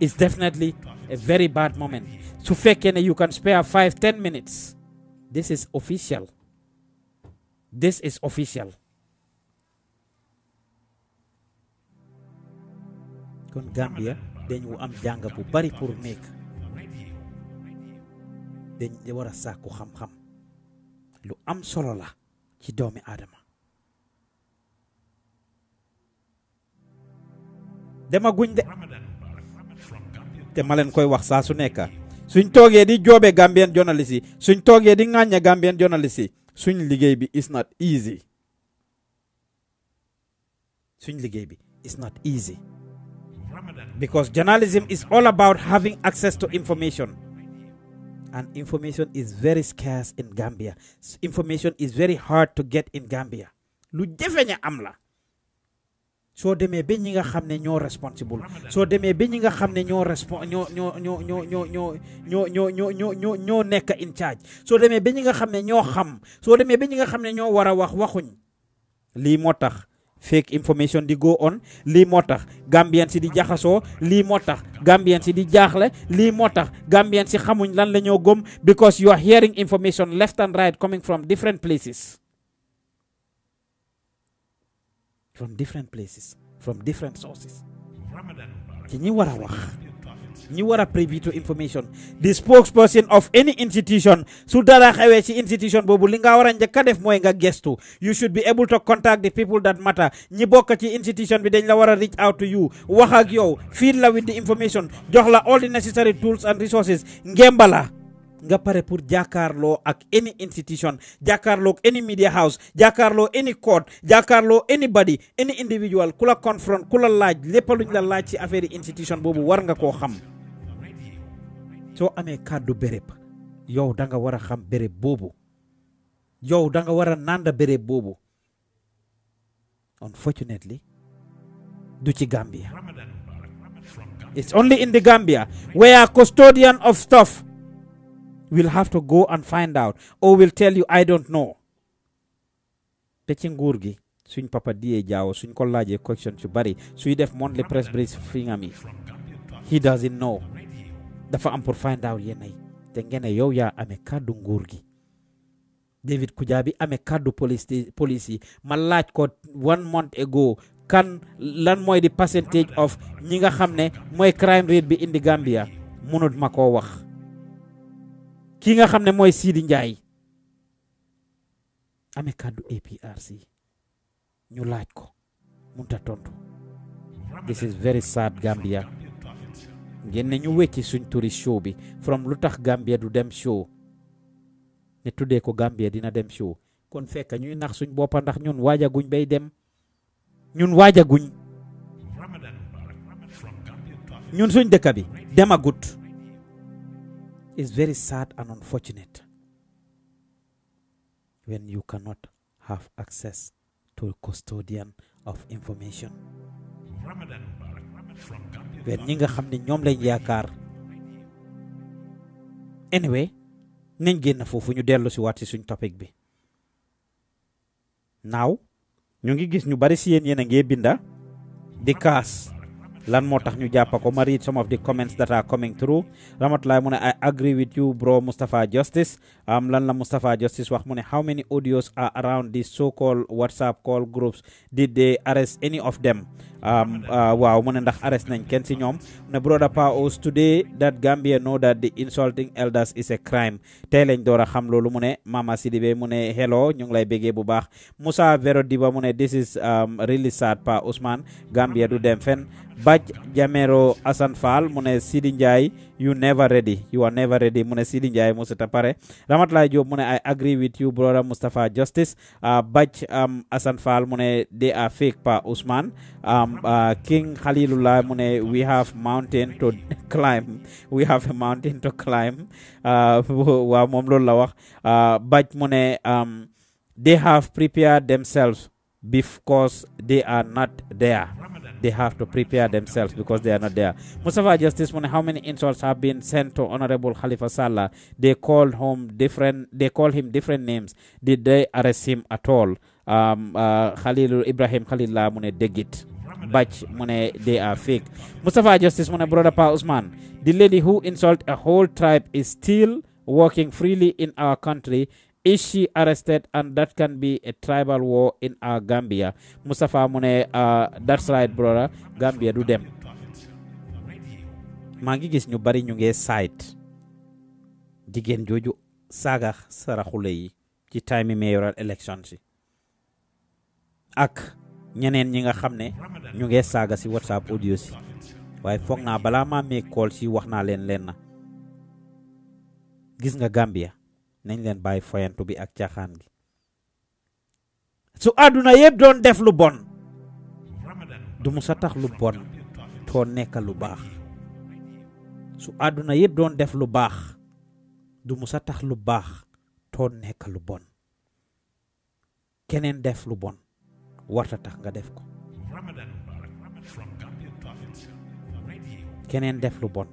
it's definitely a very bad moment su fekkee ne you can spare five ten minutes this is official this is official kon Gambia dañu am jàng bu bari pour nekk dañ war a sàkku xam-xam lu am solo la ci doomi aadama demaguñ de te ma leen koy wax saa su nekk suñ toogee di joobe Gambian journalist yi suñ toogee di ŋàññe Gambian journalist yi suñ liggéey bi is not easy suñ liggéey bi is not easy because journalism is all about having access to information and information is very scarce in Gambia information is very hard to get in Gambia lu jafeña am la soo demee ba ñi nga xam ne ñoo responsible soo demee ba ñi nga xam ne ñoo respon ñoo ñoo ñoo ñoo ñoo ñoo ñoo ñoo ñoo ñoo ñoo nekk in charge soo demee ba ñi nga xam ne ñoo xam soo demee ba ñi nga xam ne ñoo war a wax waxuñ lii moo tax fake information di go on lii moo tax Gambien si di jaxasoo lii moo tax Gambien si di jaaxle lii moo tax Gambien si xamuñ lan la ñoo gëm because you are hearing information left and right coming from different places from different places from different sources ci ñi war a wax ñi war a privy to information the spokesperson of any institution su dara xewee ci institution boobu li nga war a njëkk def mooy nga gestu you should be able to contact the people that matter ñi bokk ci institution bi dañ la war a reach out to you wax ak yow feed la with the information jox la all the necessary tools and resources ngembala nga pare pour jakarlo ak any institution jakarlo ak any media house jakarlo any court jakarlo anybody any individual kula confront kula laaj lepp luñ la laaj ci affaire institution bobu war nga ko xam so amé cadeau béréb yow da nga wara xam béréb bobu yow da nga wara nanda béréb bobu unfortunately du ci Gambia it's only in the Gambia where custodian of stuff will have to go and find out or will tell you I don't know te nguur gi suñ papa diee jaawo suñ ko laajee question su bari suy def monthly press briefing he doesn't know dafa am pour find out yéen ay te ngeen yow yaa amee kàddu nguur gi David Kujabi amee kàddu police police yi ma laaj ko one month ago kan lan mooy di percentage of ñi nga xam ne mooy crime rate bi indi Gambia munut ma koo wax ki nga xamne moy Sidi ndjay amé kaddu APRC ñu laaj ko munta tontu this is very sad Gambia ngeen ne ñu wecci suñ touri show bi from lutax Gambia du dem show ne tuddee ko Gambia dina dem show kon fekk ñuy nax suñ boppa ndax ñun waajaguñ bay dem ñun waajaguñ ñun suñ dekk bi demagut is very sad and unfortunate when you cannot have access to a custodian of information when ñi nga xam ne ñoom lañ yaakaar anyway nañ génn foofu ñu dellu si waat suñ topic bi Now, ñu ngi gis ñu bari si yéen yéen a binda di kaas lan tax ñu japp ko ma read some of the comments that are coming through mo mu i agree with you bro mustafa justice um lan la mustafa justice wax mu how many audios are around these so called whatsapp call groups did they arrest any of them um, uh, wow mu ne ndax arrest nañ Ken si ñoom ne bro, brother os today that gambia know that the insulting elders is a crime tey lañ door a xam loolu mu ne mama sidibe mu ne hello ñu ngi lay bégee bu baax moussa vero diba mu ne this is um, really sad pa ousmane gambia du dem fen Baj Jamero Assane Fall mu ne Sidi Ndiaye you never ready you are never ready mu ne Sidi Ndiaye musuta pare Ramatlaye Diop mu ne I agree with you brother Mustapha Justice ah, Baj um, Assane Fall mu ne they are fake Pa Ousmane um, ah, King Khalilullah mu ne we have mountain to climb we have a ah, moom loolu la wax Baj mu ne um, they have prepared themselves because they are not there they have to prepare themselves because they are not there. Mustafa, just this morning, how many insults have been sent to Honorable Khalifa Saleh? They called him different. They call him different names. Did they arrest him at all? Um, uh, Khalil Ibrahim Khalilullah Mune Degit. but money they are fake. Mustafa Justice Mune, brother Pa Usman. The lady who insulted a whole tribe is still working freely in our country Is she arrested and that can be a tribal war in our uh, Gambia? Mustafa Mune, uh, that's right, brother. Gambia do them. Mangi gis ñu bari ñu ngee side jigéen jooju saaga saraxule yi ci time mayoral election si ak ñeneen ñi nga xamne ne ñu ngi saga si whatsapp audio si waye fogg na bala ma me call si waxna len len gis nga Gambia nañ leen bàyyi foyantu bi ak caaxaan gi su aduna yëpp doon def lu bon du mu sa tax lu bon too nekk lu baax su aduna yëpp doon def lu baax du mu sa tax lu baax too nekk lu bon keneen def lu bon warta tax nga def ko keneen def lu bon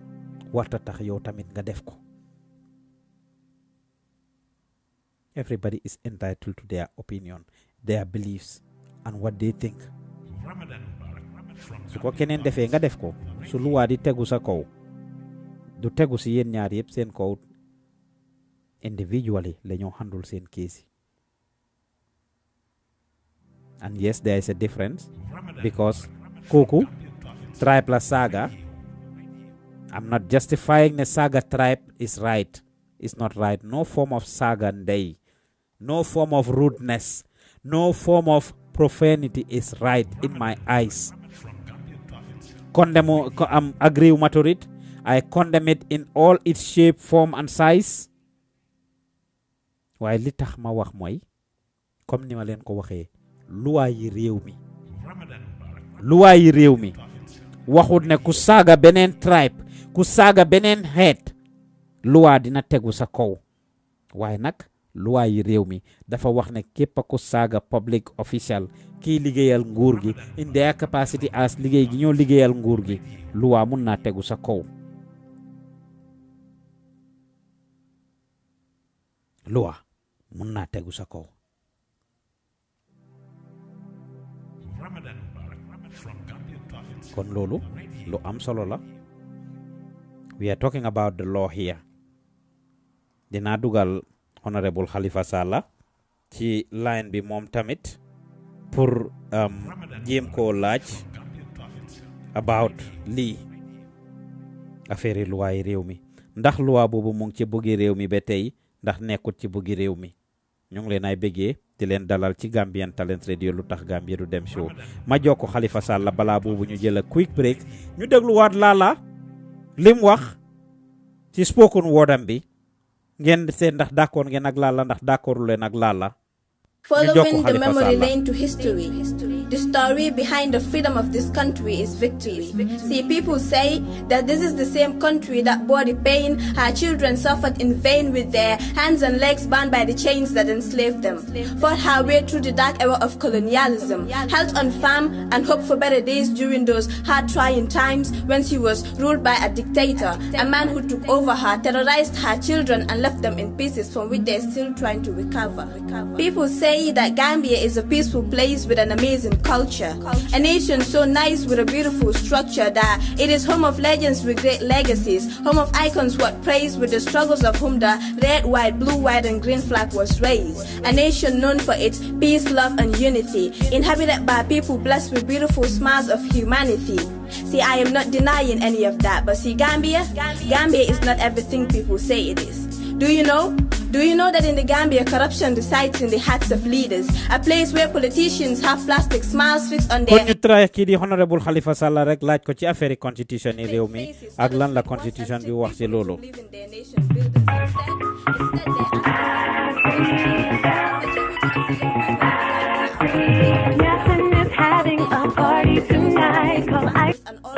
warta tax yow tamit nga def ko Everybody is entitled to their opinion, their beliefs, and what they think. Suko ko keneen defee nga def ko su luwaa di tegu sa kaw du tegu si yéen ñaar yëpp seen kaw individually la handle handul seen case and yes there is a difference because kooku tribe plus saga. I'm not justifying the saga tribe is right. It's not right. No form of saga day No form of rudeness, no form of profanity is right in my eyes. Condemn, um, agree I condemn it in all its shape, form, and size. waaye li tax ma wax mooy comme ni ma leen ko waxee luwaa yi réew mi luwaa yi réew mi waxut ne ku saaga beneen tribe ku saaga beneen xeet luwaa dina tegu sa kaw waaye nag loi yi réew mi dafa wax ne képp ko saga public official ki ligéyal nguur gi in their capacity as ligéy gi ñoo ligéyal nguur gi loi mu na tegu sa ko loi mu na sa ko kon lolu lu am solo la we are talking about the law here The dugal honorable Halifa Sallah ci line bi moom tamit pour um, jéem koo laaj about lii affaire luwa yi réew mi ndax luwaa boobu mu ngi ci buggi réew mi ba tey ndax nekkut ci buggi réew mi ñu ngi leen ay bëggee di leen dalal ci Gambian Talent Radio lu tax Gambia du dem show ma jokko Halifa Sallah balaa boobu ñu jëla a quick break ñu dégluwaat Lala lim wax ci spoken wordam bi ngeen seet ndax d'accord ngeen ak Lalla ndax d'accordu leen ak Lalla. ñu jokkoo Halifa Sallah following the memory The story behind the freedom of this country is victory. victory. See, people say that this is the same country that bore the pain her children suffered in vain with their hands and legs bound by the chains that enslaved them, fought her way through the dark era of colonialism, held on farm and hoped for better days during those hard trying times when she was ruled by a dictator, a man who took over her, terrorized her children and left them in pieces from which they're still trying to recover. People say that Gambia is a peaceful place with an amazing culture. A nation so nice with a beautiful structure that it is home of legends with great legacies, home of icons what praise with the struggles of whom the red, white, blue, white, and green flag was raised. A nation known for its peace, love, and unity, inhabited by people blessed with beautiful smiles of humanity. See, I am not denying any of that, but see, Gambia, Gambia is not everything people say it is. Do you know? Do you know that in the Gambia, corruption resides in the hearts of leaders? A place where politicians have plastic smiles fixed on their... kon ñu traité kii di honorable Khalifa Sallah rek laaj ko ci affaire constitution yi réew mi ak lan la constitution bi wax ci loolu.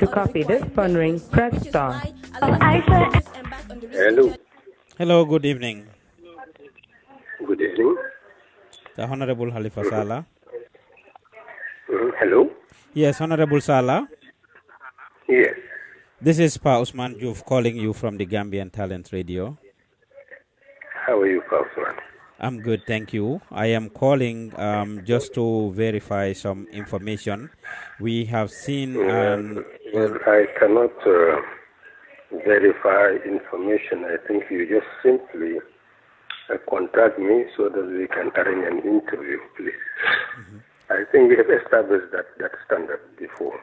To copy this phone ring, press star. Hello. Hello, good evening. Good evening. The Honorable Halifa mm-hmm. Mm-hmm. Hello. Yes, Honorable Sala. Yes. This is Pa Usman Juf calling you from the Gambian Talent Radio. How are you, Pa Usman? I'm good, thank you. I am calling um, just to verify some information. We have seen. Um, mm, well, I cannot. Uh verify information, I think you just simply uh, contact me so that we can arrange an interview, please. Mm -hmm. I think we have established that, that standard before.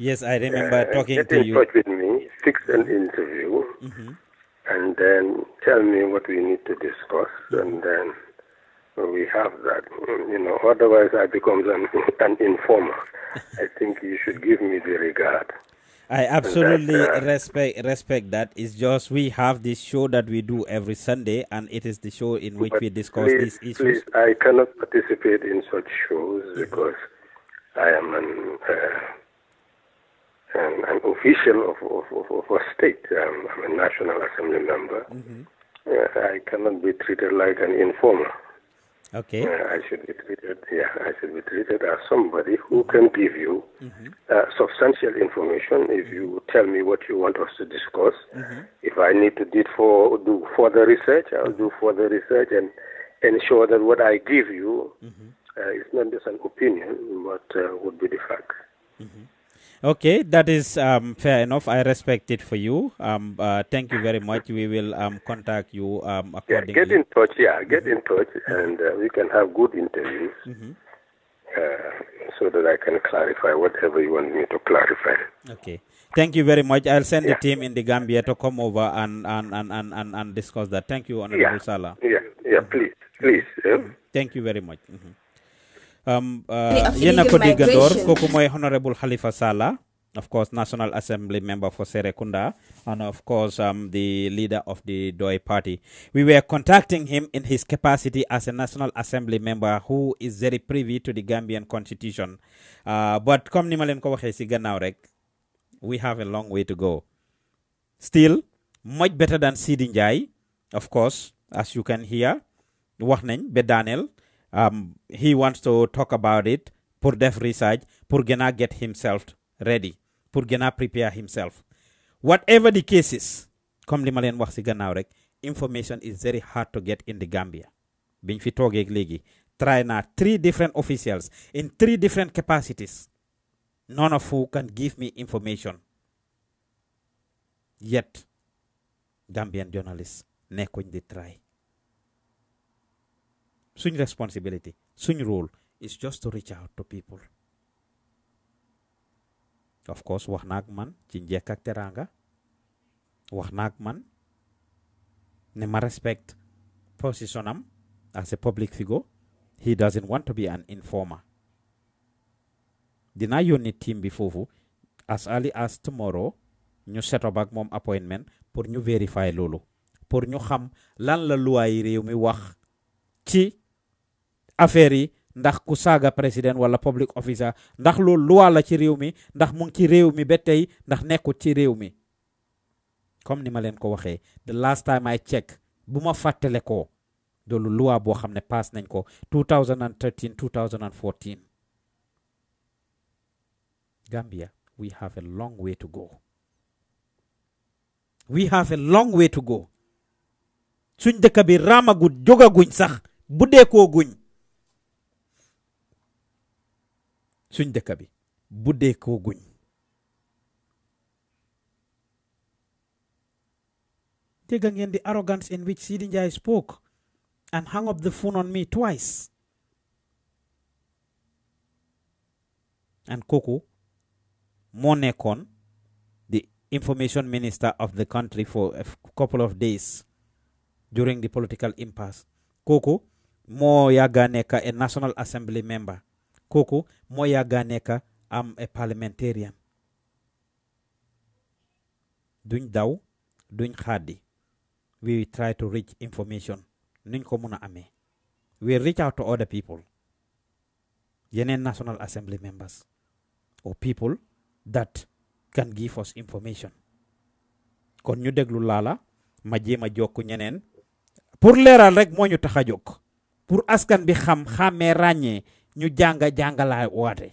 Yes, I remember uh, talking to you. Get in touch with me, fix an interview, mm -hmm. and then tell me what we need to discuss, mm -hmm. and then we have that. Mm, you know, otherwise I become an, an informer. I think you should give me the regard. I absolutely respect respect that. It's just we have this show that we do every Sunday, and it is the show in which but we discuss please, these issues. Please, I cannot participate in such shows mm-hmm. because I am an uh, an, an, official of, of, of, of a state. I'm, I'm, a National Assembly member. Mm-hmm. Uh, I cannot be treated like an informer. Okay. I should be treated. Yeah, I should be treated as somebody who can give you mm-hmm. uh, substantial information. If you mm-hmm. tell me what you want us to discuss, mm-hmm. if I need to do for do further research, I'll do mm-hmm. further research and ensure that what I give you mm-hmm. uh, is not just an opinion, but uh, would be the fact. Mm-hmm. Okay, that is um, fair enough. I respect it for you. Um, uh, thank you very much. We will um, contact you um, accordingly. Yeah, get in touch, yeah. Get in touch, and uh, we can have good interviews mm-hmm. uh, so that I can clarify whatever you want me to clarify. Okay. Thank you very much. I'll send yeah. the team in the Gambia to come over and, and, and, and, and discuss that. Thank you, Honorable yeah. Salah. Yeah, yeah, mm-hmm. please, please. Yeah. Thank you very much. Mm-hmm um, uh, Yena Kodigandor, Kokumoy Honorable Khalifa Sala, of course, National Assembly member for Serekunda, and of course, um, the leader of the Doi party. We were contacting him in his capacity as a National Assembly member who is very privy to the Gambian constitution. Uh, but come Nimalen Kowahe we have a long way to go. Still, much better than Sidi of course, as you can hear. Wax nañ be um, he wants to talk about it pour def research, pour get himself ready, pour prepare himself. Whatever the cases, comme li ma wax gannaaw rek information is very hard to get in the Gambia. biñ fi try na three different officials in three different capacities none of who can give me information yet Gambian journalists nekkuñ di try suñ responsibility suñ rôle is just to reach out to people of course wax naag man ci njekk ak teraanga wax naag man ne ma respect position am as a public figure he doesn't want to be an informer dinaa yónni tiim bi foofu as early as tomorrow ñu set moom appointment pour ñu vérifier loolu pour ñu xam lan la luwaay réew mi wax ci affaire yi ndax ku saaga président wala public officer ndax loolu luwaa la ci réew mi ndax mu ngi ci réew mi ba tey ndax nekkut ci réew mi comme ni ma leen ko waxee the last time I check bu ma fàttale ko loolu luwaa boo xam ne pass nañ ko 2013 2014 Gambia we have a long way to go we have a long way to go sax bu dee guñ suñ dëkk bi bu dee koo guñ dégg ngeen the arrogance in which Sidi spoke and hung up the phone on me twice and kooku moo nekkoon the information minister of the country for a couple of days during the political impasse kooku moo yàgga nekk a national assembly member kooku moo yàggaa nekka am parliamentarian duñ daw duñ xaaddi we will try to reach information nuñ ko mun a amee we reach out to other people yeneen national assembly members or people that can give us information kon ñu déglu laala ma jéem a jokk ñeneen pour leeral rek moo ñu tax a jóg pour askan bi xam xàmmee ràññee ñu jànga jàngalaay woote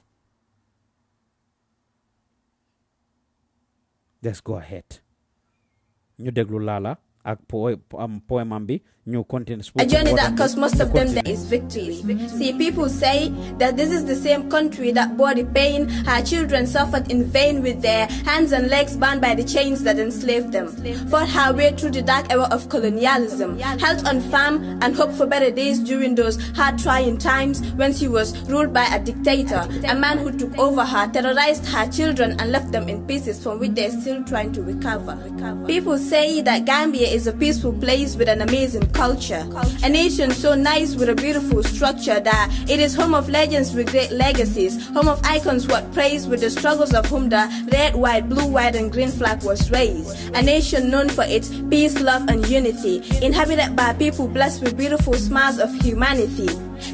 let's go ahead ñu déglu laala ak poemam bi new content. A journey that cost most of them is victory. See, people say that this is the same country that bore the pain her children suffered in vain with their hands and legs bound by the chains that enslaved them, fought her way through the dark era of colonialism, held on farm, and hoped for better days during those hard trying times when she was ruled by a dictator, a man who took over her, terrorized her children and left them in pieces from which they're still trying to recover. People say that Gambia is a peaceful place with an amazing culture. A nation so nice with a beautiful structure that it is home of legends with great legacies, home of icons what praise with the struggles of whom the red, white, blue, white, and green flag was raised. A nation known for its peace, love, and unity, inhabited by people blessed with beautiful smiles of humanity.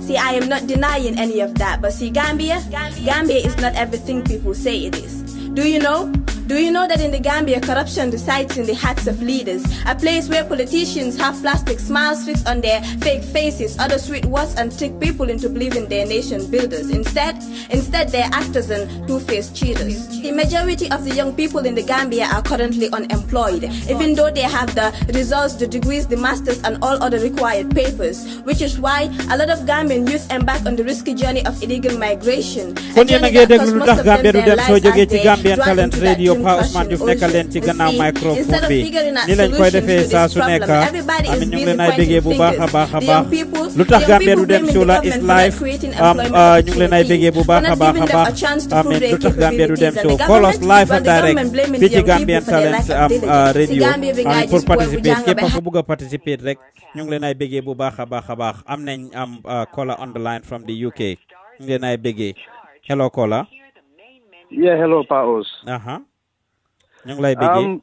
See, I am not denying any of that, but see, Gambia, Gambia is not everything people say it is. Do you know? Do you know that in the Gambia, corruption resides in the hearts of leaders? A place where politicians have plastic smiles fixed on their fake faces, other sweet words, and trick people into believing they're nation builders. Instead, instead they're actors and two-faced cheaters. The majority of the young people in the Gambia are currently unemployed, even though they have the results, the degrees, the masters, and all other required papers. Which is why a lot of Gambian youth embark on the risky journey of illegal migration. A journey that costs most of them their lives as they Diop Pa Ousmane Diouf nekkal leen ci gannaaw microphone bi ni lañ koy defee saa su nekk am ñu leen ay bëggee bu baax a baax a baax lu tax Gambia du dem Show la is live am ah, ñu leen ay bëggee bu baax a baax a baax amiin lu du dem Show call us live and direct fii ci Gambian Talents am ah, radio am pour participer képp ku bëgg a participer rek ñu ngi leen ay bëggee bu baax a baax a baax am nañ am ah, caller on the line from the UK ñu ngi leen ay bëggee hello caller yeah hello ñu ngi lay bëggee. Um,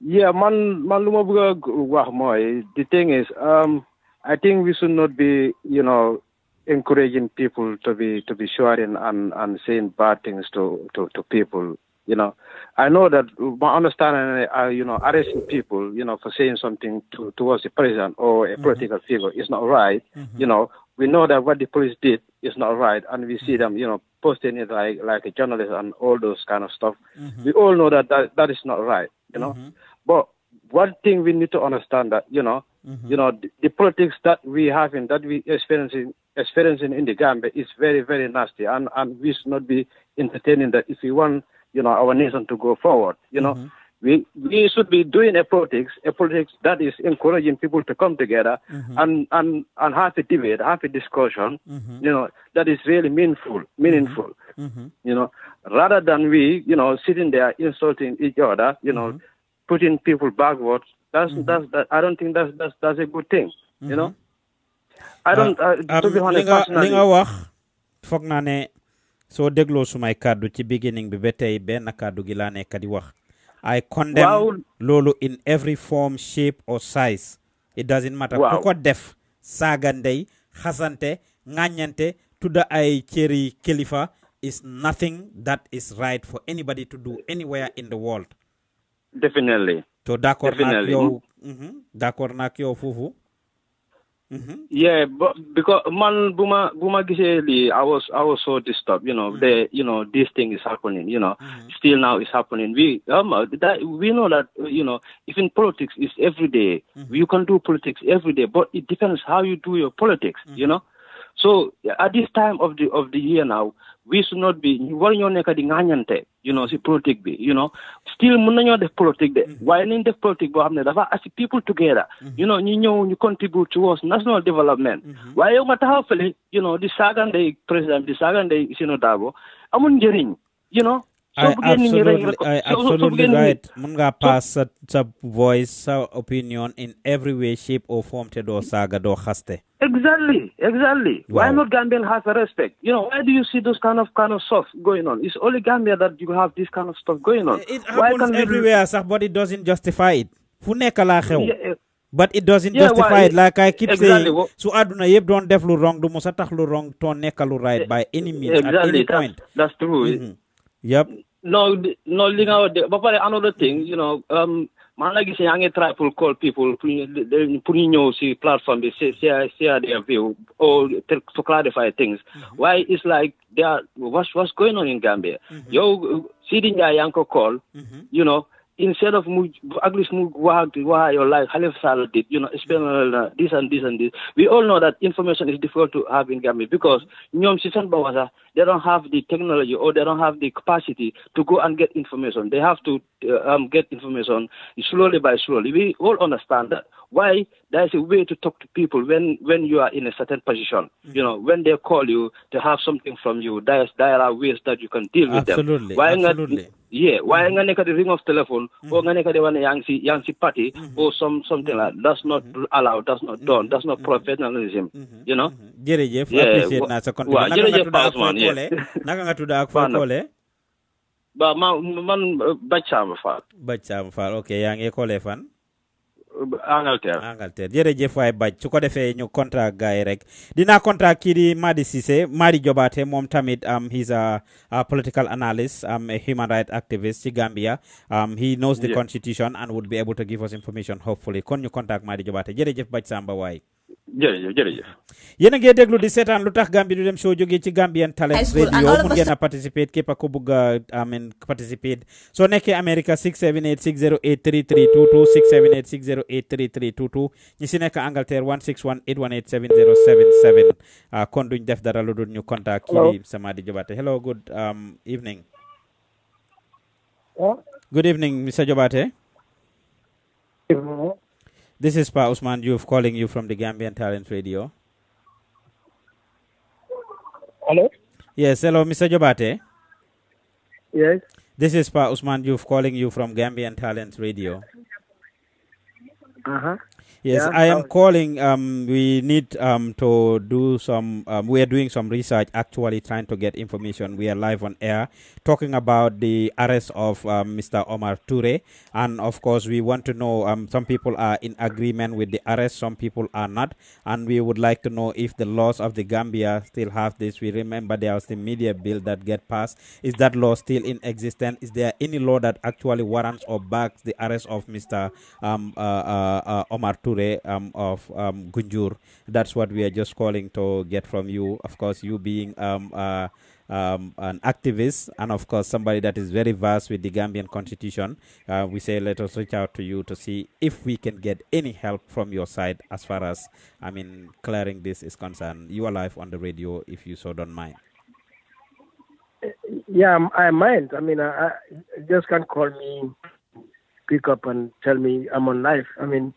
yeah man man lu ma bëgg a wax mooy the thing is um, I think we should not be you know encouraging people to be to be swearing and and saying bad things to to to people. You know, I know that my understanding, uh, you know, arresting people, you know, for saying something to, towards the president or a mm -hmm. political figure is not right. Mm -hmm. You know, we know that what the police did is not right, and we see them, you know, posting it like like a journalist and all those kind of stuff. Mm-hmm. We all know that, that that is not right, you know. Mm-hmm. But one thing we need to understand that you know, mm-hmm. you know, the, the, politics that we have in that we experiencing experiencing in the Gambia is very very nasty, and and we should not be entertaining that if we want you know our nation to go forward, you know. Mm-hmm we we should be doing a politics a politics that is encouraging people to come together mm-hmm. and, and and have a debate, have a discussion, mm-hmm. you know, that is really meaningful, meaningful, mm-hmm. mm-hmm. you know, rather than we, you know, sitting there insulting each other, you know, mm-hmm. putting people backwards. That's mm-hmm. that's that, I don't think that's that's that's a good thing, you know. I don't. Uh, uh, to be um, honest, personally, linga wax, fog naa ne soo dégloo sumay kadu ci beginning bi ba tey benn kàddu gi laa nekk wax. I condemn loolu in every form shape or size it doesn't matter ku ko def saagandey xasante ŋàññante tudda ay cëri kilifa is nothing that is right for anybody to do anywhere in the world definitely to d'accord naa Mm-hmm. Yeah, but because man, Buma, Buma Gisele, I was, I was so disturbed. You know, mm-hmm. the, you know, this thing is happening. You know, mm-hmm. still now it's happening. We, um, that we know that you know, even politics is every day. Mm-hmm. You can do politics every day, but it depends how you do your politics. You mm-hmm. know, so at this time of the of the year now, we should not be ñu war ñoo nekk di ŋaañante you know si politique bi you know still mën nañoo def politique de mm-hmm. waaye nañ def politique boo xam ne dafa asi people together mm-hmm. you know ñu ñëw ñu contribute towards national development waaye yow nga taxaw fële you know di day président di day Sino Darboe amul njëriñ you know I absolutely, I absolutely right. Munga pass sub voice opinion in every way, shape, or form. Tedo saga do haste. Exactly, exactly. Wow. Why not Gambian has a respect? You know, why do you see those kind of kind of stuff going on? It's only Gambia that you have this kind of stuff going on. It happens everywhere, sir, but it doesn't justify it. Fu nekk but it doesn't yeah, justify well, it. Like I keep exactly. saying, well, so aduna yep don't def lu wrong, do musa lu wrong, ton nekk lu right by any means exactly, at any that's, point. That's true. Mm -hmm. Yep. No, no, you know, but another thing, you know, um, man like say yange try to call people put in your platform they say share share their view or to clarify things. Mm-hmm. Why it's like they are what's what's going on in Gambia? Mm-hmm. Yo sitting there yanko call, mm-hmm. you know, instead of at least mu your life halif did you know spend uh, this and this and this we all know that information is difficult to have in Gambia because they don't have the technology or they don't have the capacity to go and get information they have to uh, um, get information slowly by slowly we all understand that why there is a way to talk to people when when you are in a certain position mm. you know when they call you to have something from you there are ways that you can deal with absolutely, them Absolutely. absolutely. Yeah, why mm-hmm. nga nekk ring of telephone mm. hmm or mm-hmm. nga nekk di wane yang si yang si party mm -hmm. or some something mm-hmm. like that's not mm -hmm. allowed, that's not done, that's not mm-hmm. professionalism, mm -hmm. you know? jere Jerejef, yeah, appreciate na sa contribution. Wa, jerejef Pasman, yeah. Naka nga tuda akwa kole? Ba, man, man, Bajsam Fall. Bajsam Fall, okay. Yang ekole fan? Angleterre. Angleterre jërëjëf waay baj su ko defee ñu contact gars yi rek dinaa contact kii di Madi Cissé Madi Jobaate moom tamit am um, he's a political analyst um, a human rights activist ci Gambia am um, he knows the constitution and would be able to give us information hopefully kon ñu contact Madi Jobaate jërëjëf baj Samba waay. jërëjëf jërëjëf yéen a ngi déglu di seetaan lu tax gambi du dem show jógee ci Gambian Talents Radio mun ngeen a participate képp ko bëgg a amen participate soo nekkee America 678 608 3322 678 608 3322 ñi si nekk Angleterre 161 818 7077 kon duñ def dara lu dul ñu contact kii di Samadi Jobate hello good um, evening good evening Mr Jobate This is Pa Usman You've calling you from the Gambian Talent Radio. Hello? Yes, hello, Mr. Jobate. Yes. This is Pa Usman You've calling you from Gambian Talent Radio. Uh huh. Yes, yeah? I am oh. calling. Um, we need um, to do some. Um, we are doing some research, actually trying to get information. We are live on air, talking about the arrest of Mr. Um, Omar Toure, and of course, we want to know. Um, some people are in agreement with the arrest, some people are not, and we would like to know if the laws of the Gambia still have this. We remember there was the media bill that get passed. Is that law still in existence? Is there any law that actually warrants or backs the arrest of Mr. Um, uh, uh, uh, Omar Toure? um, of um, Gunjur. That's what we are just calling to get from you. Of course, you being um, uh, um, an activist and of course somebody that is very versed with the Gambian constitution, uh, we say let us reach out to you to see if we can get any help from your side as far as I mean clearing this is concerned. You are live on the radio if you so don't mind. Yeah, I mind. I mean, I, I just can't call me, pick up and tell me I'm on live. I mean,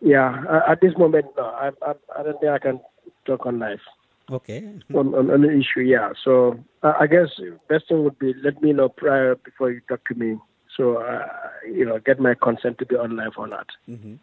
yeah, uh, at this moment, no, I, I, I don't think I can talk on life. Okay. on, on, on an issue, yeah. So uh, I guess best thing would be let me know prior before you talk to me, so uh, you know get my consent to be on live or not. Mm-hmm.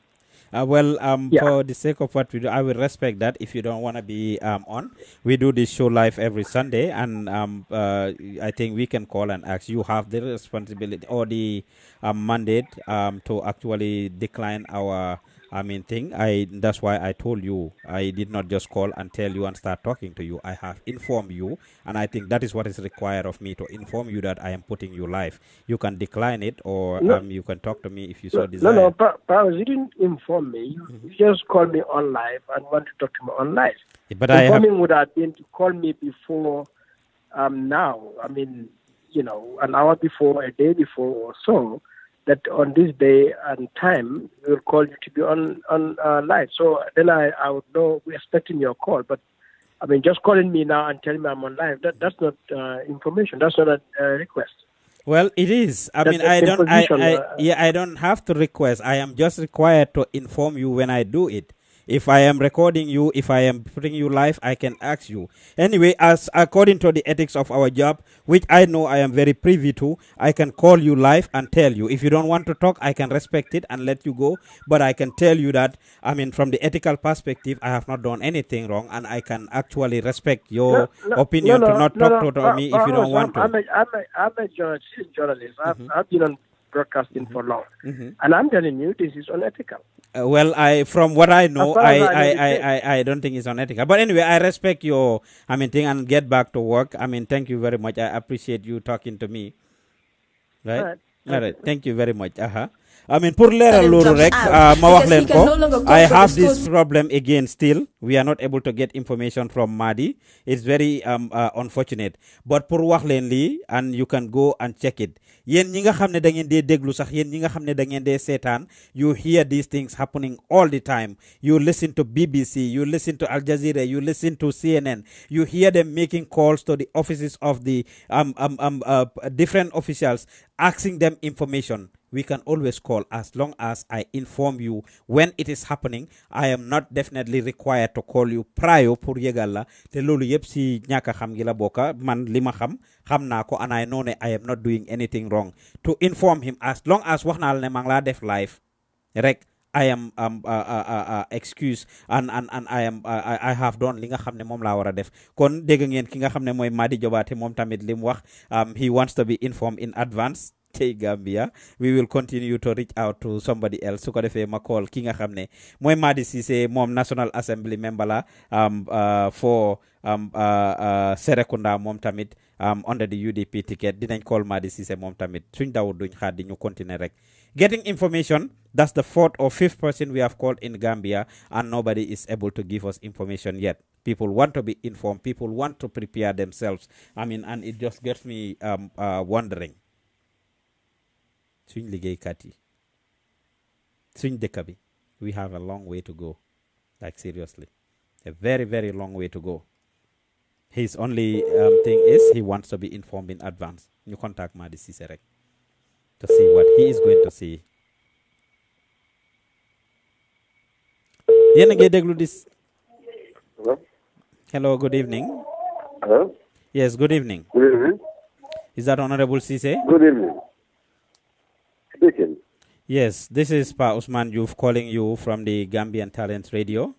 Uh, well, um, yeah. for the sake of what we do, I will respect that if you don't want to be um, on. We do this show live every Sunday, and um, uh, I think we can call and ask. You have the responsibility or the um, mandate um, to actually decline our I mean thing. I that's why I told you I did not just call and tell you and start talking to you. I have informed you, and I think that is what is required of me to inform you that I am putting you live. You can decline it, or no. um, you can talk to me if you no, so desire. No, no, Powers, you didn't inform me. You, mm-hmm. you just called me on live and want to talk to me on live. But informing I have... would have been to call me before um, now. I mean, you know, an hour before, a day before, or so that on this day and time we will call you to be on on uh, live. So then I, I would know we're expecting your call. But I mean, just calling me now and telling me I'm on live that that's not uh, information. That's not a uh, request. Well, it is. I that's mean, I don't. I, I, uh, yeah, I don't have to request. I am just required to inform you when I do it. If I am recording you, if I am putting you live, I can ask you. Anyway, as according to the ethics of our job, which I know I am very privy to, I can call you live and tell you. If you don't want to talk, I can respect it and let you go. But I can tell you that, I mean, from the ethical perspective, I have not done anything wrong and I can actually respect your no, no, opinion no, to not talk to, me if you don't want to. I'm a, I'm a, I'm a journalist. mm-hmm. I've been on broadcasting mm-hmm. for long. Mm-hmm. And I'm telling you, this is unethical. Uh, well, I from what I know, I I, I, I, I, don't think it's unethical. But anyway, I respect your I mean thing and get back to work. I mean, thank you very much. I appreciate you talking to me. Right. All right. All right. Thank you very much. Uh huh. I mean pour leeral loolu rek uh, ma wax I have this problem again still we are not able to get information from Madi it's very um, uh, unfortunate but pour wax and you can go and check it yéen ñi nga xam ne déglu sax yéen ñi nga xam you hear these things happening all the time you listen to BBC you listen to Al Jazeera you listen to CNN you hear them making calls to the offices of the um, um, uh, different officials asking them information we can always call as long as I inform you when it is happening. I am not definitely required to call you prior pour yegal la te lolu yep si ñaka xam gi la boka man lima xam xam na ko and I know I am not doing anything wrong to inform him as long as wax ne mang la def live rek I am am um, uh, uh, uh, excuse and and and I am I have done li nga xam ne moom laa war a def kon dégg ngeen ki nga xam ne mooy Madi Jobaate moom tamit li mu wax um, he wants to be informed in advance. tey Gambia we will continue to reach out to somebody else su ko defee ma call ki nga xam ne mooy Madi Ceesay moom National Assembly member la um, for Serekunda moom tamit under the UDP ticket dinañ call Madi Ceesay moom tamit suñ dawut duñ xaar di ñu continuer rek Getting information, that's the fourth or fifth person we have called in Gambia, and nobody is able to give us information yet. People want to be informed, people want to prepare themselves. I mean, and it just gets me um, uh, wondering. suñ we have a long way to go like seriously a very very long way to go his only um, thing is he wants to be informed in advance You contact Madi Ceesay rek to see what he is going to see. Hello? Hello, good evening. Hello? Yes, good evening. Good evening. Is that Honorable Sise? Good evening. Speaking. Yes, this is Pa Usman You've calling you from the Gambian Talent Radio.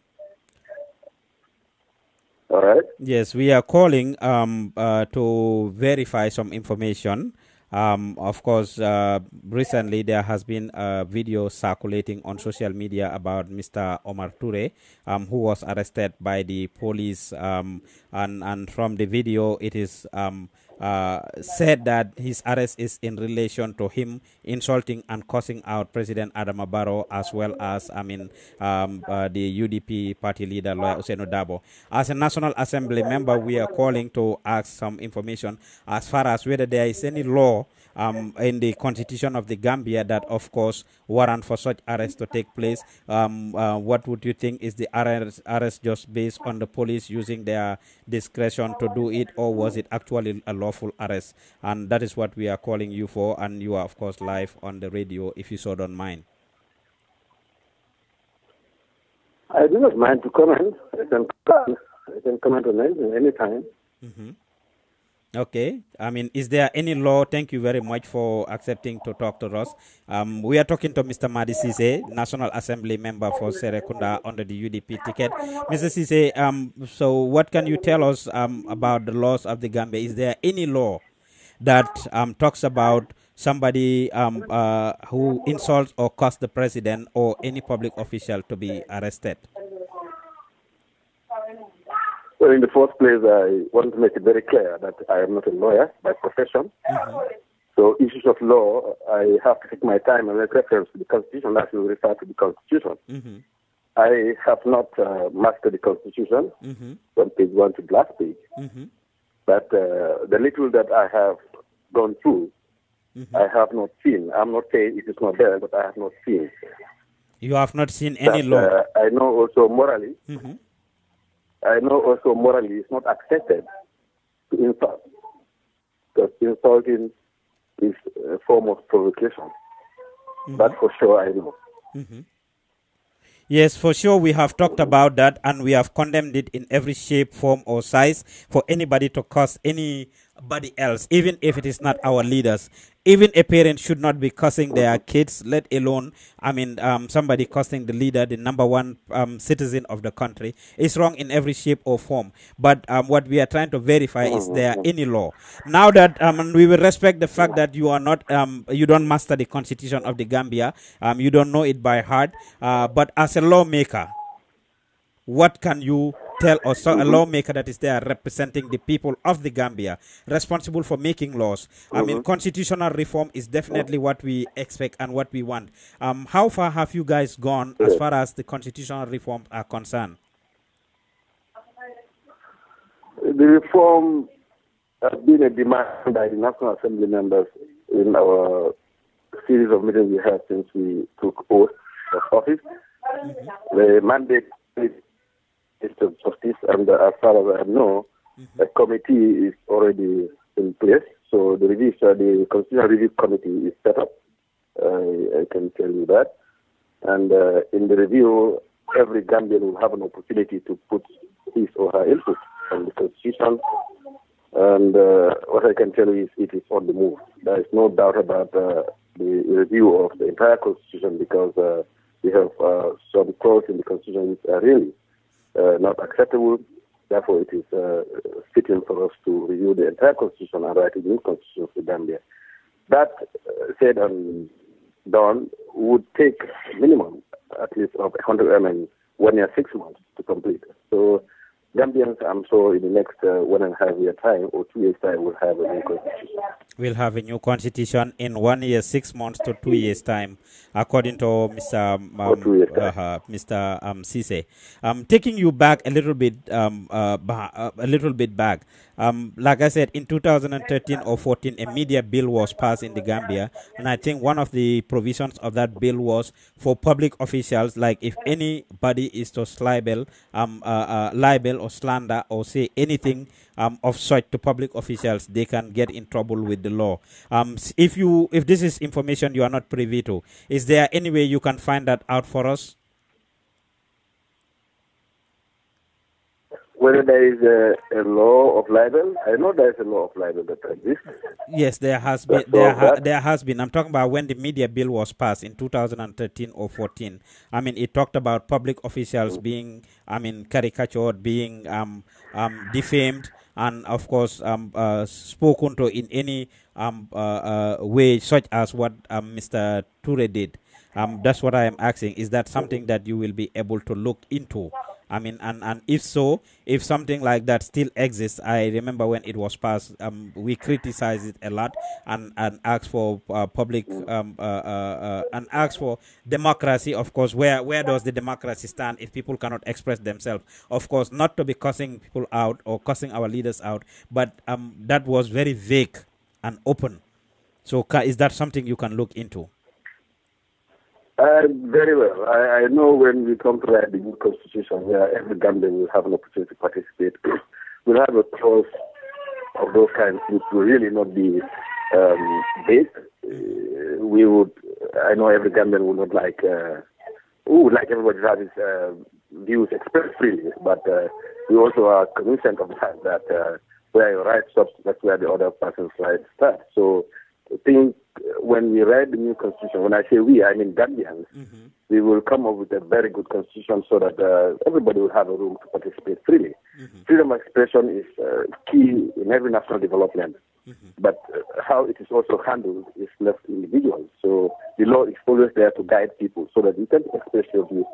All right. Yes, we are calling um, uh, to verify some information um, of course, uh, recently there has been a video circulating on social media about Mr. Omar Ture, um, who was arrested by the police. Um, and, and from the video, it is um, uh, said that his arrest is in relation to him insulting and cursing out President Adama Barrow as well as, I mean, um, uh, the UDP party leader, Lawyer Useno Dabo. As a National Assembly member, we are calling to ask some information as far as whether there is any law um, in the constitution of the Gambia that, of course, warrant for such arrest to take place. Um, uh, what would you think is the arrest, arrest just based on the police using their discretion to do it, or was it actually a lawful arrest? And that is what we are calling you for, and you are, of course, live on the radio if you so don't mind. I do not mind to comment. I can, I can comment on anything anytime. Mm-hmm. Okay. I mean, is there any law? Thank you very much for accepting to talk to us. Um, we are talking to Mr. Madi Cisse, National Assembly member for Serekunda under the UDP ticket. Mr. Cisse. um, so what can you tell us um, about the laws of the Gambia? Is there any law that um, talks about somebody um, uh, who insults or costs the president or any public official to be arrested? Well, in the first place, I want to make it very clear that I am not a lawyer by profession. Mm-hmm. So issues of law, I have to take my time and make reference to the Constitution I will refer to the Constitution. Mm-hmm. I have not uh, mastered the Constitution mm-hmm. from page one to last page. Mm-hmm. But uh, the little that I have gone through, mm-hmm. I have not seen. I'm not saying it is not there, but I have not seen. You have not seen any but, law. Uh, I know also morally mm-hmm. I know also morally it's not accepted to insult, because insulting is a form of provocation. Mm-hmm. That for sure I know. Mm-hmm. Yes, for sure, we have talked about that and we have condemned it in every shape, form, or size for anybody to cause any somebody else, even if it is not our leaders. Even a parent should not be cussing their kids, let alone, I mean, um, somebody cussing the leader, the number one um, citizen of the country. It's wrong in every shape or form. But um, what we are trying to verify is there any law. Now that um, we will respect the fact that you are not, um, you don't master the constitution of the Gambia, um, you don't know it by heart, uh, but as a lawmaker, what can you tell us, a lawmaker that is there representing the people of the Gambia, responsible for making laws? I mean, mm-hmm. constitutional reform is definitely what we expect and what we want. Um, how far have you guys gone as far as the constitutional reform are concerned? The reform has been a demand by the National Assembly members in our series of meetings we had since we took oath of office. Mm-hmm. The mandate Minister of this, and uh, as far as I know, mm-hmm. a committee is already in place. So the review, uh, the constitutional review committee is set up. Uh, I can tell you that. And uh, in the review, every Gambian will have an opportunity to put his or her input on the constitution. And uh, what I can tell you is it is on the move. There is no doubt about uh, the review of the entire constitution because we have some clause in the constitution which are really uh, not acceptable. Therefore, it is uh, fitting for us to review the entire constitution and write a new constitution for Gambia. That uh, said and done would take minimum at least of 100 one year, six months to complete. So Gambians, I'm sure in the next uh, one and a half year time or two years time, will have a new constitution. We'll have a new constitution in one year, six months to two years time, according to Mr. Um, um, uh, uh Mr. Um, Cisse. I'm um, taking you back a little bit, um, uh, uh a little bit back. Um, like I said, in 2013 or 14, a media bill was passed in the Gambia, and I think one of the provisions of that bill was for public officials, like if anybody is to libel, um, uh, uh, libel or slander or say anything um, of such to public officials, they can get in trouble with the law. Um, if you, if this is information you are not privy to, is there any way you can find that out for us? whether there is a, a, law of libel. I know there is a law of libel that exists. Yes, there has been. there, ha, there has been. I'm talking about when the media bill was passed in 2013 or 14. I mean, it talked about public officials mm-hmm. being, I mean, caricatured, being um, um, defamed, and of course, um, uh, spoken to in any um, uh, uh, way, such as what um, Mr. Ture did. Um, that's what I am asking. Is that something mm-hmm. that you will be able to look into? I mean, and, and if so, if something like that still exists, I remember when it was passed, um, we criticized it a lot and, and asked for uh, public um, uh, uh, uh and asked for democracy. Of course, where where does the democracy stand if people cannot express themselves? Of course, not to be cussing people out or cussing our leaders out, but um, that was very vague and open. So, is that something you can look into? Uh, very well. I, I, know when we come to write the new constitution where every Gambian will have an opportunity to participate, we'll have a clause of those kinds which will really not be um, big. Uh, we would, I know every Gambian would not like, uh, would like everybody to have his uh, views expressed freely, but uh, we also are cognizant of the fact that uh, where your rights stop, that's where the other person's rights start. So I think when we write the new constitution, when I say we, I mean Gambians, mm-hmm. we will come up with a very good constitution so that uh, everybody will have a room to participate freely. Mm-hmm. Freedom of expression is uh, key in every national development, mm-hmm. but uh, how it is also handled is left to individuals. So the law is always there to guide people so that you can express your views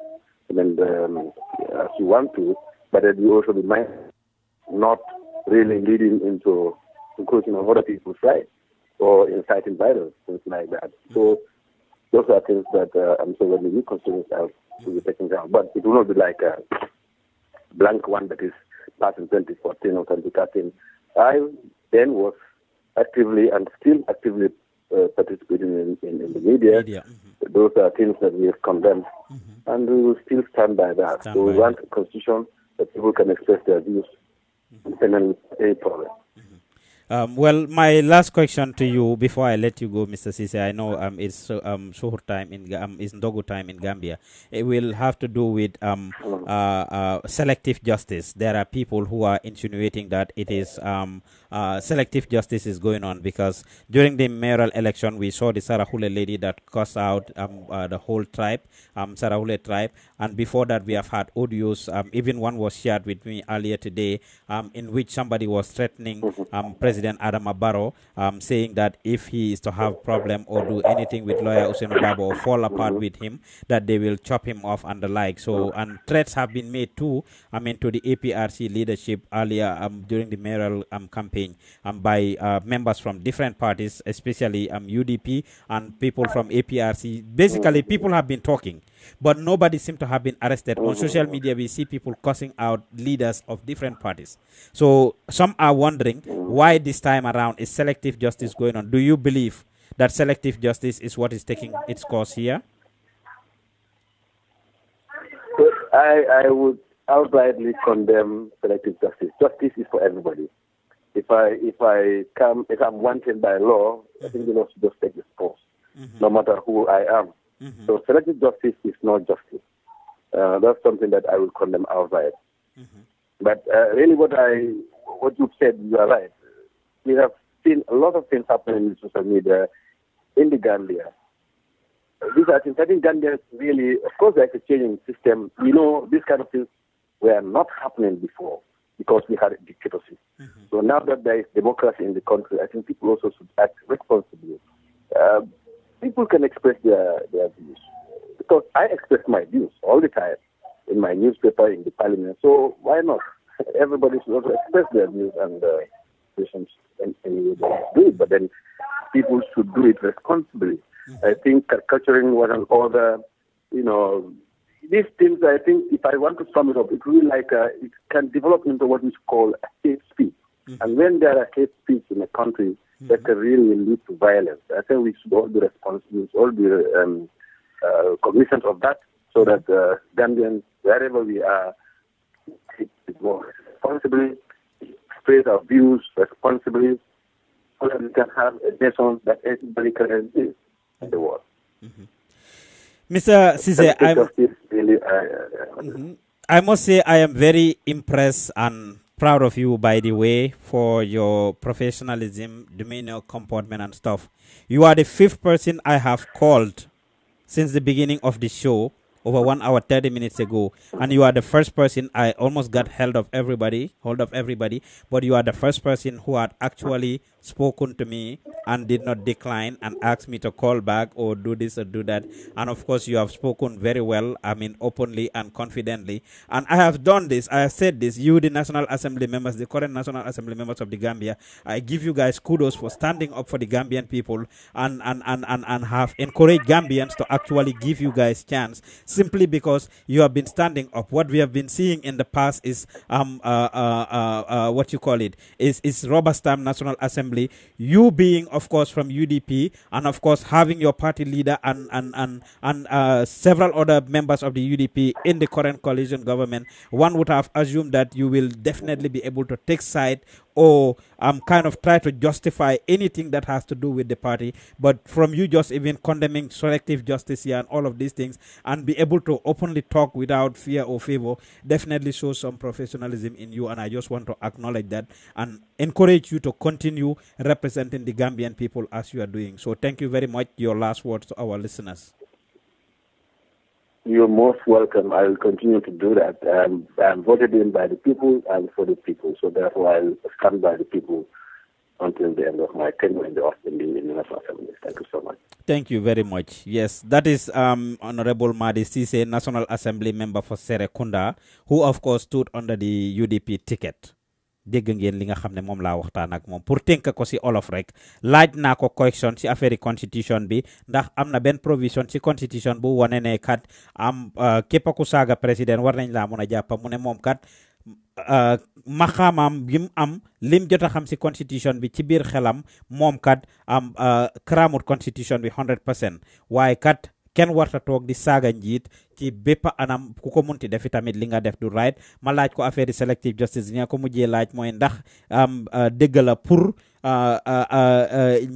and um, as you want to, but that you also be mindful, not really leading into inclusion of other people's rights or inciting violence, things like that. So those are things that uh, I'm sure when we consumers are to be care down. But it will not be like a blank one that is passed in 2014 or 2013. I then was actively and still actively uh, participating in, in, in, the media. media. Mm-hmm. Those are things that we have condemned, mm-hmm. and we will still stand by that. Stand so we want it. a constitution that people can express their views mm-hmm. independently. Um, well, my last question to you before I let you go, Mr. Sisi, I know um, it's um, time in um, it's Ndogu time in Gambia. It will have to do with um, uh, uh, selective justice. There are people who are insinuating that it is um, uh, selective justice is going on because during the mayoral election, we saw the Sarahule lady that cussed out um, uh, the whole tribe, um, Sarahule tribe. And before that, we have had audios. Um, even one was shared with me earlier today um, in which somebody was threatening um, President Adam Abaro, um, saying that if he is to have problem or do anything with lawyer Usain Babo or fall apart with him, that they will chop him off and the like. So, and threats have been made too, I mean, to the APRC leadership earlier um, during the mayoral campaign campaign um, by uh, members from different parties, especially um, UDP and people from APRC. Basically, people have been talking, but nobody seems to have been arrested. On social media, we see people cussing out leaders of different parties. So some are wondering why this time around is selective justice going on. Do you believe that selective justice is what is taking its course here? I, I would outrightly condemn selective justice. Justice is for everybody if I if I come if I'm wanted by law, mm-hmm. I think the law should just take this course, mm-hmm. no matter who I am. Mm-hmm. So selective justice is not justice. Uh, that's something that I will condemn outright. Mm-hmm. But uh, really, what I what you said, you are right. We have seen a lot of things happening in social media in the Gambia. These are things I think Gambia is really, of course, there's a changing system. You know, these kind of things were not happening before because we had a dictatorship. Mm-hmm. So now that there is democracy in the country, I think people also should act responsibly. Um, people can express their, their views because I express my views all the time in my newspaper, in the parliament. So why not? Everybody should also express their views and uh, positions in any way they do it. But then people should do it responsibly. Mm-hmm. I think caricaturing one another, you know, these things, I think, if I want to sum it up, it's really like uh, it can develop into what is called a hate speech. Mm-hmm. And when there are hate speech in a country, mm-hmm. that can really lead to violence. I think we should all be responsible, all be um, uh, cognizant of that, so mm-hmm. that uh, Gambians, wherever we are, take it more responsibly, express our views responsibly, so that we can have a nation that everybody can exist in the world. Mm-hmm. Mr. Cisse, I'm, mm-hmm. I must say I am very impressed and proud of you, by the way, for your professionalism, demeanor, comportment, and stuff. You are the fifth person I have called since the beginning of the show, over one hour, 30 minutes ago. And you are the first person I almost got held of everybody, hold of everybody, but you are the first person who had actually spoken to me and did not decline and asked me to call back or oh, do this or do that. And of course, you have spoken very well, I mean, openly and confidently. And I have done this, I have said this. You, the National Assembly members, the current National Assembly members of the Gambia, I give you guys kudos for standing up for the Gambian people and, and, and, and, and have encouraged Gambians to actually give you guys chance simply because you have been standing up. What we have been seeing in the past is um uh, uh, uh, uh what you call it is is rubber stamp National Assembly Assembly, you being, of course, from UDP, and of course, having your party leader and, and, and, and uh, several other members of the UDP in the current coalition government, one would have assumed that you will definitely be able to take side or I'm kind of trying to justify anything that has to do with the party. But from you just even condemning selective justice here and all of these things and be able to openly talk without fear or favor definitely shows some professionalism in you. And I just want to acknowledge that and encourage you to continue representing the Gambian people as you are doing. So thank you very much. Your last words to our listeners. You're most welcome. I will continue to do that. Um, I'm voted in by the people and for the people, so therefore I'll stand by the people until the end of my tenure in the office in the National Assembly. Thank you so much. Thank you very much. Yes, that is um, Honorable Madi Sise, National Assembly member for Serekunda, who of course stood under the UDP ticket. dégg ngeen li nga xam ne moom laa waxtaan ak moom pour tënk ko si olof rek laaj naa ko correction si affaire constitution bi ndax am na benn provision si constitution bu wane ne kat am euh, képp ku saaga président war nañ laa mun a jàpp mu ne moom kat euh, maxaamaam bi am lim jot a xam si constitution bi ci biir xelam moom kat am cramut euh, constitution bi 100 percent waaye kat. kenn warta toog di saaga njiit ci bépp anam ku ko munti defi tamit li nga def du right ma laaj ko affaire yi selective justice li nga ko mujjee laaj mooy ndax dëgg la pour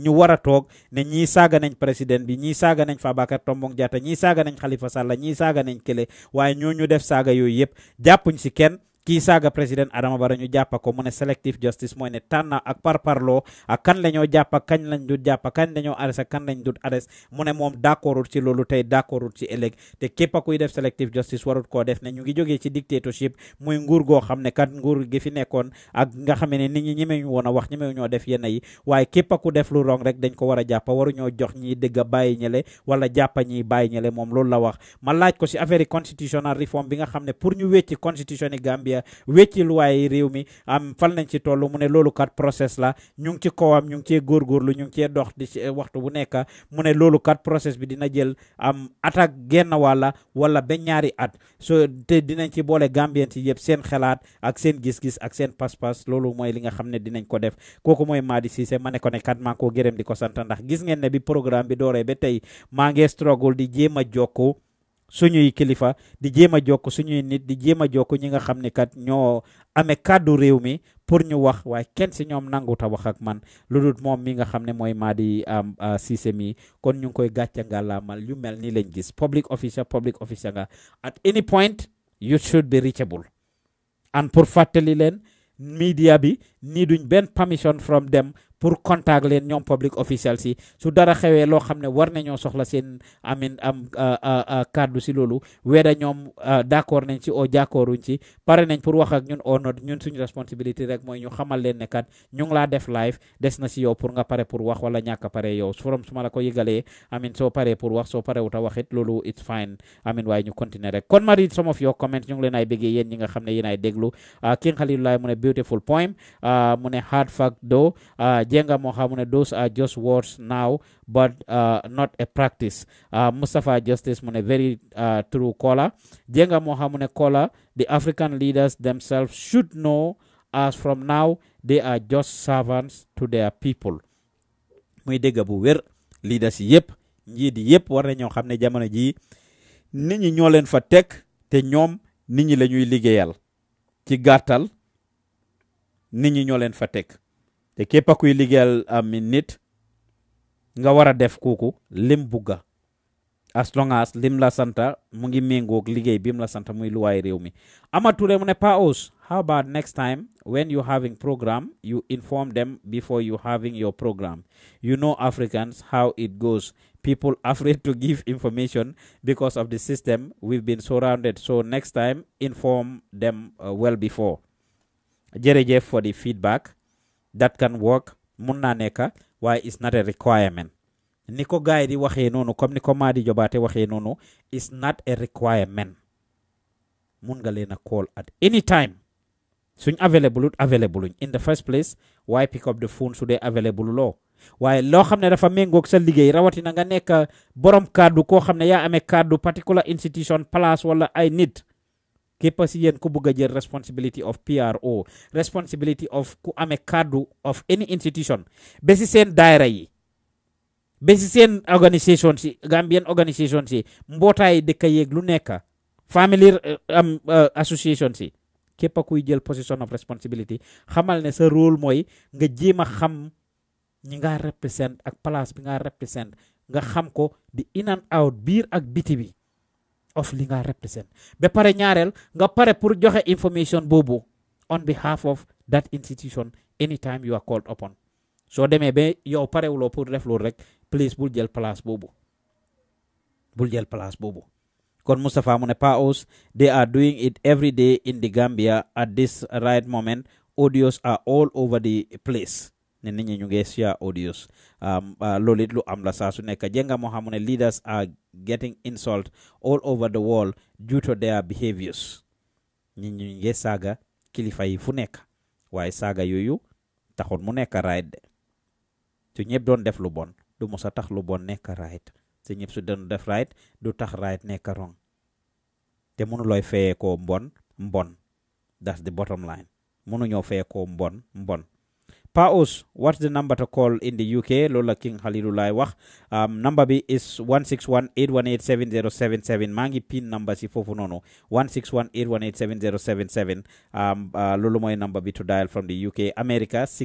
ñu war a toog ne ñii saaga nañ président bi ñii saaga nañ Fabakary Tombong Jatta ñii saaga nañ Halifa Sallah ñii saaga nañ Kele waaye ñoo ñu def saaga yooyu yëpp jàppuñ si kenn kii saaga président Adama Barrow ñu jàpp ko mu ne selective justice mooy ne tànn ak parparloo ak kan la ñoo jàpp kañ lañ dut jàpp kañ la ñoo arrest moom d'accordul ci loolu tey d'accordul ci ëllëg te képp a kuy def selective justice warut koo def ne ñu ngi jógee ci dictatorship muy nguur goo xam ne kat nguur gi fi nekkoon ak nga xam ne nit ñi ñemeñu woon a wax ñemeñu ñoo def yenn yi waaye képp ku def lu rong rek dañ ko war a jàpp waruñoo jox wecci luwaay réew mi am fan lañ ci toll mu ne loolu kat process la ñu ngi ci kawam ñu ngi cee góorgóorlu ñu ngi cee dox di ci waxtu bu nekk mu ne loolu kat process bi dina jël am attaque genn wàlla wala be ñaari at so te dinañ ci boole gambien ci yëpp seen xalaat ak seen gis-gis ak seen pas-pas loolu mooy li nga xam ne dinañ ko def kooku mooy Madi Ceesay ma nekko ko ne kat maa ngi koo di ko sant ndax gis ngeen ne bi programme bi dooree ba tey maa ngi di jéem a jokkoo suñuy kilifa di jéem a jokk suñuy nit di jéem a jokk ñi nga xam ne kat ñoo ame kàddu réew mi pour ñu wax waaye kenn si ñoom nanguta wax ak man lu dul moom mi nga xam ne mooy Madi Ceesay mi kon ñu ngi koy gàcce ngàllaamal yu mel ni lañ gis public official public official nga at any point you should be reachable and pour fàttali leen media bi nii duñ benn permission from them pour contact len ñom public official si, su dara xewé lo xamné ne war nyong soxla seen amin am kàddu ci lolu wéda ñom d'accord nañ ci o d'accordu ci pare nañ pour wax ak ñun oo note ñun suñu responsibility rek moy ñu xamal len né kat ñu ngi def live des na ci yow pour nga pare pour wax wala ñaka paré yow forom su la ko amin so paré pour wax so paré lulu waxit lolu it's fine amin way ñu continuer rek kon mari some of your comments ñu ngi leen ay bégé yeen ñi nga xamné ne ay déglu King khalilullah mu beautiful poem mu ne hard fact do jenga Mohammed those are just words now but uh, not a practice uh, Mustafa Justice Mune very uh, true caller jenga Mohammed caller the African leaders themselves should know as from now they are just servants to their people muy dégg bu wer leaders yep, njiit yep war na ñoo ne jamono ji nit ñi ñoleen fa tek te ñom nit ñi lañuy ñuy liggéeyal ci gàttal nit ñi ñoleen fa tek te képp kuy liggéeyal am nit nga war a def kooku lim bugga as long as lim la santa mu ngi méngoog liggéey bi mu la santa muy réew mi Ama Touré mu ne paos how about next time when you having program you inform them before you having your program you know Africans how it goes people afraid to give information because of the system we've been surrounded so next time inform them uh, well before jërëjëf for the feedback that can work mun naa nekka waaye is not a requirement ni ko gaay di waxee noonu comme ni ko Madi Jobaate waxee noonu is not a requirement mun nga leen a call at any time suñ available ut available in the first place waaye pick up the phone su dee available loo waaye loo xam ne dafa méngoog sa liggéey rawatina nga nekk borom kàddu koo xam ne yaa amee kàddu particular institution place wala ay nit képp si yéen ku bugg a jël responsibility of PRO responsibility of ku amee kàddu of any institution ba si seen daayra yi ba si seen organisation si Gambian organisation si mbootaay dëkk yeeg lu nekk family eh, am eh, association si képp kuy jël position of responsibility xamal ne sa rôle mooy nga jéem a xam ñi nga represent ak place bi nga represent nga xam ko di in and out biir ak biti bi of li nga represent ba pare ñaareel nga pare pour joxe information Bobo, on behalf of that institution anytime you are called upon So, demee ba yow parewuloo pour def loolu rek please bul jël place boobu bul jël place boobu kon Moustapha mu ne PAOs they are doing it every day in the Gambia at this right moment audios are all over the place ninenye gesia odius oh um, uh, lolitlu amla jenga kajenga mohamune leaders are getting insult all over the world due to their behaviors nyinyinge saga kilifai funeka waye saga yuyu taxon mu nekk right de don doon def lu bon du mosa tax lu bon neka raid ci ñëpp su doon def raid du tax raid nekk rong te mënu loy feyee koo mbon that's the bottom line mënu ñoo feyee bon mbon Paos, what's the number to call in the UK? Lola King Halilulai Wah. um, number B is 16181870777 maa ngi pin number si foofu noonu 16181870777 um, uh, Lolo mooy number B to dial from the UK America 678608332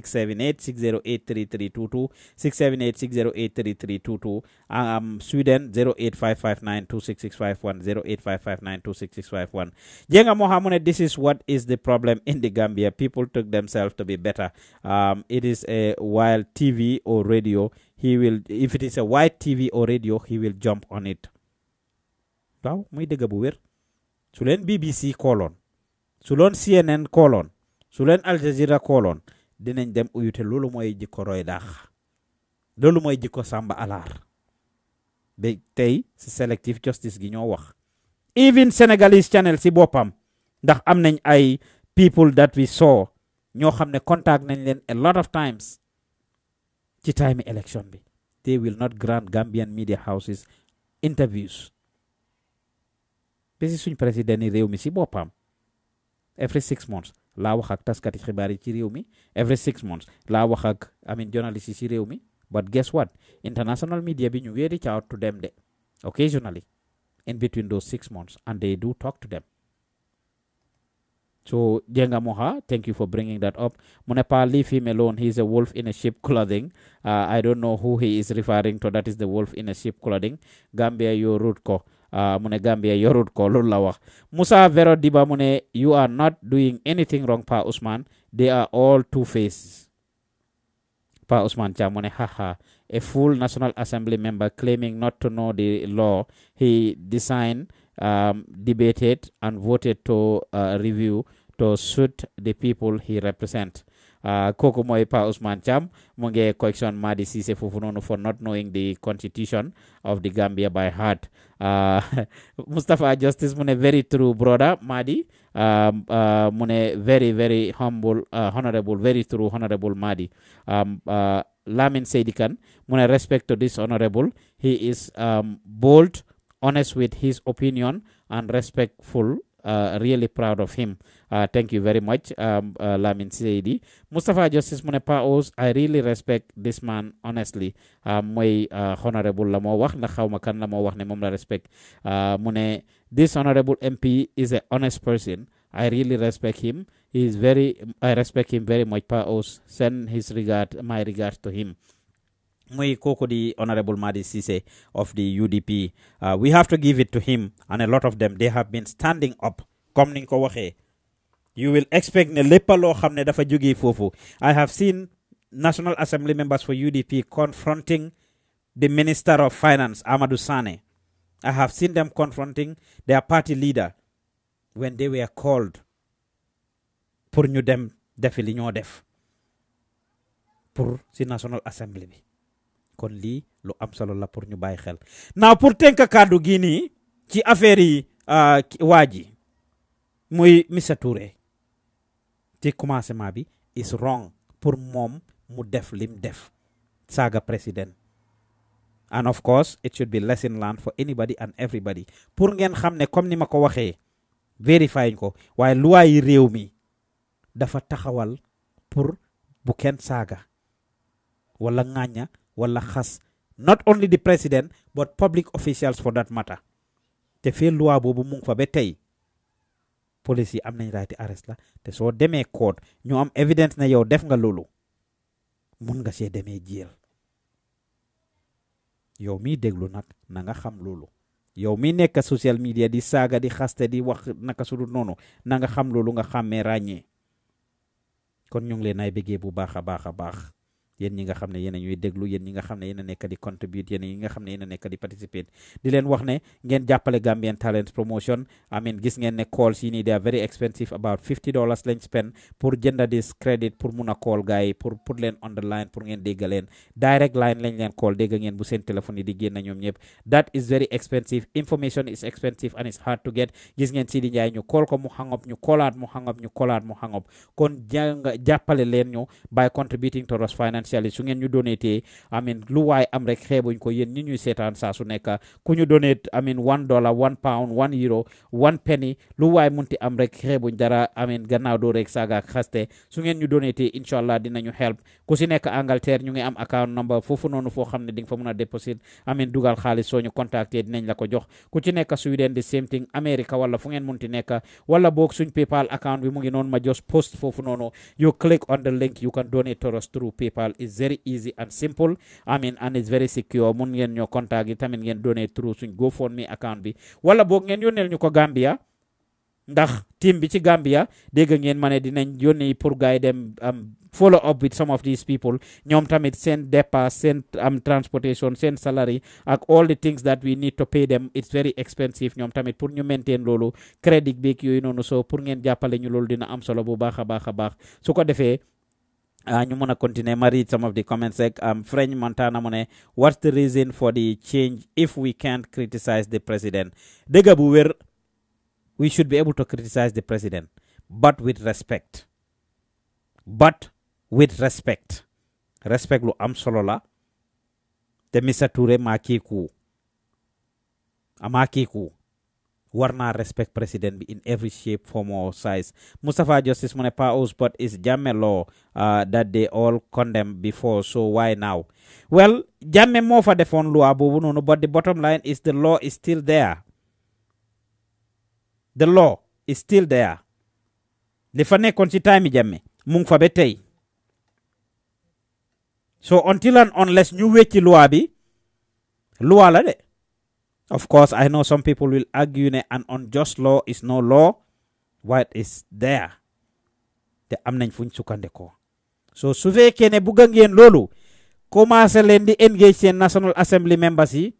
678608332 um, Sweden 8559 085592661 jenga mo Jenga ne this is what is the problem in the Gambia people took themselves to be better um, um, it is a wild TV or radio, he will if it is a white TV or radio, he will jump on it. waaw muy dëgg bu wér su leen BBC kooloon su loon CNN kooloon su leen Al Jazeera kooloon dinañ dem uyute loolu mooy jikko roy loolu mooy jikko sàmba alaar ba tey si selective justice gi ñoo wax even Senegalese channel si boppam ndax am nañ ay people that we saw ñoo xam ne contact nañ leen a lot of times ci time election bi they will not grant Gambian media houses interviews ba si suñ président yi réew mi si boppam every six months laa wax ak taskati xibaar yi ci réew mi every six months laa wax ak amin journalist yi si réew mi but guess what international media bi ñu ngi reach out to them de occasionally in between those six months and they do talk to them to Jenga Moha. Thank you for bringing that up. Munepa, leave him alone. He's a wolf in a sheep clothing. Uh, I don't know who he is referring to. That is the wolf in a sheep clothing. Gambia, you root ko. Uh, mune Gambia, you root Lulawa. Musa Vero Diba Mune, you are not doing anything wrong, Pa Usman. They are all two faces, Pa Usman Cha Mune, haha. A full National Assembly member claiming not to know the law he designed um, debated and voted to uh, review to suit the people he represents. Uh, kooku mooy Pa Ousmane Cham mu ngi question Madi foofu noonu for not knowing the constitution of the Gambia by heart uh, Mustapha Justice mu ne very true brother Madi um, mu very true honorable Madi um, Lamin Seydi Kane respect to this honorable he is um, bold honest with his opinion and respectful. Uh, really proud of him. Uh, thank you very much, um, uh, Lamin Seidi. Mustafa Justice Munepaos, I really respect this man, honestly. i uh, uh, honorable la moo wax ndax xaw ma respect uh, mu this honorable MP is a honest person. I really respect him. He is very, I respect him very much. Paos, send his regard, my regards to him. Mui the Honorable Madi Sise of the UDP. Uh, we have to give it to him, and a lot of them, they have been standing up. you will expect ne lepalo loo ne dafa jógee I have seen National Assembly members for UDP confronting the Minister of Finance Amadou Sane I have seen them confronting their party leader when they were called pour ñu dem defi li ñoo def pour si National Assembly bi kon lo lu am solo la pour ñu bay xel naa pour tënk waji, gi ni ci affaire yi ah, waa muy Touré ci commencement bi is wrong pour mom mu def lim def saga président and of course it should be lesson learned for anybody and everybody pour ngeen xam comme ni mako ko verify vérifying ko waye loi yi réew mi dafa taxawal pour bu saga, saaga wala wala khas not only the president but public officials for that matter te fi loi bobu mu fa be tay police am nañ raati arrest la te so deme court ñu am evidence na yow def nga lolu mun nga ci deme jeel yow mi déglu nak na nga xam lolu yow mi nek social media di saga di xaste di wax naka sudul nono na nga xam lolu nga xamé ràññee kon ñu ngi lay nay bu bah. baaxa baax yen ñi nga xamne yen ñuy déglu yen ñi nga xamne yen nekk di contribute yen ñi nga xamne yen nekk di participate di leen wax ne ngeen jappalé Gambian Talent Promotion amin gis ngeen ne calls yi ni they are very expensive about fifty dollars lañ spend pour jënda dis credit pour mëna call gaay pour pour leen on the line pour ngeen dégg direct line lañ leen call dégg ngeen bu seen téléphone yi di génn ñom ñëpp that is very expensive information is expensive and it's hard to get gis ngeen di ñay ñu call ko mu up ñu colaat mu up ñu colaat mu up kon jappalé leen ñu by contributing to us finance especially su ngeen ñu donate amin lu waay am rek xeebuñ ko yéen ñi ñuy seetaan saa su nekk ku ñu donate amin one dollar one pound one euro one penny lu waay munti am rek xeebuñ dara amin gannaaw doo rek saaga su ngeen ñu donate incha allah dinañu help ku si nekk Angleterre ñu ngi am account number foofu noonu xam ne di nga fa mun a déposit amin dugal xaalis soo ñu contacté dinañ la ko jox ku ci nekk Sweden the same thing America wala fu ngeen munti ma just post foofu noonu you click on the link you can Digital is very easy and simple I mean and it's very secure mun ngeen ñoo contact yi tamit ngeen donate through suñ GoFundMe account bi wala boog ngeen yónneel ñu ko Gambia ndax team bi ci Gambia dégg ngeen ma ne dinañ yónni pour gars yi dem am follow up with some of these people ñoom tamit seen dépasse seen am transportation seen salary ak all the things that we need to pay them it's very expensive ñoom tamit pour ñu maintain loolu crédit beeg yooyu noonu so pour ngeen jàppale ñu loolu dina am solo bu baax a baax Ah, ñu mën a continuer ma read some of the comments rek um, French Montana mu ne what's the reason for the change if we can't criticize the president dëgg bu wér we should be able to criticize the president but with respect but with respect respect lu am solo la te Mr Touré maa kiiku amaa Warna respect president in every shape form or size Mustafa Justice mu ne Paos but is jamme law uh, that they all condemn before so why now well jamme mo fa defon loi bobu nonu but the bottom line is the law is still there the law is still there li fane kon ci time jamme mu fa ba so until and unless new wecci loi bi loi la de Of course, I know some people will argue ne an unjust law is no law. What is there? te am nañ fuñ sukkandikoo so su fekkee ne bugga ngeen loolu commencé leen di engage seen national assembly members yi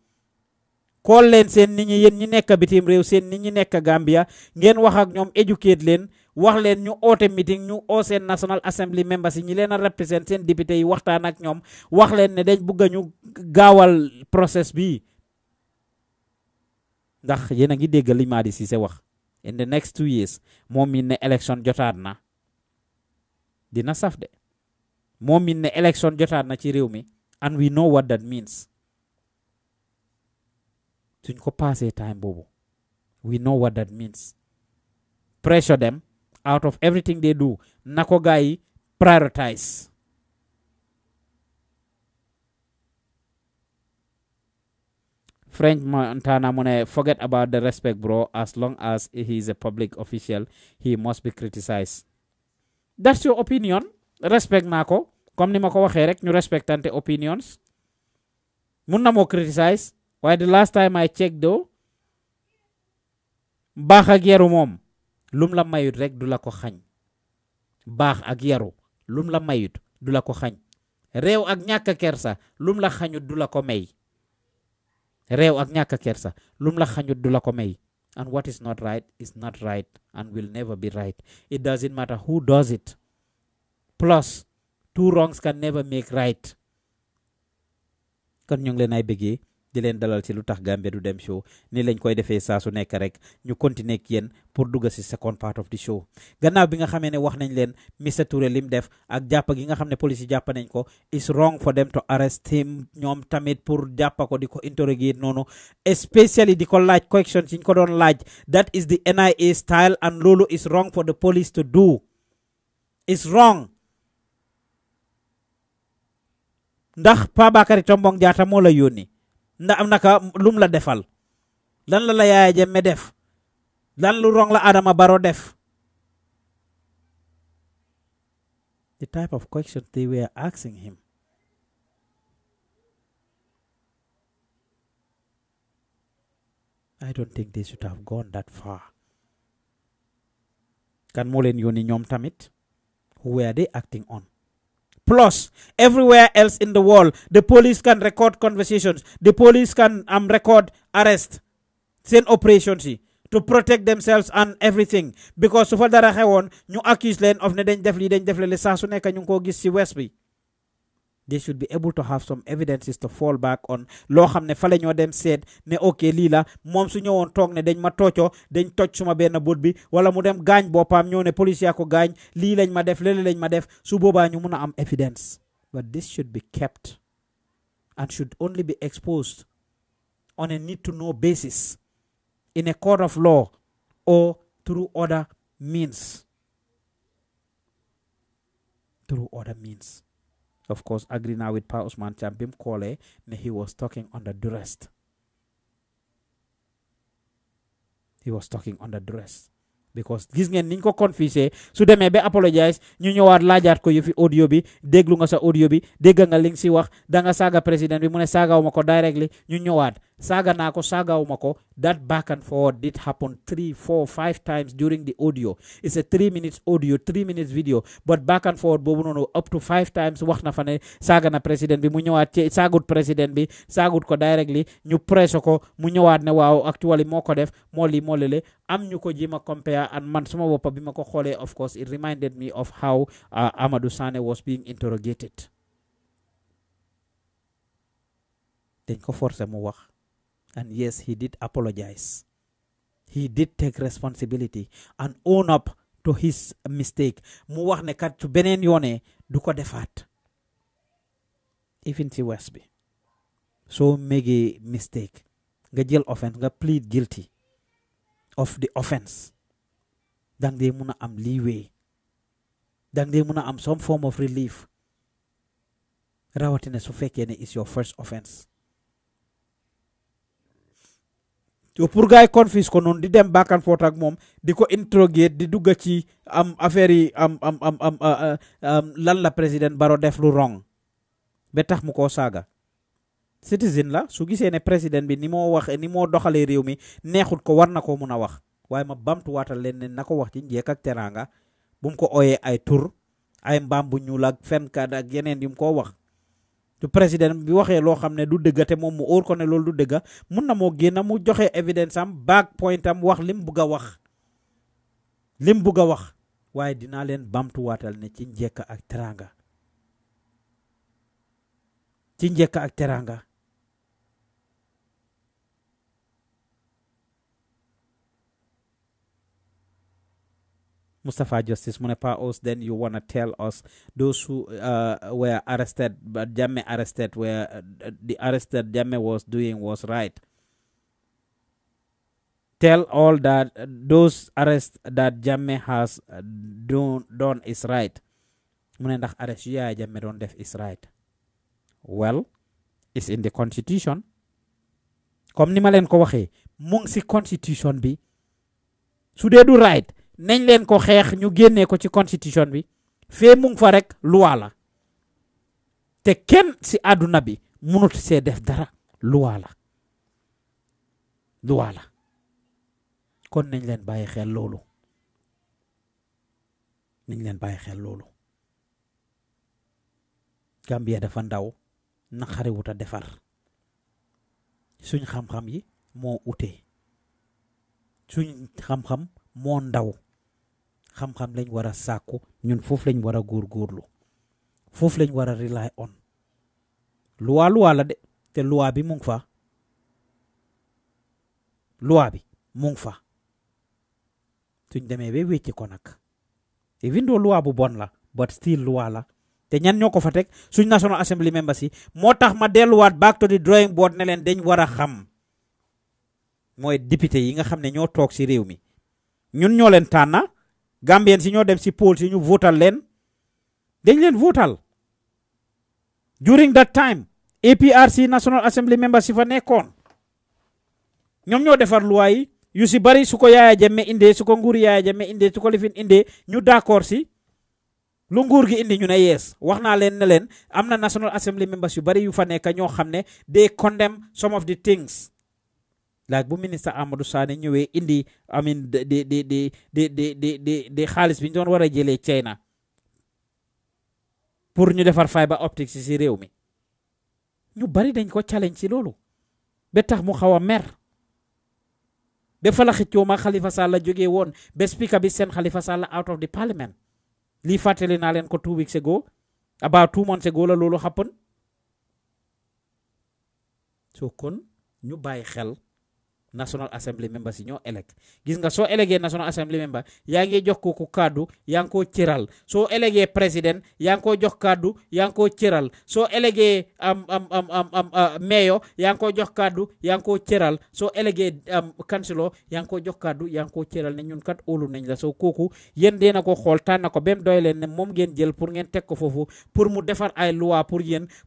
kool leen seen nit ñi yéen ñi nekk bitim réew seen ni ñi nekk Gambia ngeen wax ak ñoom educate leen wax leen ñu ote meeting ñu oo seen national assembly members yi ñi leen a represent seen député yi waxtaan ak ñoom wax leen ne dañ bugg ñu gaawal process bi ndax yena a ngi dégg li Madi Cissé wax in the next two years moo miin ne élection jotaat na dina saf de moo miin ne jotaat na ci réew mi and we know what that means suñ ko passé time bobo. we know what that means pressure them out of everything they do na ko prioritize French Montana Mune, forget about the respect, bro. As long as he is a public official, he must be criticized. That's your opinion. Respect nako. Comme ni ma ko waxee rek ñu respectante opinions. Mun na moo criticize waaye the last time I checked though baax ak yaru moom lum la mayut rek du la ko xañ baax ak yaru lum la mayut du la ko xañ réew ak ñàkk kersa lum la xañut du la ko may rew ak ñàkk kersa lum la xañut du la ko may and what is not right is not right and will never be right it doesn't matter who does it plus two wrongs can never make right kon ñu ngi leen ay bëggee di len dalal ci lutax gambe du dem show ni lañ koy defé sa su nek rek ñu continuer ak yeen pour dugg si second part of the show gannaaw bi nga xamé ne wax nañ len Mr Touré lim def ak japp gi nga xamné police japp nañ ko is wrong for them to arrest him ñom tamit pour japp ko di ko interrogate nono, especially di ko laaj questions ci ñu ko don laaj that is the NIA style and lulu is wrong for the police to do is wrong ndax pabakari Tombong jaata mo la yoni nda am naka lum la defal lan la la def lan lu wrong la Adama def the type of questions they were asking him I don't think they should have gone that far kan moo leen yónni tamit who were they acting on Plus, everywhere else in the world, the police can record conversations. The police can um, record arrest, send operations to protect themselves and everything. Because so far dara xewoon ñu accuse them of ne dañ def lii dañ def lee saa su nekk ñu west they should be able to have some evidences to fall back on Lo xam ne fa la dem seet ne ok lila mom moom su ñëwoon toog ne dañ ma toocoo dañ toj suma benn bët bi wala mu dem bo boppam ñëw ne ya ko gaañ li lañ ma def léeg lañ ma def su boobaa ñu am evidence but this should be kept and should only be exposed on a need to know basis in a court of law or through other means through other means of course, agree now with Pa Usman Chambim Kole, he was talking under duress. He was talking under duress. because gis ngeen niñ ko confisé su demee ba apologize ñu ñëwaat laajaat ko yëfi audio bi déglu nga sa audio bi dégg nga li nga si wax danga saaga président bi mu ne saagawu ma ko directly ñu ñëwaat saga ako saga umako that back and forward did happen three four five times during the audio it's a three minutes audio three minutes video but back and forward bobu nono up to five times wax na fane saga na president bi mu ñëwaat sagut president bi sagut ko directly ñu press ko mu ne waaw actually moo moli def le. am new ko jima compare and man suma boppa bi mako of course it reminded me of how uh, Amadou Sane was being interrogated dañ ko forcer mu wax And yes, he did apologize. He did take responsibility and own up to his mistake. Mu wax ne kat beneen yoone du ko defaat. Even si wes bi. soo mégee mistake nga jël offense nga plead guilty of the offense dang dee mun a am leeway dang dee mun a am some form of relief rawatina su fekkee ne is your first offense pour gars confis ko non di dem back and forth ak mom di ko di duga ci am affaire yi am am am am lan la président baro def lu wrong betah tax mu ko saga citizen la su gisee ne président bi ni mo wax ni mo doxalee réew mi neexut ko war nako koo wax waye ma bamtuwaatal leen ne na ko wax ci jek ak teranga bu ko oyé ay tur ay mbam bu ñuul ak fenkat ak yenen yu mu wax du président bi waxee loo xam ne du dëgga te moom mu óor ko ne loolu du dëgga mun na moo génn mu joxe évidence am back point am wax lim bugg a wax lim bugg a wax waaye dinaa leen bamtuwaatal ne ci njekk ak teranga ci njekk ak teraanga Mustafa Justice Munepa Os then you wanna tell us those who uh, were arrested but Jame arrested where uh, the arrested Jame was doing was right tell all that uh, those arrests that Jame has uh, done, done is right mu arrest ya Jame don't death is right well it's in the constitution comme ni malen ko waxee mung si constitution bi su do do right nañ leen ko xeex ñu génnee ko ci constitution bi fee mu fa rekk luwa la te kenn si àdduna bi munut see def dara luwa la luwa la kon nañ leen bàyyi xel loolu nañ leen bàyyi xel loolu Gambia dafa ndaw na xariwut a defar suñ xam-xam yi moo ute suñ xam-xam moo ndaw xam-xam lañ war a sàkku ñun foofu lañ war a góorlu foofu lañ war a rely on luwaa luwaa la de te luwaa bi mu ngi fa luwaa bi mu fa suñ demee ba wécci ko nag even though luwaa bu bon la but still luwaa la te ñan ñoo ko fa teg suñ national assembly members si moo tax ma delluwaat back to the drawing board ne leen dañ war a xam mooy député yi nga xam ne ñoo toog si réew mi ñun ñoo leen tànna gambien si ñoo dem si pool si ñu votal len, dañ len votal during that time APRC National Assembly member si fa nekkoon ñoom ñoo defar loi yi yu si bari suko ko yaaya jemme suko su ko nguur yaaya jemme inde su ko lifin inde, ñu d'accord si lu nguur gi indi ñu ne yes wax naa ne len amna National Assembly member si bari yu fa nekk ñoo xam they condemn some of the things laag bu ministre Amadou Sané ñëwé indi amin de de de de de de de de xaalis bi ñu doon wara jëlé China pour ñu defar fiber optique ci réew mi ñu bari dañ ko challenge ci lolu be tax mu xawa mer mer fa la xëccoo ma Khalifa Sall jogé won be speaker bi sen Khalifa Sall out of the parliament li fatelé na len ko two weeks ago about two months ago la lolu happen so kon ñu bàyyi xel national assembly member si elek gis nga so elege national assembly member ya ngi jox ko ko yaa ngi ko tiral so elege president yaa ko jox kàddu yaa ko tiral so elege am am am am am mayor yaa ko jox kàddu yaa ko tiral so elege am councilor yaa ko jox kàddu yaa ko tiral ne ñun kat olu nañ la so koku yéen de na ko xool tànn na ko ba mu ne mom ngeen jël pour ngeen tek ko fofu pour mu defar ay loi pour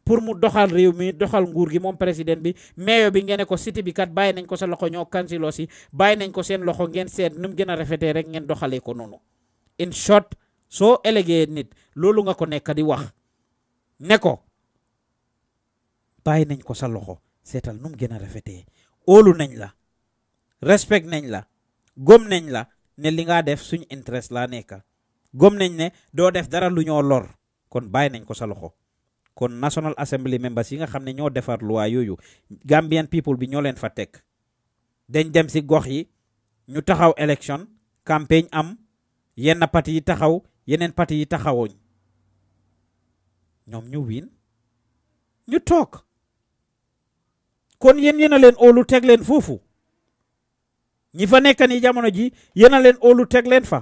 pour mu doxal rew mi doxal nguur gi mom president bi mayor bi ngeen ko city bi kat baye nañ ko sa loxo ñoo kansiloo si bàyyi nañ ko seen loxo ngeen seet num gën rek ngeen doxalee ko noonu in short so élégee nit loolu nga ko nekk di wax ne ko bàyyi nañ ko sa loxo seetal num gën a nañ la respect nañ la gom nañ la ne li ngaa def suñ interest la nekka gom nañ ne doo def dara lu ñoo lor kon bàyyi nañ ko sa loxo kon National Assembly members yi nga xam ñoo defar loi yooyu Gambian people bi ñoo leen fa tek dañ dem si gox yi ñu taxaw élection campagne am yenn parti yi taxaw yeneen parti yi taxawuñ ñoom ñu wiin ñu toog kon yéen yéen a leen óolu teg leen foofu ñi fa nekk ni jamono ji yéen leen olu teg leen fa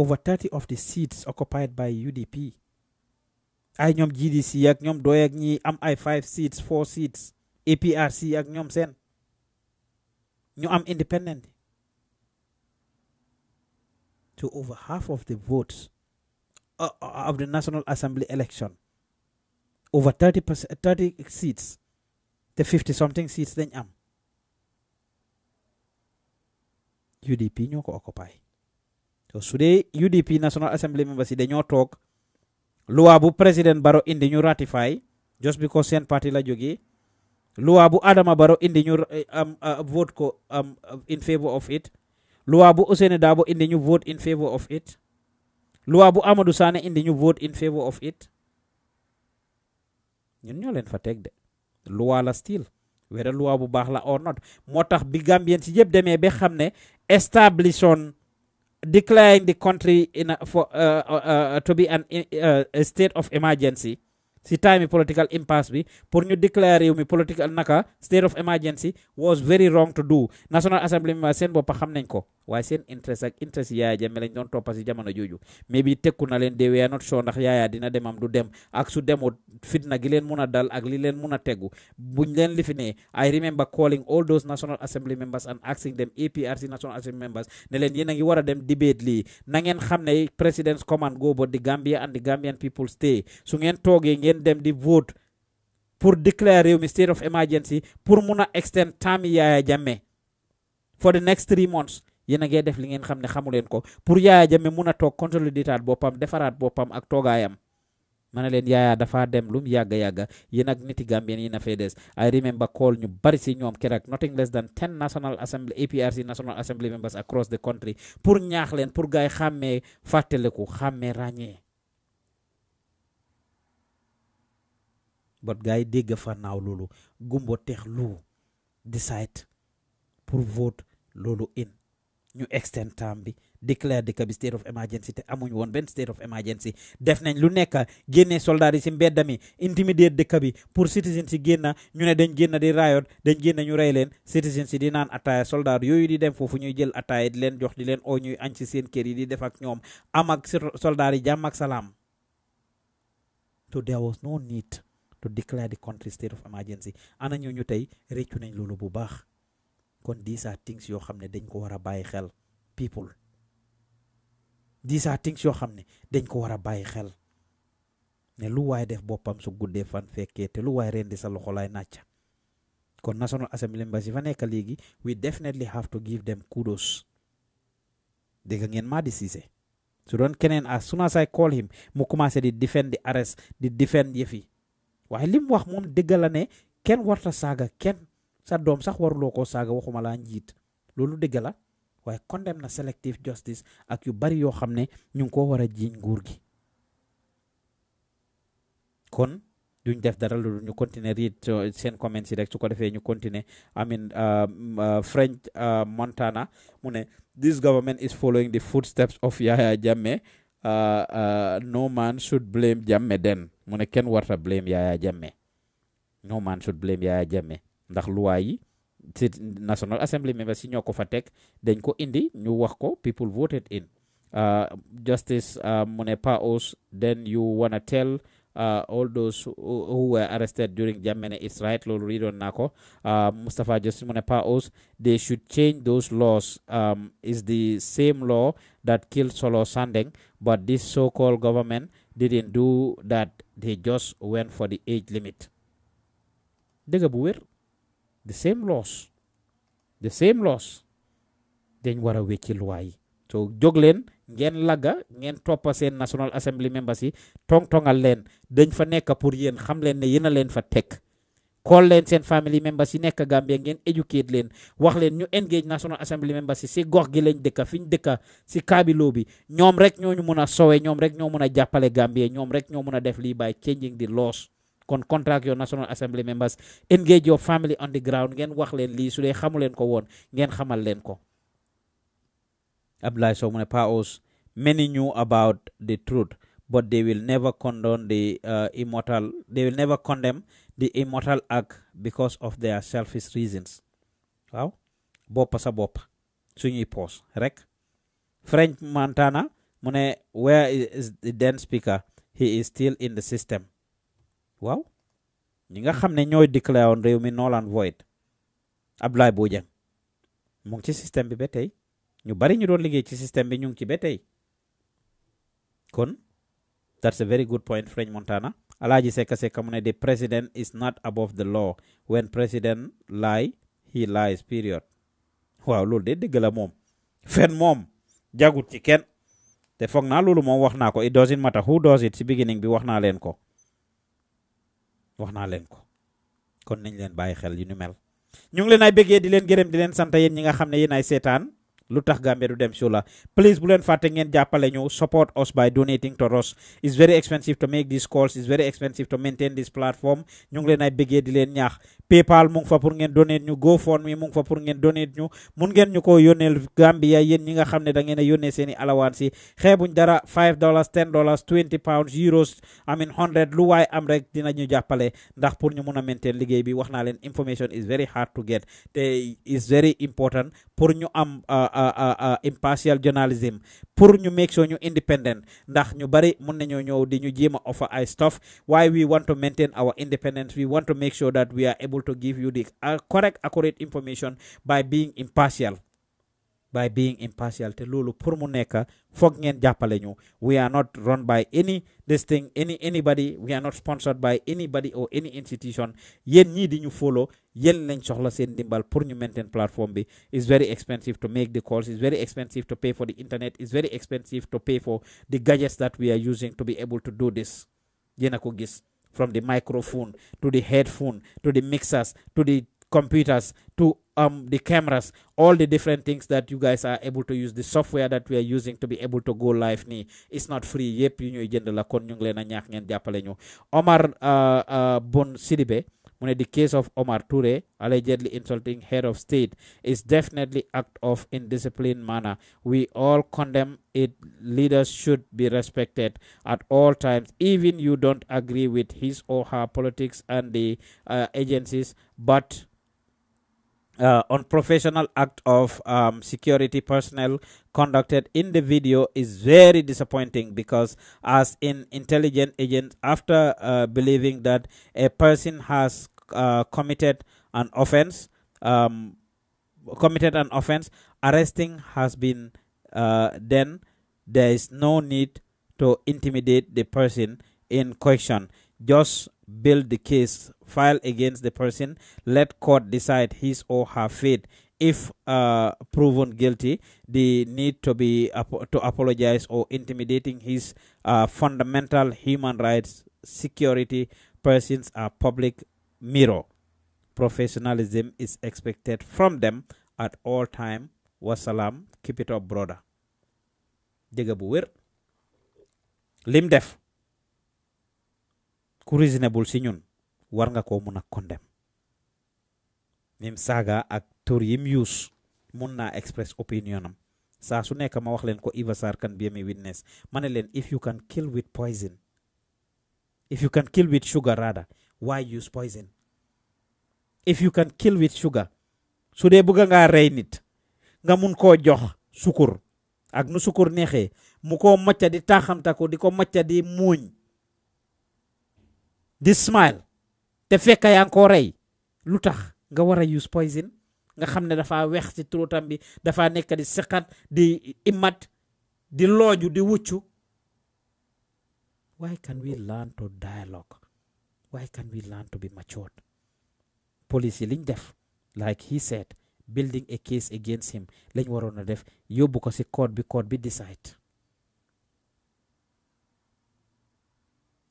over 30 of the seats occupied by UDP ay ñoom GDC ak ñoom doy ak ñi am ay 5 seats 4 seats APRC ak ñoom seen i am independent to over half of the votes uh, uh, of the National Assembly election. Over 30, uh, 30 seats, the 50 something seats then am. UDP ñoo ko occupy. So today, UDP National Assembly members they dañoo talk. Luabu bu président in the new ratify just because seen Party la jógee luwa bu Adama Barrow indi ñu eh, am eh, vote ko in favor of it luwa bu Ousainou Darboe indi vote in favor of it luwa bu Amadou Sané indi ñu vote in favor of it ñun ñoo fa teg de luwa still whether luwa bu baax la or not moo tax bi Gambien si yëpp demee ba xam ne establishon declaring the country eh, to be an state of emergency si time political impasse bi pour ñu déclarer réew mi political naka state of emergency was very wrong to do national assembly mi seen boppa xam nañ ko waaye seen interest ak interest Yaya Jammeh lañ doon toppa si jamono jooju mais bi tekku na leen de we not sure ndax Yaya dina demam du dem ak su demut fitna gi leen mun a dal ak li leen mun a tegu buñ leen lifinee I remember calling all those national assembly members and asking them APRC national assembly members ne a ngi war a dem debate lii na ngeen xam ne president's command go ngeen dem di vote pour declare réew state of emergency pour muna extend time yaaya jamme for the next three months yena a def li ngeen xamne ne ko pour yaaya jamme mun a toog consolidateaat bopam defaraat bopam ak togayam manalen yaaya dafa dem lum yaga yaga. yena ak niti gambien yena na fee i remember call ñu bari ci ñom kerek nothing less than 10 national assembly APRC national assembly members across the country pour ñaax len pour gaay xàmmee ko xamé ranye. but guy dégg fa naaw loolu gumbo teex lu decide pour vote loolu in ñu extend term bi déclare dëkk bi state of emergency te amuñ woon benn state of emergency def nañ lu nekk génne soldat yi si mbedd mi intimidate dëkk bi pour citizens si génna ñu ne dañ génna di riot dañ génna ñu rey leen citizens si di naan ataaya soldat yooyu di dem foofu ñuy jël ataaya di leen jox di leen oo ñuy añ si seen kër yi di def ak ñoom am ak soldat yi jàmm ak salaam so to declare the country state of emergency ana ñu tay réccu nañ lolu bu baax kon these are things yo xamne dañ ko wara bayyi xel people these are things yo xamne dañ ko wara bayyi xel ne lu way def bopam su guddee fan fekkee te lu way rendi sa loxo lay nàcc kon national assembly mbas fa nek léegi we definitely have to give them kudos dégg ngeen ma di siise su doon keneen as soon as I call him mu commencé di defend di arrest di defend yefi waaye li mu wax moom dëgg ne kenn warta saaga kenn sa doom sax waruloo koo saaga waxuma laa njiit loolu dëgg la waaye condemn na selective justice ak yu bari yoo xam ne ñu ngi koo war a jiiñ nguur gi kon duñ def dara loolu ñu continuer read seen comments yi rek su ko defee ñu continuer I mean um, uh, French uh, Montana mu ne this government is following the footsteps of Yahya Jammeh Uh, uh, no man should blame Jammeh den mu ne kenn warta blame Yaya Jammeh no man should blame Yaya Jammeh ndax luwaa yi si National Assembly members si ñoo ko fa teg dañ ko indi ñu wax ko people voted in uh, justice mu ne Paos then you wanna tell Uh, all those who, who, were arrested during Germany, it's right, Lord on Nako, uh, Mustafa Josimone Paos, they should change those laws. Um, it's the same law that killed Solo Sandeng, but this so called government didn't do that. They just went for the age limit. the same laws. The same laws. Then what we wicked why. So, juggling. ngeen lagga ngeen toppa seen National Assembly members yi tong-tongal leen dañ fa nekk pour yéen xam leen ne yéen a leen fa teg call leen seen family members yi nekk Gambia ngeen educate leen wax leen ñu engage National Assembly members yi si gox gi lañ dëkka fi ñu dëkka si kaabilo bi ñoom rek ñoo ñu mun a sowe ñoom rek ñoo mun a jàppale Gambia ñoom rek ñoo mun a def lii by changing the laws kon contact your National Assembly members engage your family on the ground ngeen wax leen lii su xamu leen ko woon ngeen xamal leen ko. Abdullah Somone Paos, many knew about the truth, but they will never condone the uh, immortal, act because of their selfish reasons. Wow. Bopa sa bopa. Suñuy pause rek. French Montana mu ne where is the then speaker he is still in the system waaw ñi nga xam ne ñooy déclaré woon réew mi null and void Abdoulaye Bojang mu ngi ci système bi ba tey ñu bari ñu doon liggéey ci système bi ñu ngi ci ba tey kon that's a very good point French Montana Alaaji Secka Secka mu ne the president is not above the law when president lie he lies period waaw loolu de dëgg la moom fen moom jagut ci kenn te foog naa loolu moom wax naa ko it doesn't matter who does it si beginning bi wax leen ko wax naa leen ko kon nañ leen bàyyi xel yu ni mel ñu ngi leen di leen gërëm di leen sant yéen ñi nga xam ne yéen lutax gambe Gambia du dem please bu len faté ngén jappalé ñu support us by donating to us it's very expensive to make these calls it's very expensive to maintain this platform ñu ngi leen ay di len ñaax PayPal mu ngi fa pour ngén donate ñu GoFundMe mu ngi fa pour ngén donate ñu mun ngén ñuko ko Gambia yeen ñi nga xamné da ngeen a seeni alawaan dara 5 dollars 10 dollars 20 pounds euros I mean 100 lu way am rek ñu jappalé ndax pour ñu mëna maintain liggéey bi waxna len information is very hard to get te is very important pour ñu am uh, impartial journalism pour ñu make sure ñu independent ndax ñu bari mun nañoo ñëw di ñu jéem offer ay stuff why we want to maintain our independence we want to make sure that we are able to give you the uh, correct accurate information by being impartial by being impartial te loolu pour mu nekk foog ngeen jàppale ñu we are not run by any this thing any anybody we are not sponsored by anybody or any institution Yen ni di ñu follow yéen lañ soxla seen dimbal pour ñu maintain platform bi is very expensive to make the calls is very expensive to pay for the internet is very expensive to pay for the gadgets that we are using to be able to do this yéen a ko gis from the microphone to the headphone to the mixers to the computers to um, the cameras, all the different things that you guys are able to use, the software that we are using to be able to go live ni, it's not free. Yep, you know, la kon yung lena nyak ngen diapale nyo. Omar uh, uh, Bon Sidibe, mu ne the case of Omar Toure allegedly insulting head of state is definitely act of indisciplined manner we all condemn it leaders should be respected at all times even you don't agree with his or her politics and the uh, agencies uh, on professional act of um, security personnel conducted in the video is very disappointing because as in intelligent agents after uh, believing that a person has uh, committed an offense um, committed an offense arresting has been then uh, there is no need to intimidate the person in question just build the case, file against the person, let court decide his or her fate. If uh, proven guilty, the need to be to apologize or intimidating his uh, fundamental human rights, security, persons are public mirror. Professionalism is expected from them at all time. Wassalam, keep it up, brother. Dégg bu lim def ku reasonable si ñun war nga ko mëna condemn même ak tour yim use mëna express opinionam. sa su nekk ma wax len ko ivasar kan bi mi witness mané len if you can kill with poison if you can kill with sugar rada why use poison if you can kill with sugar su dé bëgg nga ray nit nga mën ko jox sukur ak nu sukur nexé mu ko macca di ta ko diko di muuñ di smile te fekk yaa ngi koo rey lu tax nga war a use poison nga xam ne dafa weex ci turutam bi dafa nekk di siqat di imat di looju di wuccu why can we learn to dialogue why can we learn to be matured police yi liñ def like he said building a case against him lañ waroon a def yóbbu ko si code bi code bi decide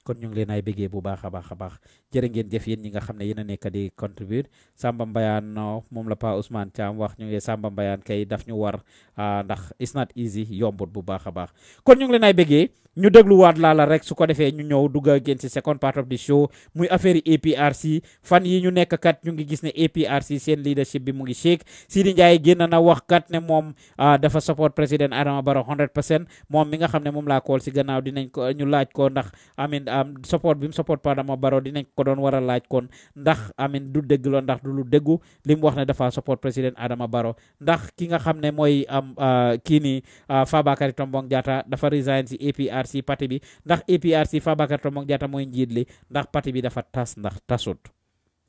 kon ñu ngi leen bu baax a baax a baax jërë ngeen jëf yéen ñi nga xam ne yéen a nekk di contribuer Samba Mbayaan moom la Pa Ousmane Thiam wax ñu ngi Samba Mbayaan kay daf ñu war ah, ndax it's not easy yombut bu baax a baax kon ñu ngi leen ñu dégluwaat laa la rek su ko defee ñu ñëw dugg ak yéen si second part of the show muy affaire yi fan yi ñu nekk kat ñu ngi gis ne APRC seen leadership bi mu ngi shake Sidi Ndiaye génn na wax kat ne moom ah, dafa support président Adama Barrow 100 percent moom mi nga xam ne moom laa kool si gannaaw dinañ ko ñu laaj ko ndax amin support bi mu support Adama Barrow dinañ ko doon war a laaj kon ndax amin du dégg la ndax du lu déggu li mu wax ne dafa support président Adama Barrow ndax ki nga xam ne mooy am ah, kii nii ah, Fabakary Tombong Jatta dafa si parti bi ndax APRC Fabakary Tombong Jatta mooy njiit li ndax parti bi dafa tas ndax tasut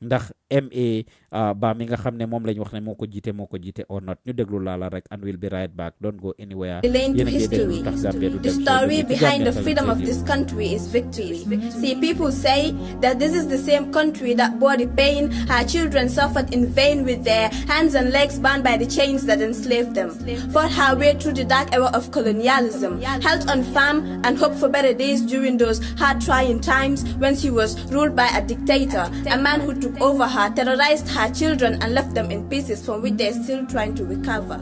ndax MA ah, ba mi nga xam ne lañ wax ne moo ko jiite moo or not ñu déglu laala rek and we'll be right back don't go anywhere the story behind the freedom of this country is victory see people say that this is the same country that bore pain her children suffered in vain with their hands and legs bound by the chains that enslaved them fought her way through the dark era of colonialism held on firm and hoped for better days during those hard trying times when she was ruled by a dictator a man who took over her, terrorized her children, and left them in pieces from which they are still trying to recover.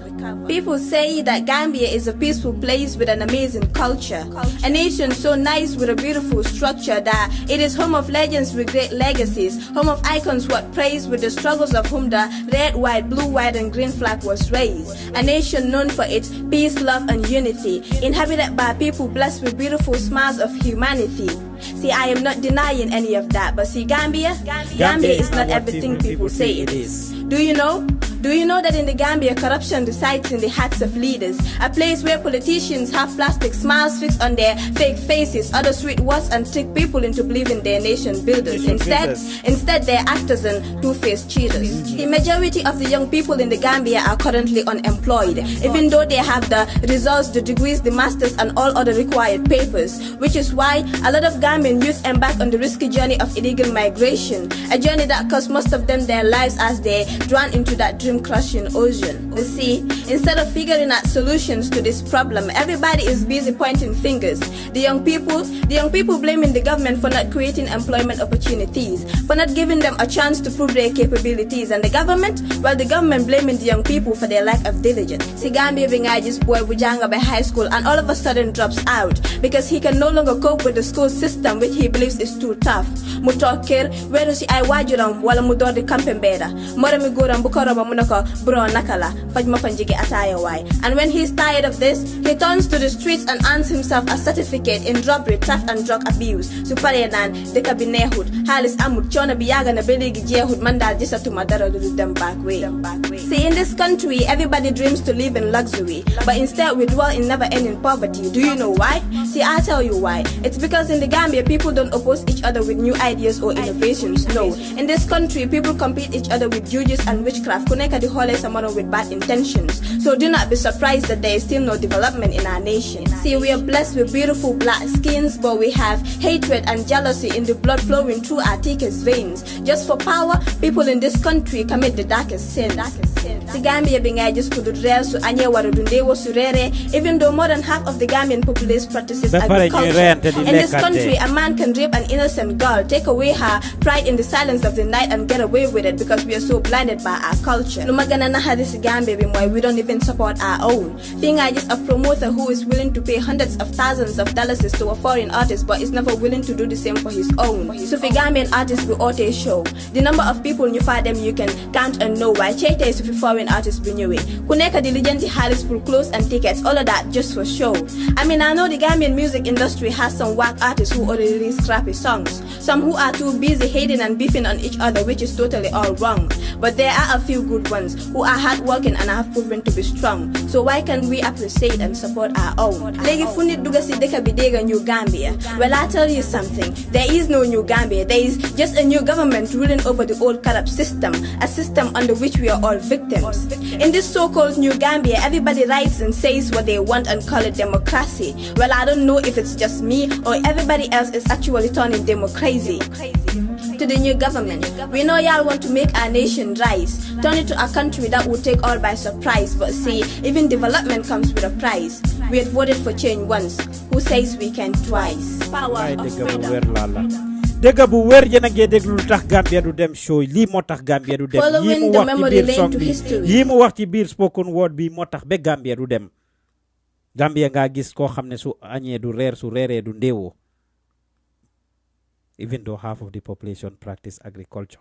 People say that Gambia is a peaceful place with an amazing culture, a nation so nice with a beautiful structure that it is home of legends with great legacies, home of icons what praise with the struggles of whom the red, white, blue, white, and green flag was raised, a nation known for its peace, love, and unity, inhabited by people blessed with beautiful smiles of humanity. See, I am not denying any of that, but see, Gambia, Gambia, Gambia is not everything people say it is. Do you know? Do you know that in the Gambia, corruption resides in the hearts of leaders? A place where politicians have plastic smiles fixed on their fake faces, other sweet words, and trick people into believing they're nation builders. Instead, instead they're actors and two-faced cheaters. Mm-hmm. The majority of the young people in the Gambia are currently unemployed, even though they have the results, the degrees, the masters, and all other required papers. Which is why a lot of Gambian youth embark on the risky journey of illegal migration, a journey that costs most of them their lives as they drown into that dream Crushing ocean. You see, instead of figuring out solutions to this problem, everybody is busy pointing fingers. The young people, the young people blaming the government for not creating employment opportunities, for not giving them a chance to prove their capabilities, and the government, well, the government blaming the young people for their lack of diligence. Sigambi Bingaji's boy Bujanga by high school and all of a sudden drops out because he can no longer cope with the school system which he believes is too tough. Mutokir, where is I wajuram, wala mudori kampembera. Mora miguram bro nakala fajma ataya And when he's tired of this, he turns to the streets and earns himself a certificate in robbery, theft and drug abuse. Supare nan deka binehud, halis amut chona biyaga na beligi jehud mandal jisa to madara back way. See in this country, everybody dreams to live in luxury, but instead we dwell in never-ending poverty. Do you know why? See, I tell you why. It's because in the Gambia, people don't oppose each other with new ideas or innovations. No, in this country, people compete each other with juju and witchcraft. Nneka Dihole is someone with bad intentions, so do not be surprised that there is still no development in our nation. See, we are blessed with beautiful black skins, but we have hatred and jealousy in the blood flowing through our thickest veins. Just for power, people in this country commit the darkest sin. The Gambia being ages could su anye warudundewo surere, even though more than half of the Gambian populace practices agriculture. In this country, a man can rape an innocent girl, take away her pride in the silence of the night and get away with it because we are so blinded by our culture budget. Lumagana na had this gambe boy, we don't even support our own. Thing I just a promoter who is willing to pay hundreds of thousands of dollars to a foreign artist but is never willing to do the same for his own. For his so Gambian artists will auto show. The number of people you find them you can count and know why Chete is with foreign artists Bunyewe. Kuneka diligently highlights for clothes and tickets, all of that just for show. I mean I know the Gambian music industry has some whack artists who already release crappy songs. Some who are too busy hating and beefing on each other which is totally all wrong. But there are a few good ones who are hardworking and have proven to be strong. So why can we appreciate and support our own? Legi fundi deka bidega New Gambia. Well, I tell you something. There is no New Gambia. There is just a new government ruling over the old corrupt system, a system under which we are all victims. In this so-called New Gambia, everybody writes and says what they want and call it democracy. Well, I don't know if it's just me or everybody else is actually turning democracy. democracy. to the new We know y'all want to make our nation rise, turn it to a country that will take all by surprise. But see, even development comes with a price. We had voted for change once. Who says we can twice? Power of freedom. dégg bu wér yéen a déglu lu tax Gambia du dem show lii moo tax Gambia du dem lii mu wax ci biir song bi yii spoken word bi moo tax ba Gambia du dem Gambia ngaa gis koo xam ne su añee du reer su reeree du ndéewoo even though half of the population practice agriculture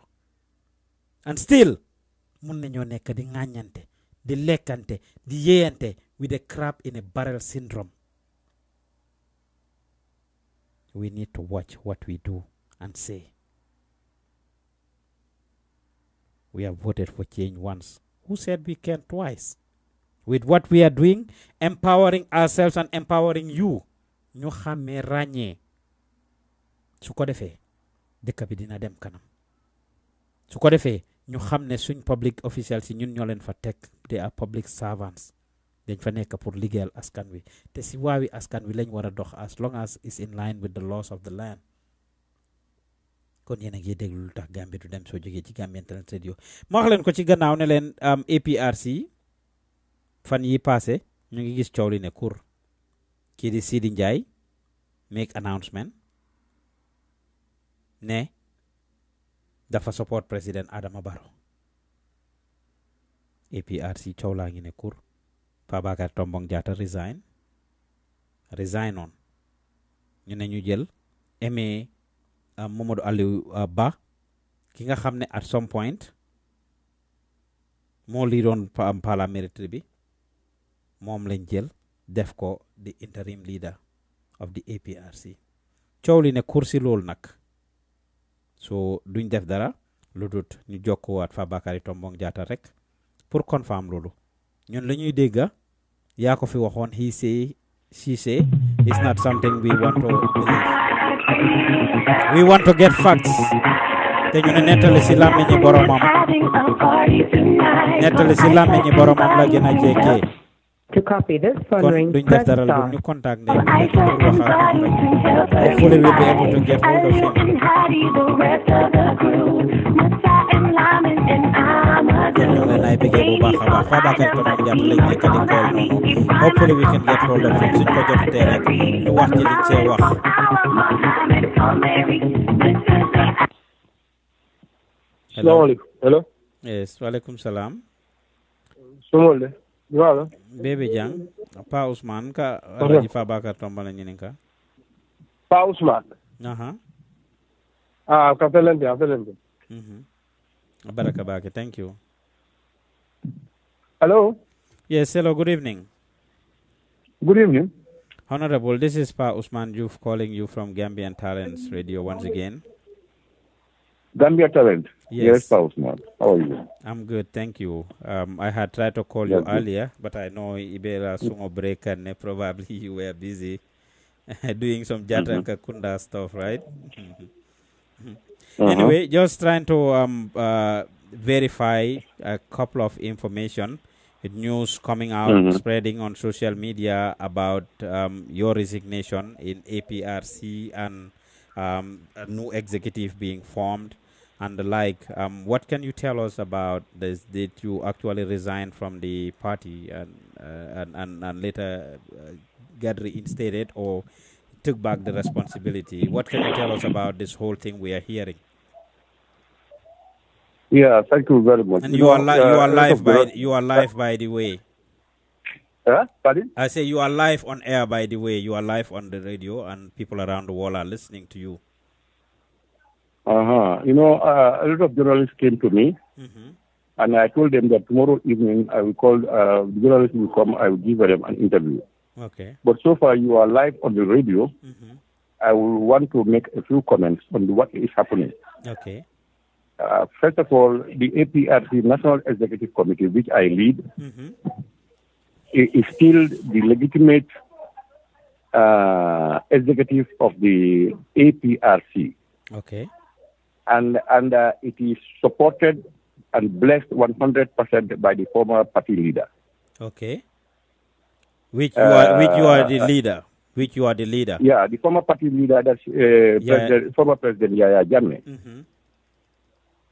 and still mun nañoo nekk di ŋàññante di di with a crab in a barrel syndrome we need to watch what we do and say. We have voted for change once. Who said we can twice? With what we are doing, empowering ourselves and empowering you. Ñu xamee ràññee su ko defé dekk bi dina dem kanam su ko defé ñu xamné suñ public official ci ñun ñoleen fa tek they are public servants dañ fa nekk pour liguel askan wi te si waawi askan wi lañ wara dox as long as is in line with the laws of the land kon yéen a ngi déglu lu tax Gambie du dem soo jógee ci Radio ma wax leen ko ci gannaaw ne leen um, APRC fan yi passé ñu ngi gis coow li ne kur kii di Sidi make announcement ne dafa support president Adama Barrow APRC coow laa ngi ne cour jata Tombong Jatta resign resign on ñu ne ñu jël aimé ali uh, Aliou uh, Ba ki nga ne at some point mo moo pa doon um, parliamentary bi mom lañ jël def ko di interim leader of the APRC coow li ne kursi lol nak. so duñ def dara lu dut ñu jokkuwaat Fabakary Tombong Jatta rek pour confirm loolu ñun lañuy ñuy dégga yaa ko fi waxoon he say she say is not something we want get facts te ñu ne nettali si làmmiñi boromam nettali si làmmiñi boromam la gën a jekkee To copy this following ring, press star. I feel inside we can help Hopefully we'll be able to get hold of him. the rest of the crew, and I to I Hopefully we can get hold of him. Sit for the day. No one say what. Hello. Hello. Yes, Waalaikum salam. Sumole. wala bebe jang pa ousmane ka alaji fa bakar tombala ñinin ka pa ousmane aha ah ka felente a felente mhm. baraka bake thank you hello yes hello good evening good evening honorable this is pa usman you've calling you from gambian talents radio once again Gambia Talent. Yes, yes Now, How are you? I'm good, thank you. Um, I had tried to call yes, you yes. earlier, but I know Ibera mm. Sumo break and probably you were busy doing some Jatra mm-hmm. Kakunda stuff, right? Mm-hmm. uh-huh. Anyway, just trying to um, uh, verify a couple of information news coming out, mm-hmm. spreading on social media about um, your resignation in APRC and um, a new executive being formed and the like. Um, what can you tell us about this? Did you actually resign from the party and uh, and, and, and later uh, get reinstated or took back the responsibility? What can you tell us about this whole thing we are hearing? Yeah, thank you very much. And you, you are li- uh, you are uh, uh, live by the, uh, you are live by the way. Huh? Pardon? I say you are live on air by the way. You are live on the radio and people around the world are listening to you. Uh-huh. You know, uh, a lot of journalists came to me, mm-hmm. and I told them that tomorrow evening I will call, uh, the journalists will come, I will give them an interview. Okay. But so far you are live on the radio. Mm-hmm. I will want to make a few comments on what is happening. Okay. Uh, first of all, the APRC National Executive Committee, which I lead, mm-hmm. is still the legitimate uh, executive of the APRC. Okay and, and uh, it is supported and blessed 100% by the former party leader. Okay. Which you are, which you are the uh, leader. Which you are the leader. Yeah, the former party leader, that's uh, yeah. president, former president Yaya Jammeh. Mm -hmm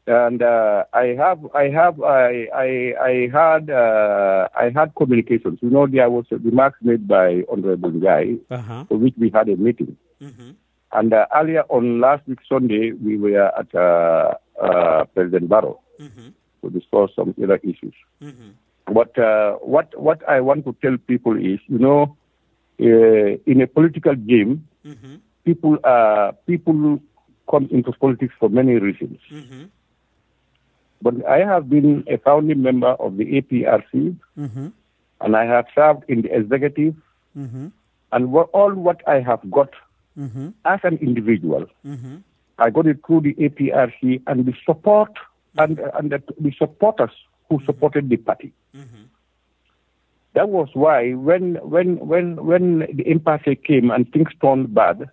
and uh, I have I have I I, I had uh, I had communications. You know, there was remarks made by Honorable Guy, uh -huh. for which we had a meeting. Mm -hmm. And uh, earlier on last week, Sunday, we were at uh, uh, President Barrow mm-hmm. to discuss some other issues. Mm-hmm. But uh, what, what I want to tell people is, you know, uh, in a political game, mm-hmm. people, people come into politics for many reasons. Mm-hmm. But I have been a founding member of the APRC, mm-hmm. and I have served in the executive. Mm-hmm. And all what I have got mm-hmm. as an individual. Mm-hmm. I got it through the APRC and the support mm-hmm. and and the, the supporters who mm-hmm. supported the party. Mm-hmm. That was why when when when when the impasse came and things turned bad,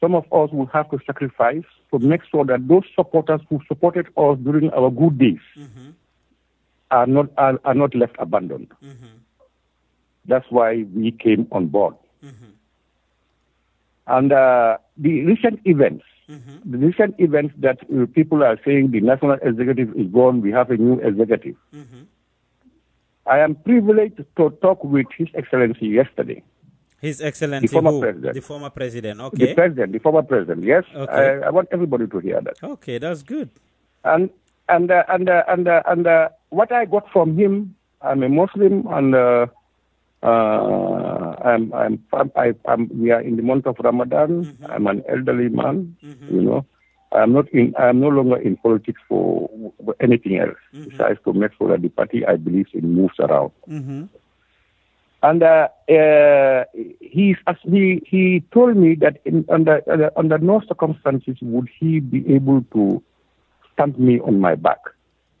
some of us will have to sacrifice to make sure that those supporters who supported us during our good days mm-hmm. are not are, are, not left abandoned. Mm-hmm. That's why we came on board. Mm-hmm. And uh, the recent events, mm-hmm. the recent events that uh, people are saying the national executive is gone, we have a new executive. Mm-hmm. I am privileged to talk with His Excellency yesterday. His Excellency, the former who? president. The former president, okay. The president, the former president, yes. Okay. I, I want everybody to hear that. Okay, that's good. And and uh, and uh, and uh, and uh, what I got from him, I'm a Muslim, and uh, I'm, I'm, I, am we are in the month of Ramadan. Mm-hmm. I'm an elderly man, mm-hmm. you know. I'm not in, I'm no longer in politics for anything else mm-hmm. besides to make sure that the party I believe in moves around. Mm-hmm. And uh, uh, he, he he told me that in, under uh, under no circumstances would he be able to stamp me on my back.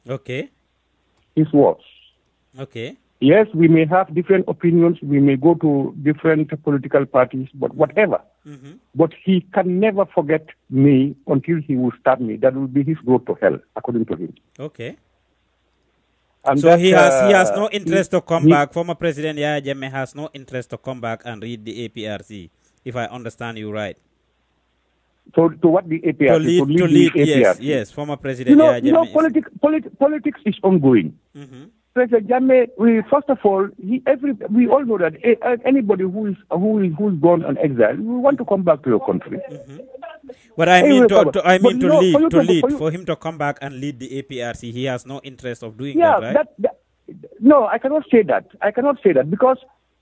Okay. His words. Okay. Yes, we may have different opinions, we may go to different political parties, but whatever. Mm-hmm. But he can never forget me until he will stab me. That will be his road to hell, according to him. Okay. And so that, he has uh, he has uh, no interest he, to come he, back. Former President Yahya Jammeh has no interest to come back and read the APRC, if I understand you right. So to what the APRC? To lead, to lead, to lead yes, yes, former President you know, you know, politi- politi- politics is ongoing. Mm-hmm President we first of all, he, every, we all know that eh, uh, anybody who is who is who's gone on exile, we want to come back to your country. Mm-hmm. But I mean, to, to I mean to no, lead, to lead, for, for, him to come back and lead the APRC, he has no interest of doing yeah, that, right? That, that, no, I cannot say that. I cannot say that because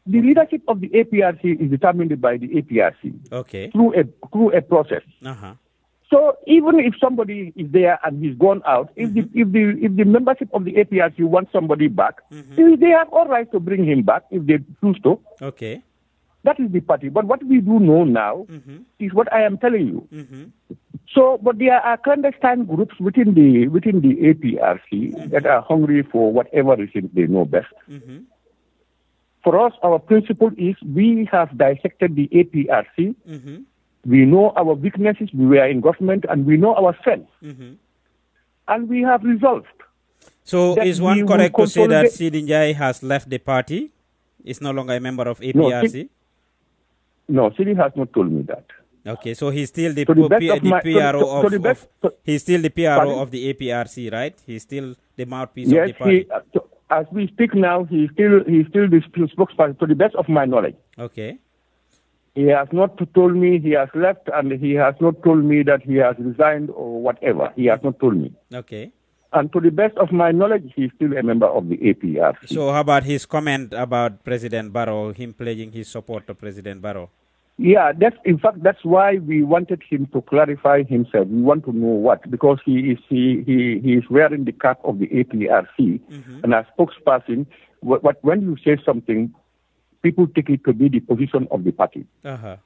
the leadership of the APRC is determined by the APRC. Okay. Through a through a process. Uh-huh. So even if somebody is there and he's gone out, mm-hmm. if, the, mm-hmm. if, the, if the membership of the APRC wants somebody back, mm-hmm. they have all right to bring him back if they choose to. Okay. That is the party. But what we do know now mm-hmm. is what I am telling you. Mm-hmm. So, but there are clandestine groups within the within the APRC mm-hmm. that are hungry for whatever reason they know best. For us, our principle is we have dissected the APRC we know our weaknesses. We were in government and we know our strengths. Mm-hmm. And we have resolved. So is one correct to say that Sidinjai has left the party? Is no longer a member of APRC? No, Sidin no, has not told me that. Okay, so he's still the, of the PRO of, he's still the PRO pardon? of the APRC, right? He's still the mouthpiece yes, of the party. He, uh, as we speak now, he's still he's still the spokesperson. To the best of my knowledge, okay, he has not told me he has left and he has not told me that he has resigned or whatever. He has not told me. Okay. And to the best of my knowledge, he's still a member of the APR. So, how about his comment about President Barrow, him pledging his support to President Barrow? Yeah, that's in fact that's why we wanted him to clarify himself. We want to know what because he is he he, he is wearing the cap of the APRC, mm-hmm. and as spokesperson, what, what, when you say something, people take it to be the position of the party. Uh-huh.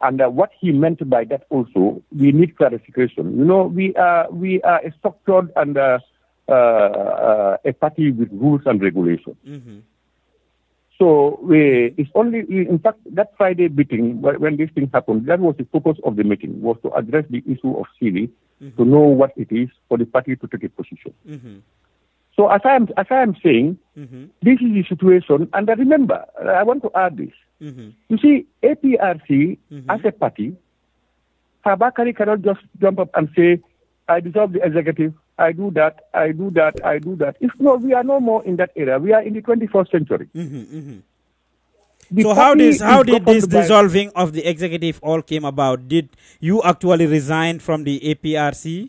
And uh, what he meant by that also, we need clarification. You know, we are we are a structured and uh, uh, a party with rules and regulations. Mm-hmm. So we, it's only in fact that Friday meeting when this thing happened, that was the focus of the meeting was to address the issue of CV, mm-hmm. to know what it is for the party to take a position. Mm-hmm. So as I am as I am saying, mm-hmm. this is the situation. And remember, I want to add this. Mm-hmm. You see, APRC mm-hmm. as a party, Habakari cannot just jump up and say, "I dissolve the executive. I do that. I do that. I do that." If no, we are no more in that era. We are in the 21st century. Mm-hmm, mm-hmm. So how this how did this dissolving by... of the executive all came about? Did you actually resign from the APRC?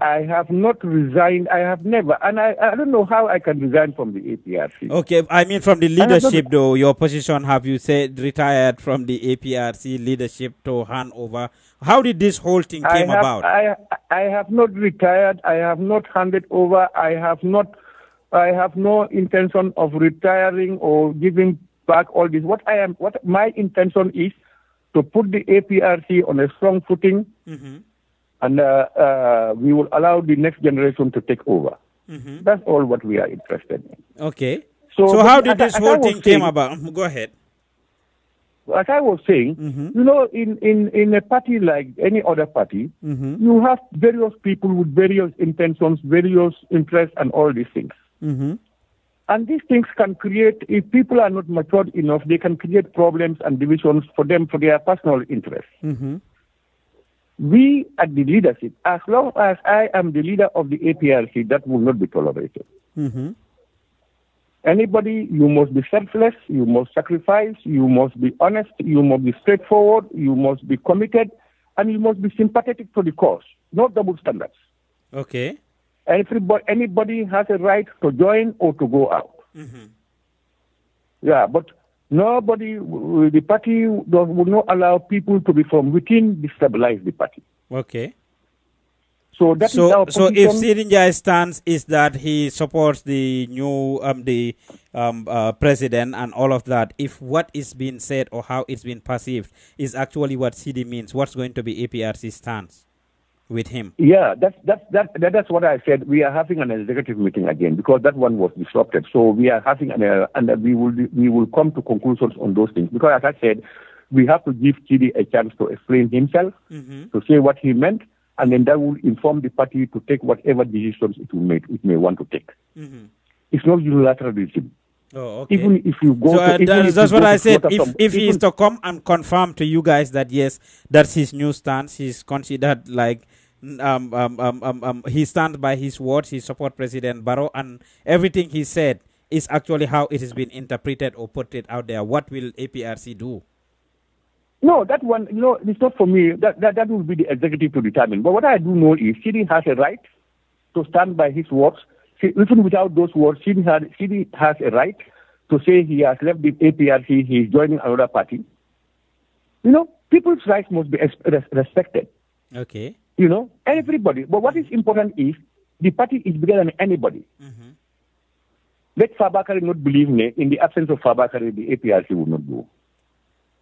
I have not resigned. I have never. And I, I don't know how I can resign from the APRC. Okay, I mean from the leadership, though. Your position, have you said, retired from the APRC leadership to hand over? How did this whole thing came have, about? I, I have not retired. I have not handed over. I have not. I have no intention of retiring or giving back all this. What I am, what my intention is, to put the APRC on a strong footing. Mm-hmm and uh, uh, we will allow the next generation to take over. Mm-hmm. That's all what we are interested in. Okay. So, so how did this whole thing saying, came about? Go ahead. As I was saying, mm-hmm. you know, in, in, in a party like any other party, mm-hmm. you have various people with various intentions, various interests, and all these things. Mm-hmm. And these things can create, if people are not matured enough, they can create problems and divisions for them for their personal interests. Mm-hmm we at the leadership, as long as I am the leader of the APRC, that will not be tolerated. Mm-hmm. Anybody, you must be selfless, you must sacrifice, you must be honest, you must be straightforward, you must be committed, and you must be sympathetic to the cause. No double standards. Okay. Everybody, anybody has a right to join or to go out. Mm-hmm. Yeah, but Nobody, the party does, will not allow people to be from within destabilize the party. Okay. So that so, so if Sirinjai's stance is that he supports the new um, the um, uh, president and all of that, if what is being said or how it's been perceived is actually what CD means, what's going to be APRC's stance? with him. Yeah, that's that's that, that, that's what I said. We are having an executive meeting again because that one was disrupted. So we are having an uh, and we will we will come to conclusions on those things because as I said, we have to give TD a chance to explain himself, mm-hmm. to say what he meant, and then that will inform the party to take whatever decisions it will make it may want to take. Mm-hmm. It's not unilateralism. Oh, okay. Even if you go, so, uh, to, that's, that's what I said. If if he is to come and confirm to you guys that yes, that's his new stance, he's considered like um, um, um, um, um, he stands by his words, he supports President Barrow, and everything he said is actually how it has been interpreted or put it out there. What will APRC do? No, that one, you know, it's not for me. That, that, that will be the executive to determine. But what I do know is Sidi has a right to stand by his words. See, even without those words, Sidi has, has a right to say he has left the APRC, he is joining another party. You know, people's rights must be respected. Okay you know, everybody. But what is important is the party is bigger than anybody. Mm-hmm. Let Fabakari not believe me. In the absence of Fabakari, the APRC will not go.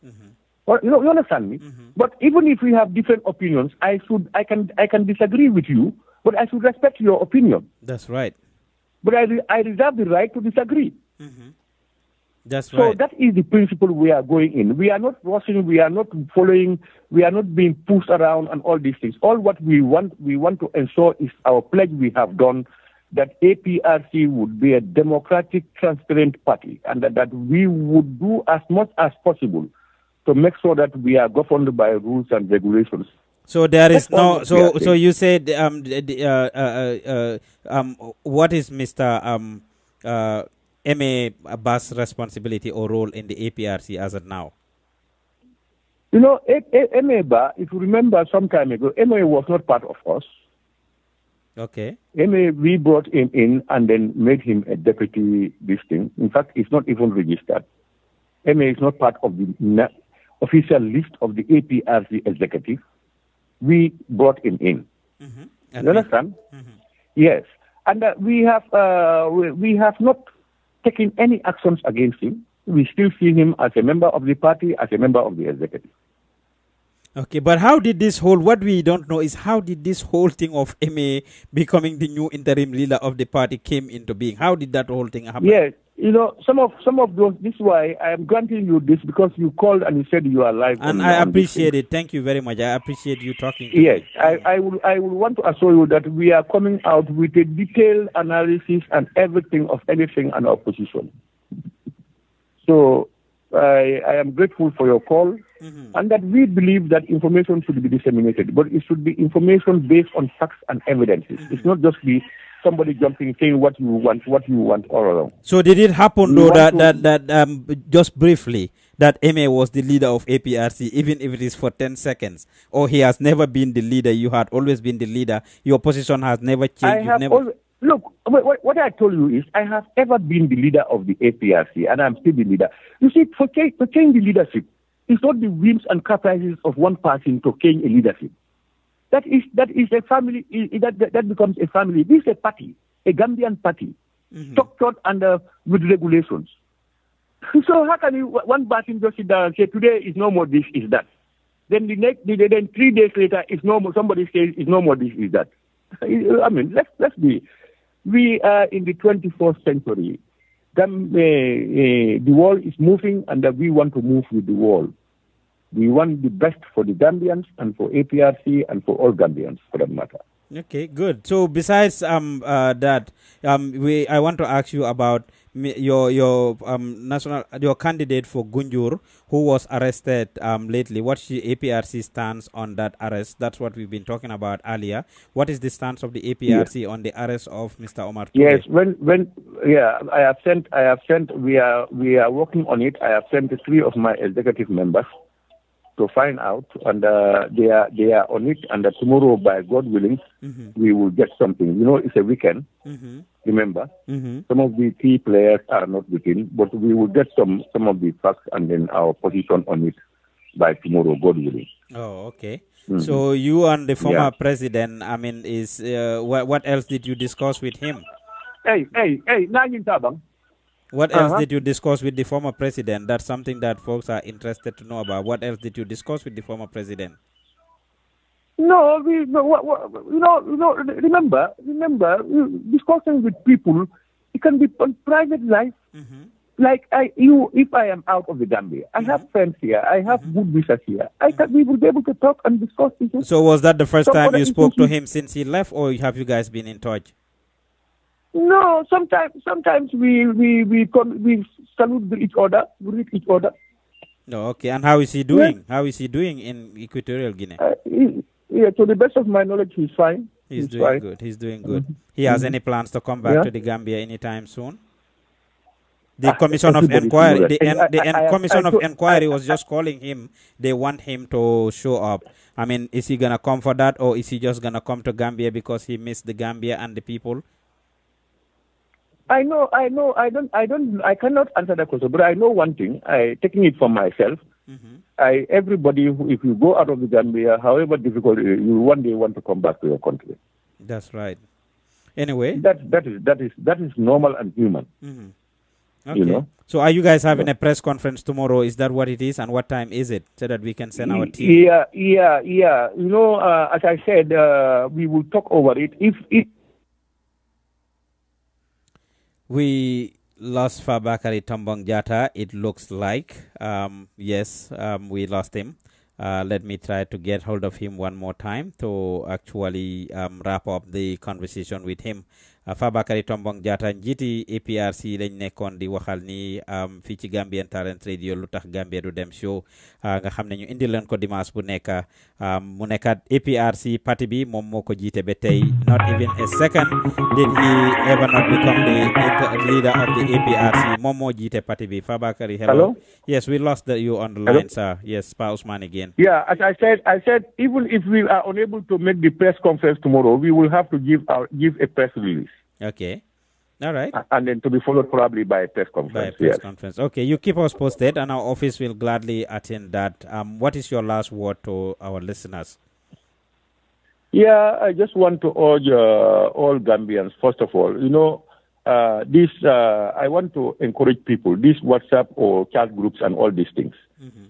Mm-hmm. you know, you understand me. Mm-hmm. But even if we have different opinions, I should, I can, I can disagree with you, but I should respect your opinion. That's right. But I, I reserve the right to disagree. Mm-hmm. That's so right. So that is the principle we are going in. We are not rushing. We are not following. We are not being pushed around and all these things. All what we want, we want to ensure is our pledge we have done that APRC would be a democratic, transparent party, and that, that we would do as much as possible to make sure that we are governed by rules and regulations. So there is no. So so you said um, uh, uh, uh, um, what is Mister um, uh, MA Abbas' responsibility or role in the APRC as of now? You know, MA, if you remember some time ago, MA was not part of us. Okay. MA, we brought him in and then made him a deputy this thing. In fact, it's not even registered. MA is not part of the official list of the APRC executive. We brought him in. Mm-hmm. You understand? Mm-hmm. Yes. And uh, we have uh, we have not taken any actions against him. We still see him as a member of the party, as a member of the executive. Okay, but how did this whole, what we don't know is how did this whole thing of MA becoming the new interim leader of the party came into being? How did that whole thing happen? Yes, you know, some of some of those. This is why I am granting you this because you called and you said you are alive. And I appreciate it. Thank you very much. I appreciate you talking. yes, me. I, I will. I will want to assure you that we are coming out with a detailed analysis and everything of anything and opposition. So I, I, am grateful for your call mm-hmm. and that we believe that information should be disseminated, but it should be information based on facts and evidences. Mm-hmm. It's not just be somebody jumping saying what you want, what you want all along. So did it happen though that, that that um, just briefly that MA was the leader of APRC, even if it is for ten seconds, or he has never been the leader. You had always been the leader. Your position has never changed. Never... Always, look, what I told you is I have ever been the leader of the APRC, and I'm still the leader. You see, for change, for change the leadership, it's not the whims and caprices of one person to change a leadership. That is, that is a family, that, that, becomes a family. This is a party, a Gambian party, mm-hmm. structured under with regulations. So how can you, one person just sit down and say, today is no more this, is that. Then the next, then three days later, it's no more, somebody says, it's no more this, is that. I mean, let's, let's be, we are in the 21st century. Then, uh, uh, eh, the world is moving and we want to move with the world. We want the best for the Gambians and for APRC and for all Gambians for that matter. Okay, good. So besides um uh, that, um we I want to ask you about your your um national your candidate for Gunjur who was arrested um lately. What's the APRC stance on that arrest? That's what we've been talking about earlier. What is the stance of the APRC yes. on the arrest of Mr. Omar? Ture? Yes, when when yeah, I have sent I have sent we are we are working on it. I have sent three of my executive members to find out, and uh, they are they are on it. And uh, tomorrow, by God willing, mm-hmm. we will get something. You know, it's a weekend. Mm-hmm. Remember, mm-hmm. some of the key players are not within, but we will get some some of the facts and then our position on it by tomorrow, God willing. Oh, okay. Mm-hmm. So you and the former yeah. president, I mean, is uh, what what else did you discuss with him? Hey, hey, hey! Now what else uh-huh. did you discuss with the former president? That's something that folks are interested to know about. What else did you discuss with the former president? No, we, no, you know, you know. Remember, remember, discussing with people, it can be on private life. Mm-hmm. Like I, you, if I am out of the Gambia, I mm-hmm. have friends here, I have mm-hmm. good wishes here. I can, mm-hmm. we will be able to talk and discuss issues. So was that the first time you spoke to him since he left, or have you guys been in touch? No, sometimes sometimes we we we come, we salute each other, greet each other. No, oh, okay. And how is he doing? Yes. How is he doing in Equatorial Guinea? Uh, he, yeah, to the best of my knowledge, he's fine. He's, he's doing fine. good. He's doing good. Mm -hmm. He has mm -hmm. any plans to come back yeah. to the Gambia anytime soon? The ah, commission of inquiry, the, en, the I, I, I, commission of inquiry was just calling him. They want him to show up. I mean, is he gonna come for that, or is he just gonna come to Gambia because he missed the Gambia and the people? I know, I know, I don't, I don't, I cannot answer that question. But I know one thing. I taking it for myself. Mm-hmm. I everybody, if you go out of the Gambia, however difficult, you one day want to come back to your country. That's right. Anyway, that that is that is that is normal and human. Mm-hmm. Okay. You know? So are you guys having a press conference tomorrow? Is that what it is, and what time is it, so that we can send our team? Yeah, yeah, yeah. You know, uh, as I said, uh, we will talk over it. If it we lost Fabakari Tombong Jata, it looks like. Um, yes, um, we lost him. Uh, let me try to get hold of him one more time to actually um, wrap up the conversation with him uh, Fabakary Tombong Jatta njiiti APRC lañ nekkoon di waxal ni um, fii ci Gambian Talent Radio lu tax Gambia du dem show Ah, nga xam ne ñu indi leen ko dimanche bu nekk ah, mu nekk APRC parti bi moom moo ko jiite ba tey not even a second did he ever not become the leader of the APRC moom moo jiite parti bi Fabakary hello yes we lost the, you on the line sir yes Pa Ousmane again yeah as I said I said even if we are unable to make the press conference tomorrow we will have to give our give a press release okay All right. And then to be followed probably by a press conference. By a press yes. conference. Okay, you keep us posted, and our office will gladly attend that. Um, what is your last word to our listeners? Yeah, I just want to urge uh, all Gambians, first of all, you know, uh, this, uh, I want to encourage people, these WhatsApp or chat groups and all these things. Mm-hmm.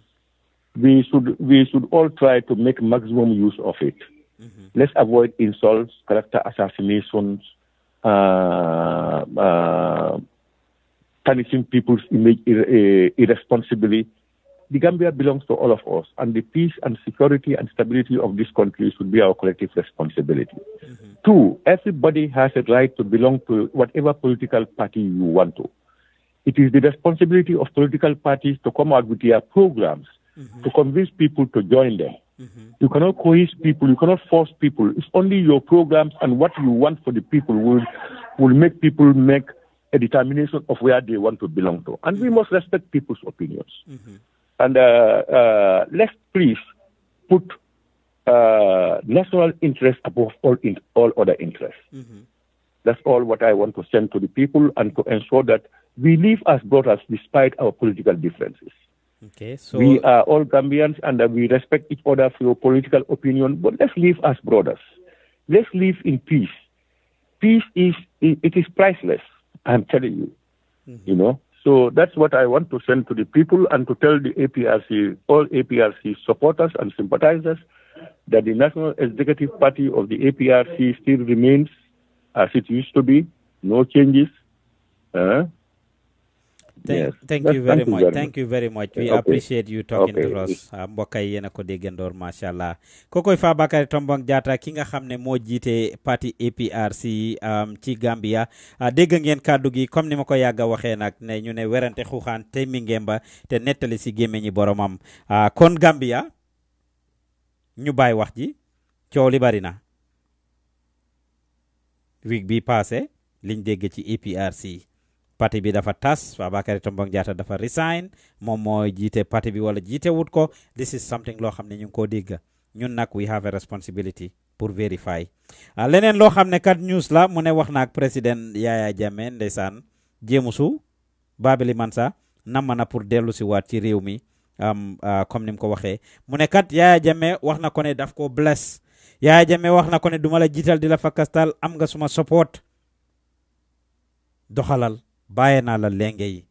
We should, we should all try to make maximum use of it. Mm-hmm. Let's avoid insults, character assassinations, uh, uh, punishing people's image ir- uh, irresponsibly. The Gambia belongs to all of us, and the peace and security and stability of this country should be our collective responsibility. Mm-hmm. Two, everybody has a right to belong to whatever political party you want to. It is the responsibility of political parties to come out with their programs to convince people to join them. Mm-hmm. You cannot coerce people. You cannot force people. It's only your programs and what you want for the people will will make people make a determination of where they want to belong to. And we must respect people's opinions. And uh, uh, let's please put uh, national interest above all in, all other interests. Mm-hmm. That's all what I want to send to the people and to ensure that we live as brothers despite our political differences. Okay, so we are all Gambians and we respect each other for your political opinion, but let's live as brothers. Let's live in peace. Peace is it is priceless. I'm telling you, mm-hmm. you know. So that's what I want to send to the people and to tell the APRC, all APRC supporters and sympathizers, that the National Executive Party of the APRC still remains as it used to be, no changes. Uh, thank thank you very we appreciate you talking to us uh, mbokk yi yéen a ko déggandoor macha allah kookoy Fabakary Tombong Jatta ki nga xam ne moo jiite parti APRC um, ci Gambia uh, dégg ngeen kàddu gi comme ni ma ko yàgg a waxee nag ne ñu ne werante xuuxaan te mi ngemba te nettali si gémmiñi boromam uh, kon Gambia ñu bàyyi wax ji coow li bari na bi passé liñ dégg ci APRC parti bi dafa tas Fabakary Tombong Jatta dafa resign mom moy jité parti bi wala jité wut ko this is something lo xamné ñu ko dégg ñun nak we have a responsibility pour verify. Ah, leneen lenen lo xamné kat news la mu né wax nak président Yaya jame ndeysaan jemusu Babili Mansa namana pour delu ci wat ci réew mi ah, comme nim ko waxé mu né kat Yaya jame wax na ko né daf ko bless Yaya Jammeh wax na ko ne duma la di la am suma support dohalal. bàyyee naa la lenge yi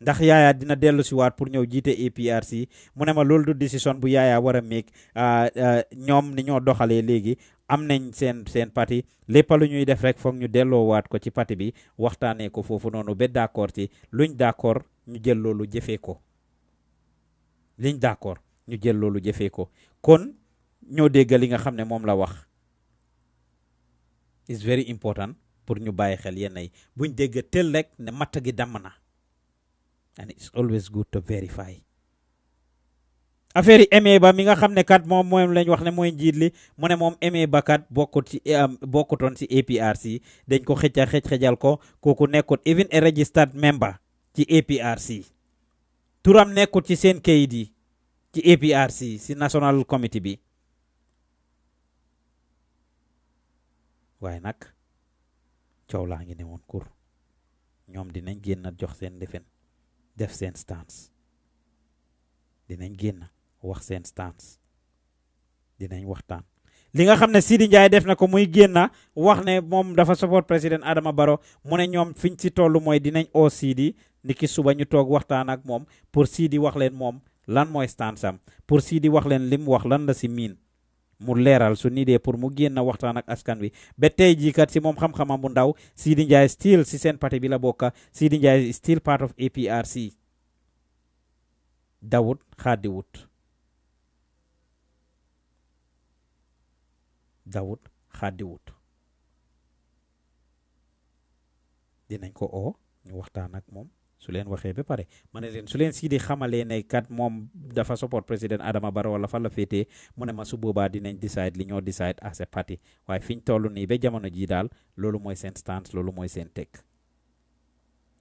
ndax yaaya dina dellu si waat pour ñëw jiite APRC e mu ne ma loolu du décision bu yaayaa war a meeg ah, ah, ñoom ni ñoo doxalee léegi am nañ seen seen pati lépp lu ñuy def rek foog ñu delloo waat ko ci pati bi waxtaanee ko foofu noonu ba d'accord ci luñ d'accord ñu jël loolu jëfee ko liñ d'accord ñu jël loolu jëfee ko kon ñoo dégg li nga xam ne moom la wax is very important pour ñu bàyyi xel yenn yi buñ dégg tël rek ne matt gi damm na and it's always good to verify affaire yi Aimé Ba mi nga xam ne kat moom moom lañ wax ne mooy njiit li mu ne moom Aimé Ba kat bokkut ci bokkutoon si APRC dañ ko xëcca xëj xëjal ko kooku nekkut even a registered member ci APRC turam nekkut ci seen kayit yi ci APRC si national committee bi waaye nag coow laa ngi newon woon ñom ñoom dinañ génn jox sen defen def sen stance dinañ genn wax sen stance dinañ waxtaan li nga xamne Sidi ndjay def na ko muy na wax ne mom dafa support president Adama Baro. mu ne ñom fiñ ci tollu moy dinañ o Sidi ni ki suba ñu tok waxtaan ak mom pour Sidi wax len mom lan moy stance am pour Sidi wax len lim wax lan la si mine mu leeral su nii dee pour mu génn waxtaan ak askan wi ba tey jii si moom xam-xamam bu ndaw Sidi Ndiaye still si seen parti bi la bokka Sidi Ndiaye still part of APRC dawut xaadiwut dawut xaadiwut dinañ ko oo ñu waxtaan ak moom su leen waxee ba pare ma ne leen su leen Sidi xamalee ne kat moom dafa support président Adama Barrow wala fan la féetee mu ne ma su boobaa dinañ decide li ñoo decide as a party waaye fi ñu toll nii ba jamono jii daal loolu mooy seen stance loolu mooy seen tekk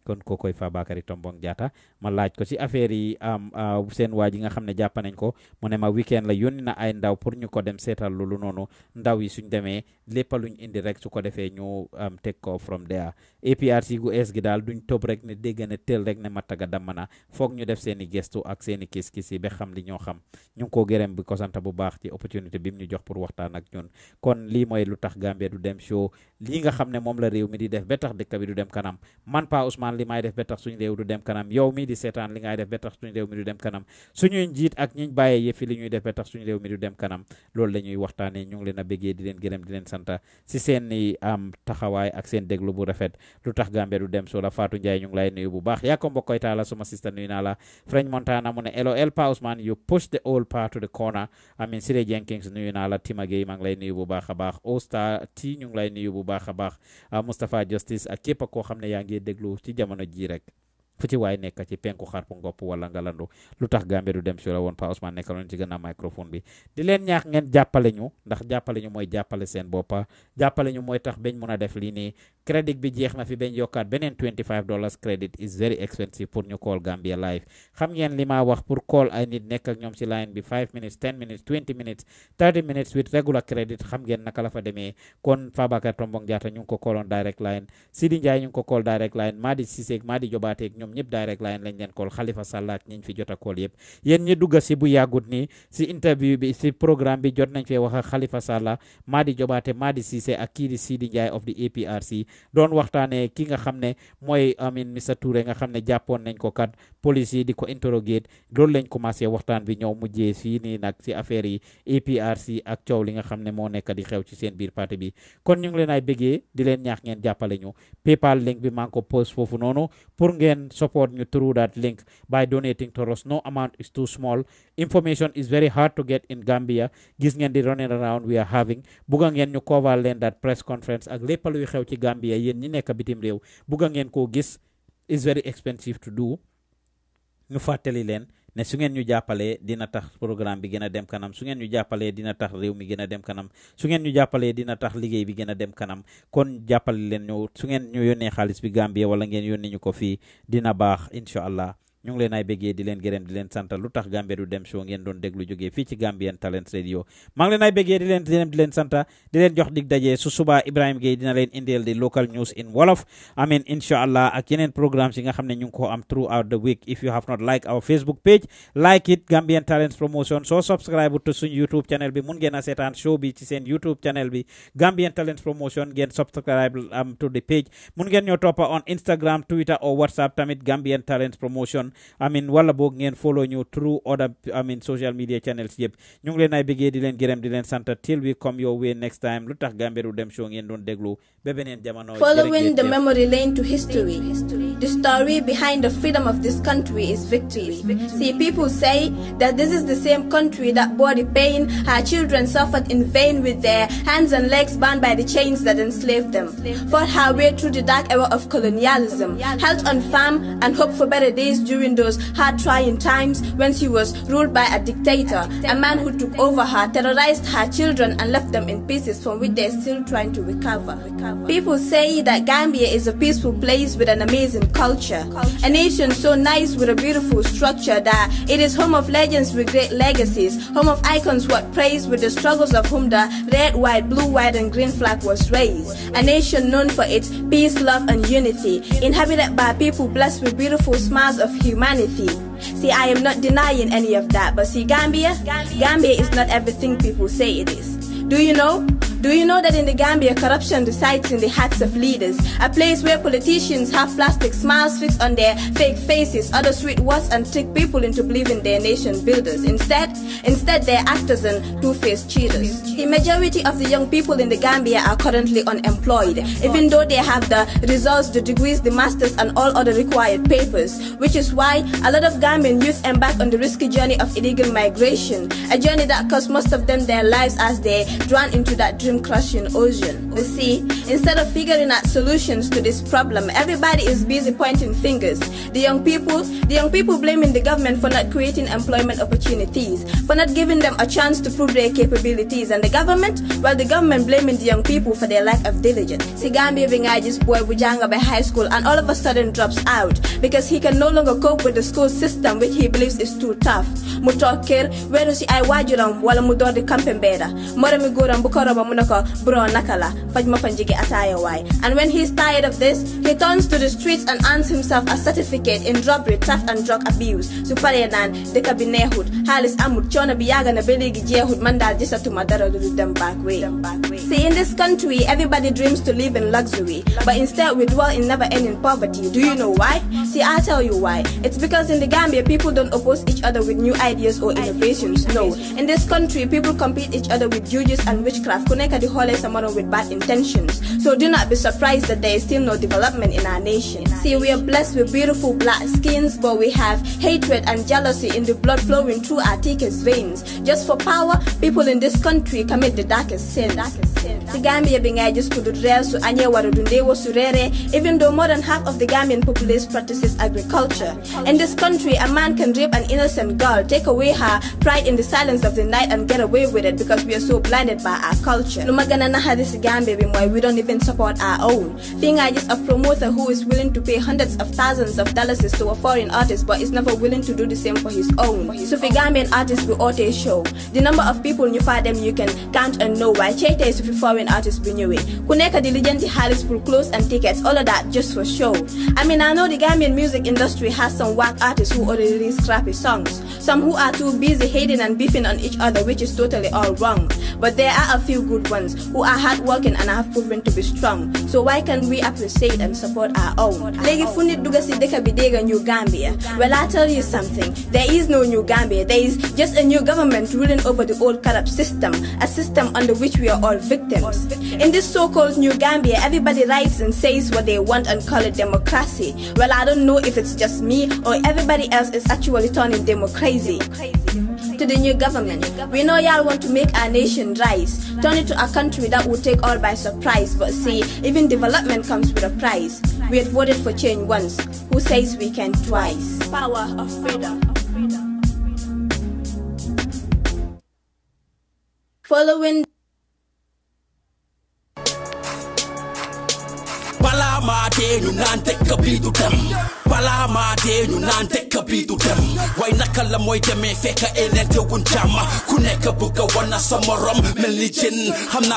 kon ko koy Fabakary Tombong jata ma laaj ko ci affaire yi am sen waji nga xamne japp nañ ko mu ne ma weekend la yoni na ay ndaw pour ñu ko dem seetal loolu nonu ndaw yi suñ démé lépp luñ indi rek su ko défé ñu tek ko from there APRC gu es gi dal duñ top rek ne dégg ne tel rek ne mattaga damm na fokk ñu def seen i ak seen i kis yi ba xam li ño xam ñu ko gërem bi ko santa bu baax ci opportunité bi mu ñu jox pour waxtaan ak ñun kon li moy lu tax Gambia du dem show li nga xamne mom la rew mi di def ba tax bi du dem kanam man pa Ousmane li may def ba tax suñ réew du dem kanam yow mi di seetaan li ngay def ba tax suñ réew mi du dem kanam suñu njit ak ñiñ bàyyee yëfi li ñuy def ba tax suñ réew mi du dem kanam loolu lañuy waxtane ñu ngi leena a di leen gërem di leen santa ci seen ni am taxaway ak seen déglu bu rafet lu tax Gambia du dem soo la Fatou ndjay ñu ngi lay nuyu bu baax yaa ko taala suma sister nuyu naa la French Montana mu ne LOL Pa Ousmane you push the old part to the corner Amin Sire Jenkins nuyu naa la Tima Gueye maa ngi lay nuyu bu baax baax Osta T ñu ngi lay nuyu bu baaxa baax mustapha Justice ak képp ko xamne ya ngi déglu ci jamono jamono jii rek foti way nek ci penku xar gopp ngop wala ngalando lu gambe du dem ci woon pa ousmane nek lon ci gëna microphone bi di len ñaax ngeen jappalé ñu ndax jappalé ñu moy jappalé seen bopa jappalé ñu moy tax beñ mëna def li ni crédit bi jeex na fi beñ yokkat benen 25 dollars credit is very expensive pour ñu call Gambia live xam ngeen li ma wax pour call ay nit nek ak ñom ci line bi 5 minutes 10 minutes 20 minutes 30 minutes with regular credit xam ngeen naka la fa démé kon Fabakary tombok jaata ñu ko call on direct line Sidi ndjay ñu ko call direct line Madi sisek Madi jobate ñoom ñoom ñëpp direct line lañ leen kool Halifa Sallah ak ñiñ fi jot a kool yëpp yéen ñi dugga si bu yàggut nii si interview bi si programme bi jot nañ fee wax ak Halifa Sallah Madi Jobaate Madi Cissé ak kii di Sidi Ndiaye of the APRC doon waxtaanee ki nga xam ne mooy Amin sa Touré nga xam ne jàppoon nañ ko kat police yi di ko interrogate loolu lañ commencé waxtaan bi ñëw mujjee si nii nag si affaire yi APRC ak coow li nga xam ne moo nekk di xew ci seen biir parti bi kon ñu ngi leen ay bëggee di leen ñaax ngeen jàppale support through that link by donating to us. No amount is too small. Information is very hard to get in Gambia. Gis ngeen di running around we are having. Buga ngeen ñu cover leen that press conference ak lépp luy xew ci Gambia yéen ñi nekk bitim réew. Buga ngeen koo gis is very expensive to do. ñu fàttali leen ne su ngeen ñu jàppalee dina tax programme bi gën a dem kanam su ngeen ñu jàppalee dina tax réew mi gën a dem kanam su ngeen ñu jàppalee dina tax liggéey bi gën a dem kanam kon jàppale leen ñëw su ngeen ñu yónnee xaalis bi Gambie wala ngeen yónnee ñu ko fii dina baax incha allah ñu ngi leen ay béggee di leen gërëm di leen sant lu tax Gambia du dem show ngeen doon déglu jógee fii ci Gambian Talents Radio maa ngi leen ay béggee di leen gërëm di leen sant di leen jox dig daje su suba Ibrahima Gueye dina leen indeel di local news in wolof amin incha allah ak yeneen programme yi nga xam ne ñu ngi ko am throughout the week if you have not like our Facebook page like it Gambian Talents Promotion soo subscribe to suñ YouTube channel bi mun ngeen a seetaan show bi ci seen YouTube channel bi Gambian Talents Promotion ngeen subscribe am um, to the page mun ngeen ñoo toppa I mean wala boog ngeen follow ñu through other I mean social media channels yëpp ñu ngi leen ay bëggee di leen gërëm di leen sant till we come your way next time lu tax Gambia du dem show ngeen doon déglu ba beneen jamono Following the memory lane to history the story behind the freedom of this country is victory see people say that this is the same country that bore the pain our children suffered in vain with their hands and legs bound by the chains that enslaved them fought our way through the dark era of colonialism held on farm and hope for better days during during those hard trying times when she was ruled by a dictator, a man who took over her, terrorized her children, and left them in pieces from which they are still trying to recover. People say that Gambia is a peaceful place with an amazing culture, a nation so nice with a beautiful structure that it is home of legends with great legacies, home of icons worth praise with the struggles of whom the red, white, blue, white, and green flag was raised, a nation known for its peace, love, and unity, inhabited by people blessed with beautiful smiles of humanity humanity. See, I am not denying any of that, but see, Gambia, Gambia is not everything people say it is. Do you know? Do you know that in the Gambia, corruption resides in the hearts of leaders? A place where politicians have plastic smiles fixed on their fake faces, other sweet words, and trick people into believing they're nation builders. Instead, instead they're actors and two-faced cheaters. The majority of the young people in the Gambia are currently unemployed, even though they have the results, the degrees, the masters, and all other required papers. Which is why a lot of Gambian youth embark on the risky journey of illegal migration, a journey that costs most of them their lives as they drown into that dream bedroom clashing ocean. You see, instead of figuring out solutions to this problem, everybody is busy pointing fingers. The young people, the young people blaming the government for not creating employment opportunities, for not giving them a chance to prove their capabilities, and the government, well, the government blaming the young people for their lack of diligence. Sigambi Bingaji's boy Bujanga by high school and all of a sudden drops out because he can no longer cope with the school system which he believes is too tough. Mutokir, where is I wajuram, wala mudori kampembera. Mora miguram bukoroba bro nakala fajma And when he's tired of this, he turns to the streets and earns himself a certificate in robbery, theft and drug abuse. Supare nan halis amut chona biaga na beligi mandal jisa to them back way. See in this country, everybody dreams to live in luxury, but instead we dwell in never-ending poverty. Do you know why? See, I will tell you why. It's because in the Gambia, people don't oppose each other with new ideas or innovations. No, in this country, people compete each other with juju and witchcraft. Nneka Dihole is someone with bad intentions, so do not be surprised that there is still no development in our nation. See, we are blessed with beautiful black skins, but we have hatred and jealousy in the blood flowing through our thickest veins. Just for power, people in this country commit the darkest sin. Even though more than half of the Gambian populace practices agriculture. In this country, a man can rape an innocent girl, take away her pride in the silence of the night, and get away with it because we are so blinded by our culture relationship. Lumagana na this gambe bimwe, we don't even support our own. Thing I just a promoter who is willing to pay hundreds of thousands of dollars to a foreign artist but is never willing to do the same for his own. For his so if Gambian artist we Ote show, the number of people you find them you can count and know why Chete is with foreign artist Binyewe. Kuneka diligently Harris for clothes and tickets, all of that just for show. I mean I know the Gambian music industry has some whack artists who already release crappy songs. Some who are too busy hating and beefing on each other which is totally all wrong. But there are a few good ones who are hardworking and have proven to be strong. So why can't we appreciate and support our own? Legi funi duga si deka bidega New Gambia. Well, I tell you something. There is no New Gambia. There is just a new government ruling over the old corrupt system, a system under which we are all victims. In this so-called New Gambia, everybody writes and says what they want and call it democracy. Well, I don't know if it's just me or everybody else is actually turning democracy. crazy to the new government. We know y'all want to make our nation rise, turn it to a country that will take all by surprise. But see, even development comes with a price. We had voted for change once. Who says we can twice? Power of freedom. Following maatee ñu naan tekka bii du dem balaa maatee ñu naan tekka bii du dem way naka la mooy demee fekk elente wun jàmma ku nekk bëgg a wana sa morom mel ni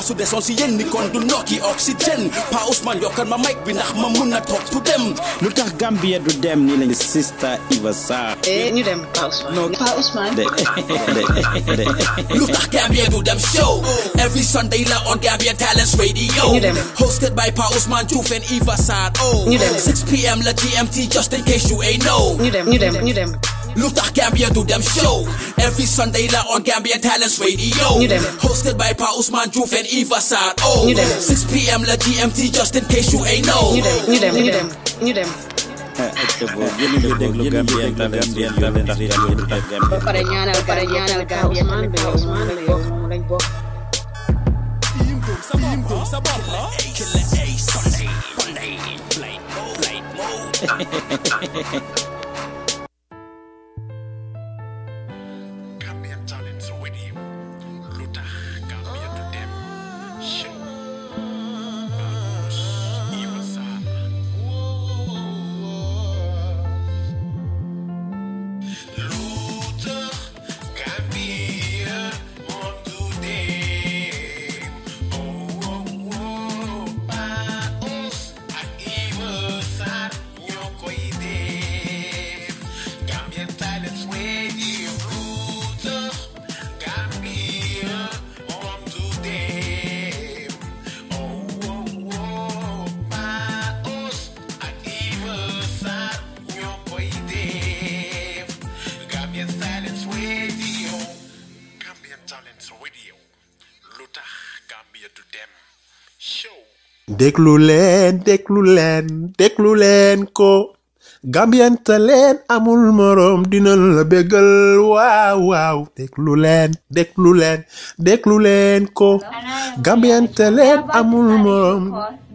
su desoon si yéen ni kon du nokki oxygène pa Ousmane yokkal ma mic bi ndax ma mun a toog du dem lu tax Gambia du dem ni lañu sister Iva Eh ni dem Pa Usman. No Pa Ousmane lu tax Gambia du dem show every Sunday la on Gambia Talents Radio hosted by Pa Usman Diouf and Iva side O. Oh. New them. 6 p.m. La GMT, just in case you ain't know. New them, new them, new them. Luther Gambia do them show every Sunday live on Gambia Talents Radio. Hosted by Pa Usman Juf and Eva Sad. Oh, 6 p.m. La GMT, just in case you ain't know. New them, new them, new them, new them. Blade, blade, blade, move. dégluleen dégluleen dégluleen ko Gambian talen amul morom dinañ la bégal waaw waaw déglu leen déglu leen déglu leen ko Gambian Talents amul morom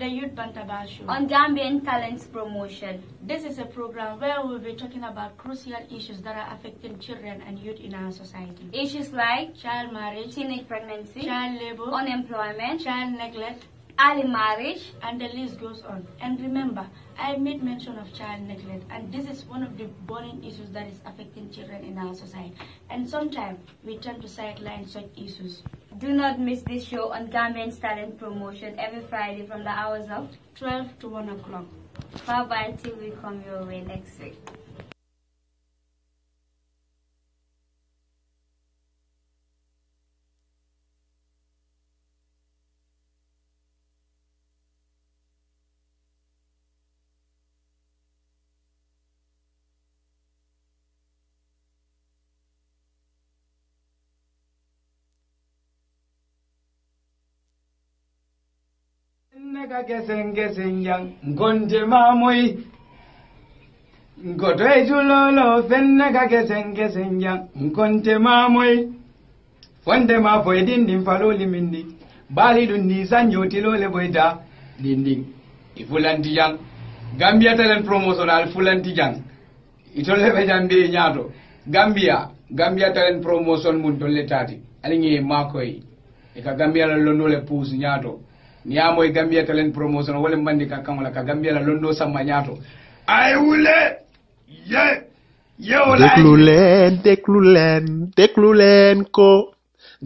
the Youth Bantaba Show on Gambian Talents Promotion. This is a program where we'll be talking about crucial issues that are affecting children and youth in our society. Issues like child marriage, teenage pregnancy, child labor, unemployment, child neglect, early marriage, and the list goes on. And remember, I made mention of child neglect, and this is one of the burning issues that is affecting children in our society. And sometimes we tend to sideline such issues. Do not miss this show on Garments Talent Promotion every Friday from the hours of 12 to 1 o'clock. Bye bye till we come your way next week. ka gesen gesen yan gonde mamoy ngoto e julolo fenne ka gesen gesen yan gonte mamoy fonde ma boy dindin faloli mindi bali ɗum ni sanjotilole boyta dindin i fulanti yan gambia talent promotion al fulanti yan itolle ɓe jan mbiye ñaato gambia gambia talent promotion mun tolle tati aliŋe makoye e ka gambia lallondole puus ñaato niyamo e gambiya talen promotion wole mandi ka kaŋola ka gambiya la londo samma ñaato ay wule ye yewla déglu leen déglu leen déglu leen ko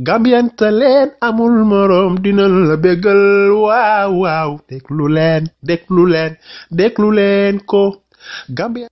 Gambian Talents amul morom dina la bégal waaw waaw déglu leen déglu leen ko Gambian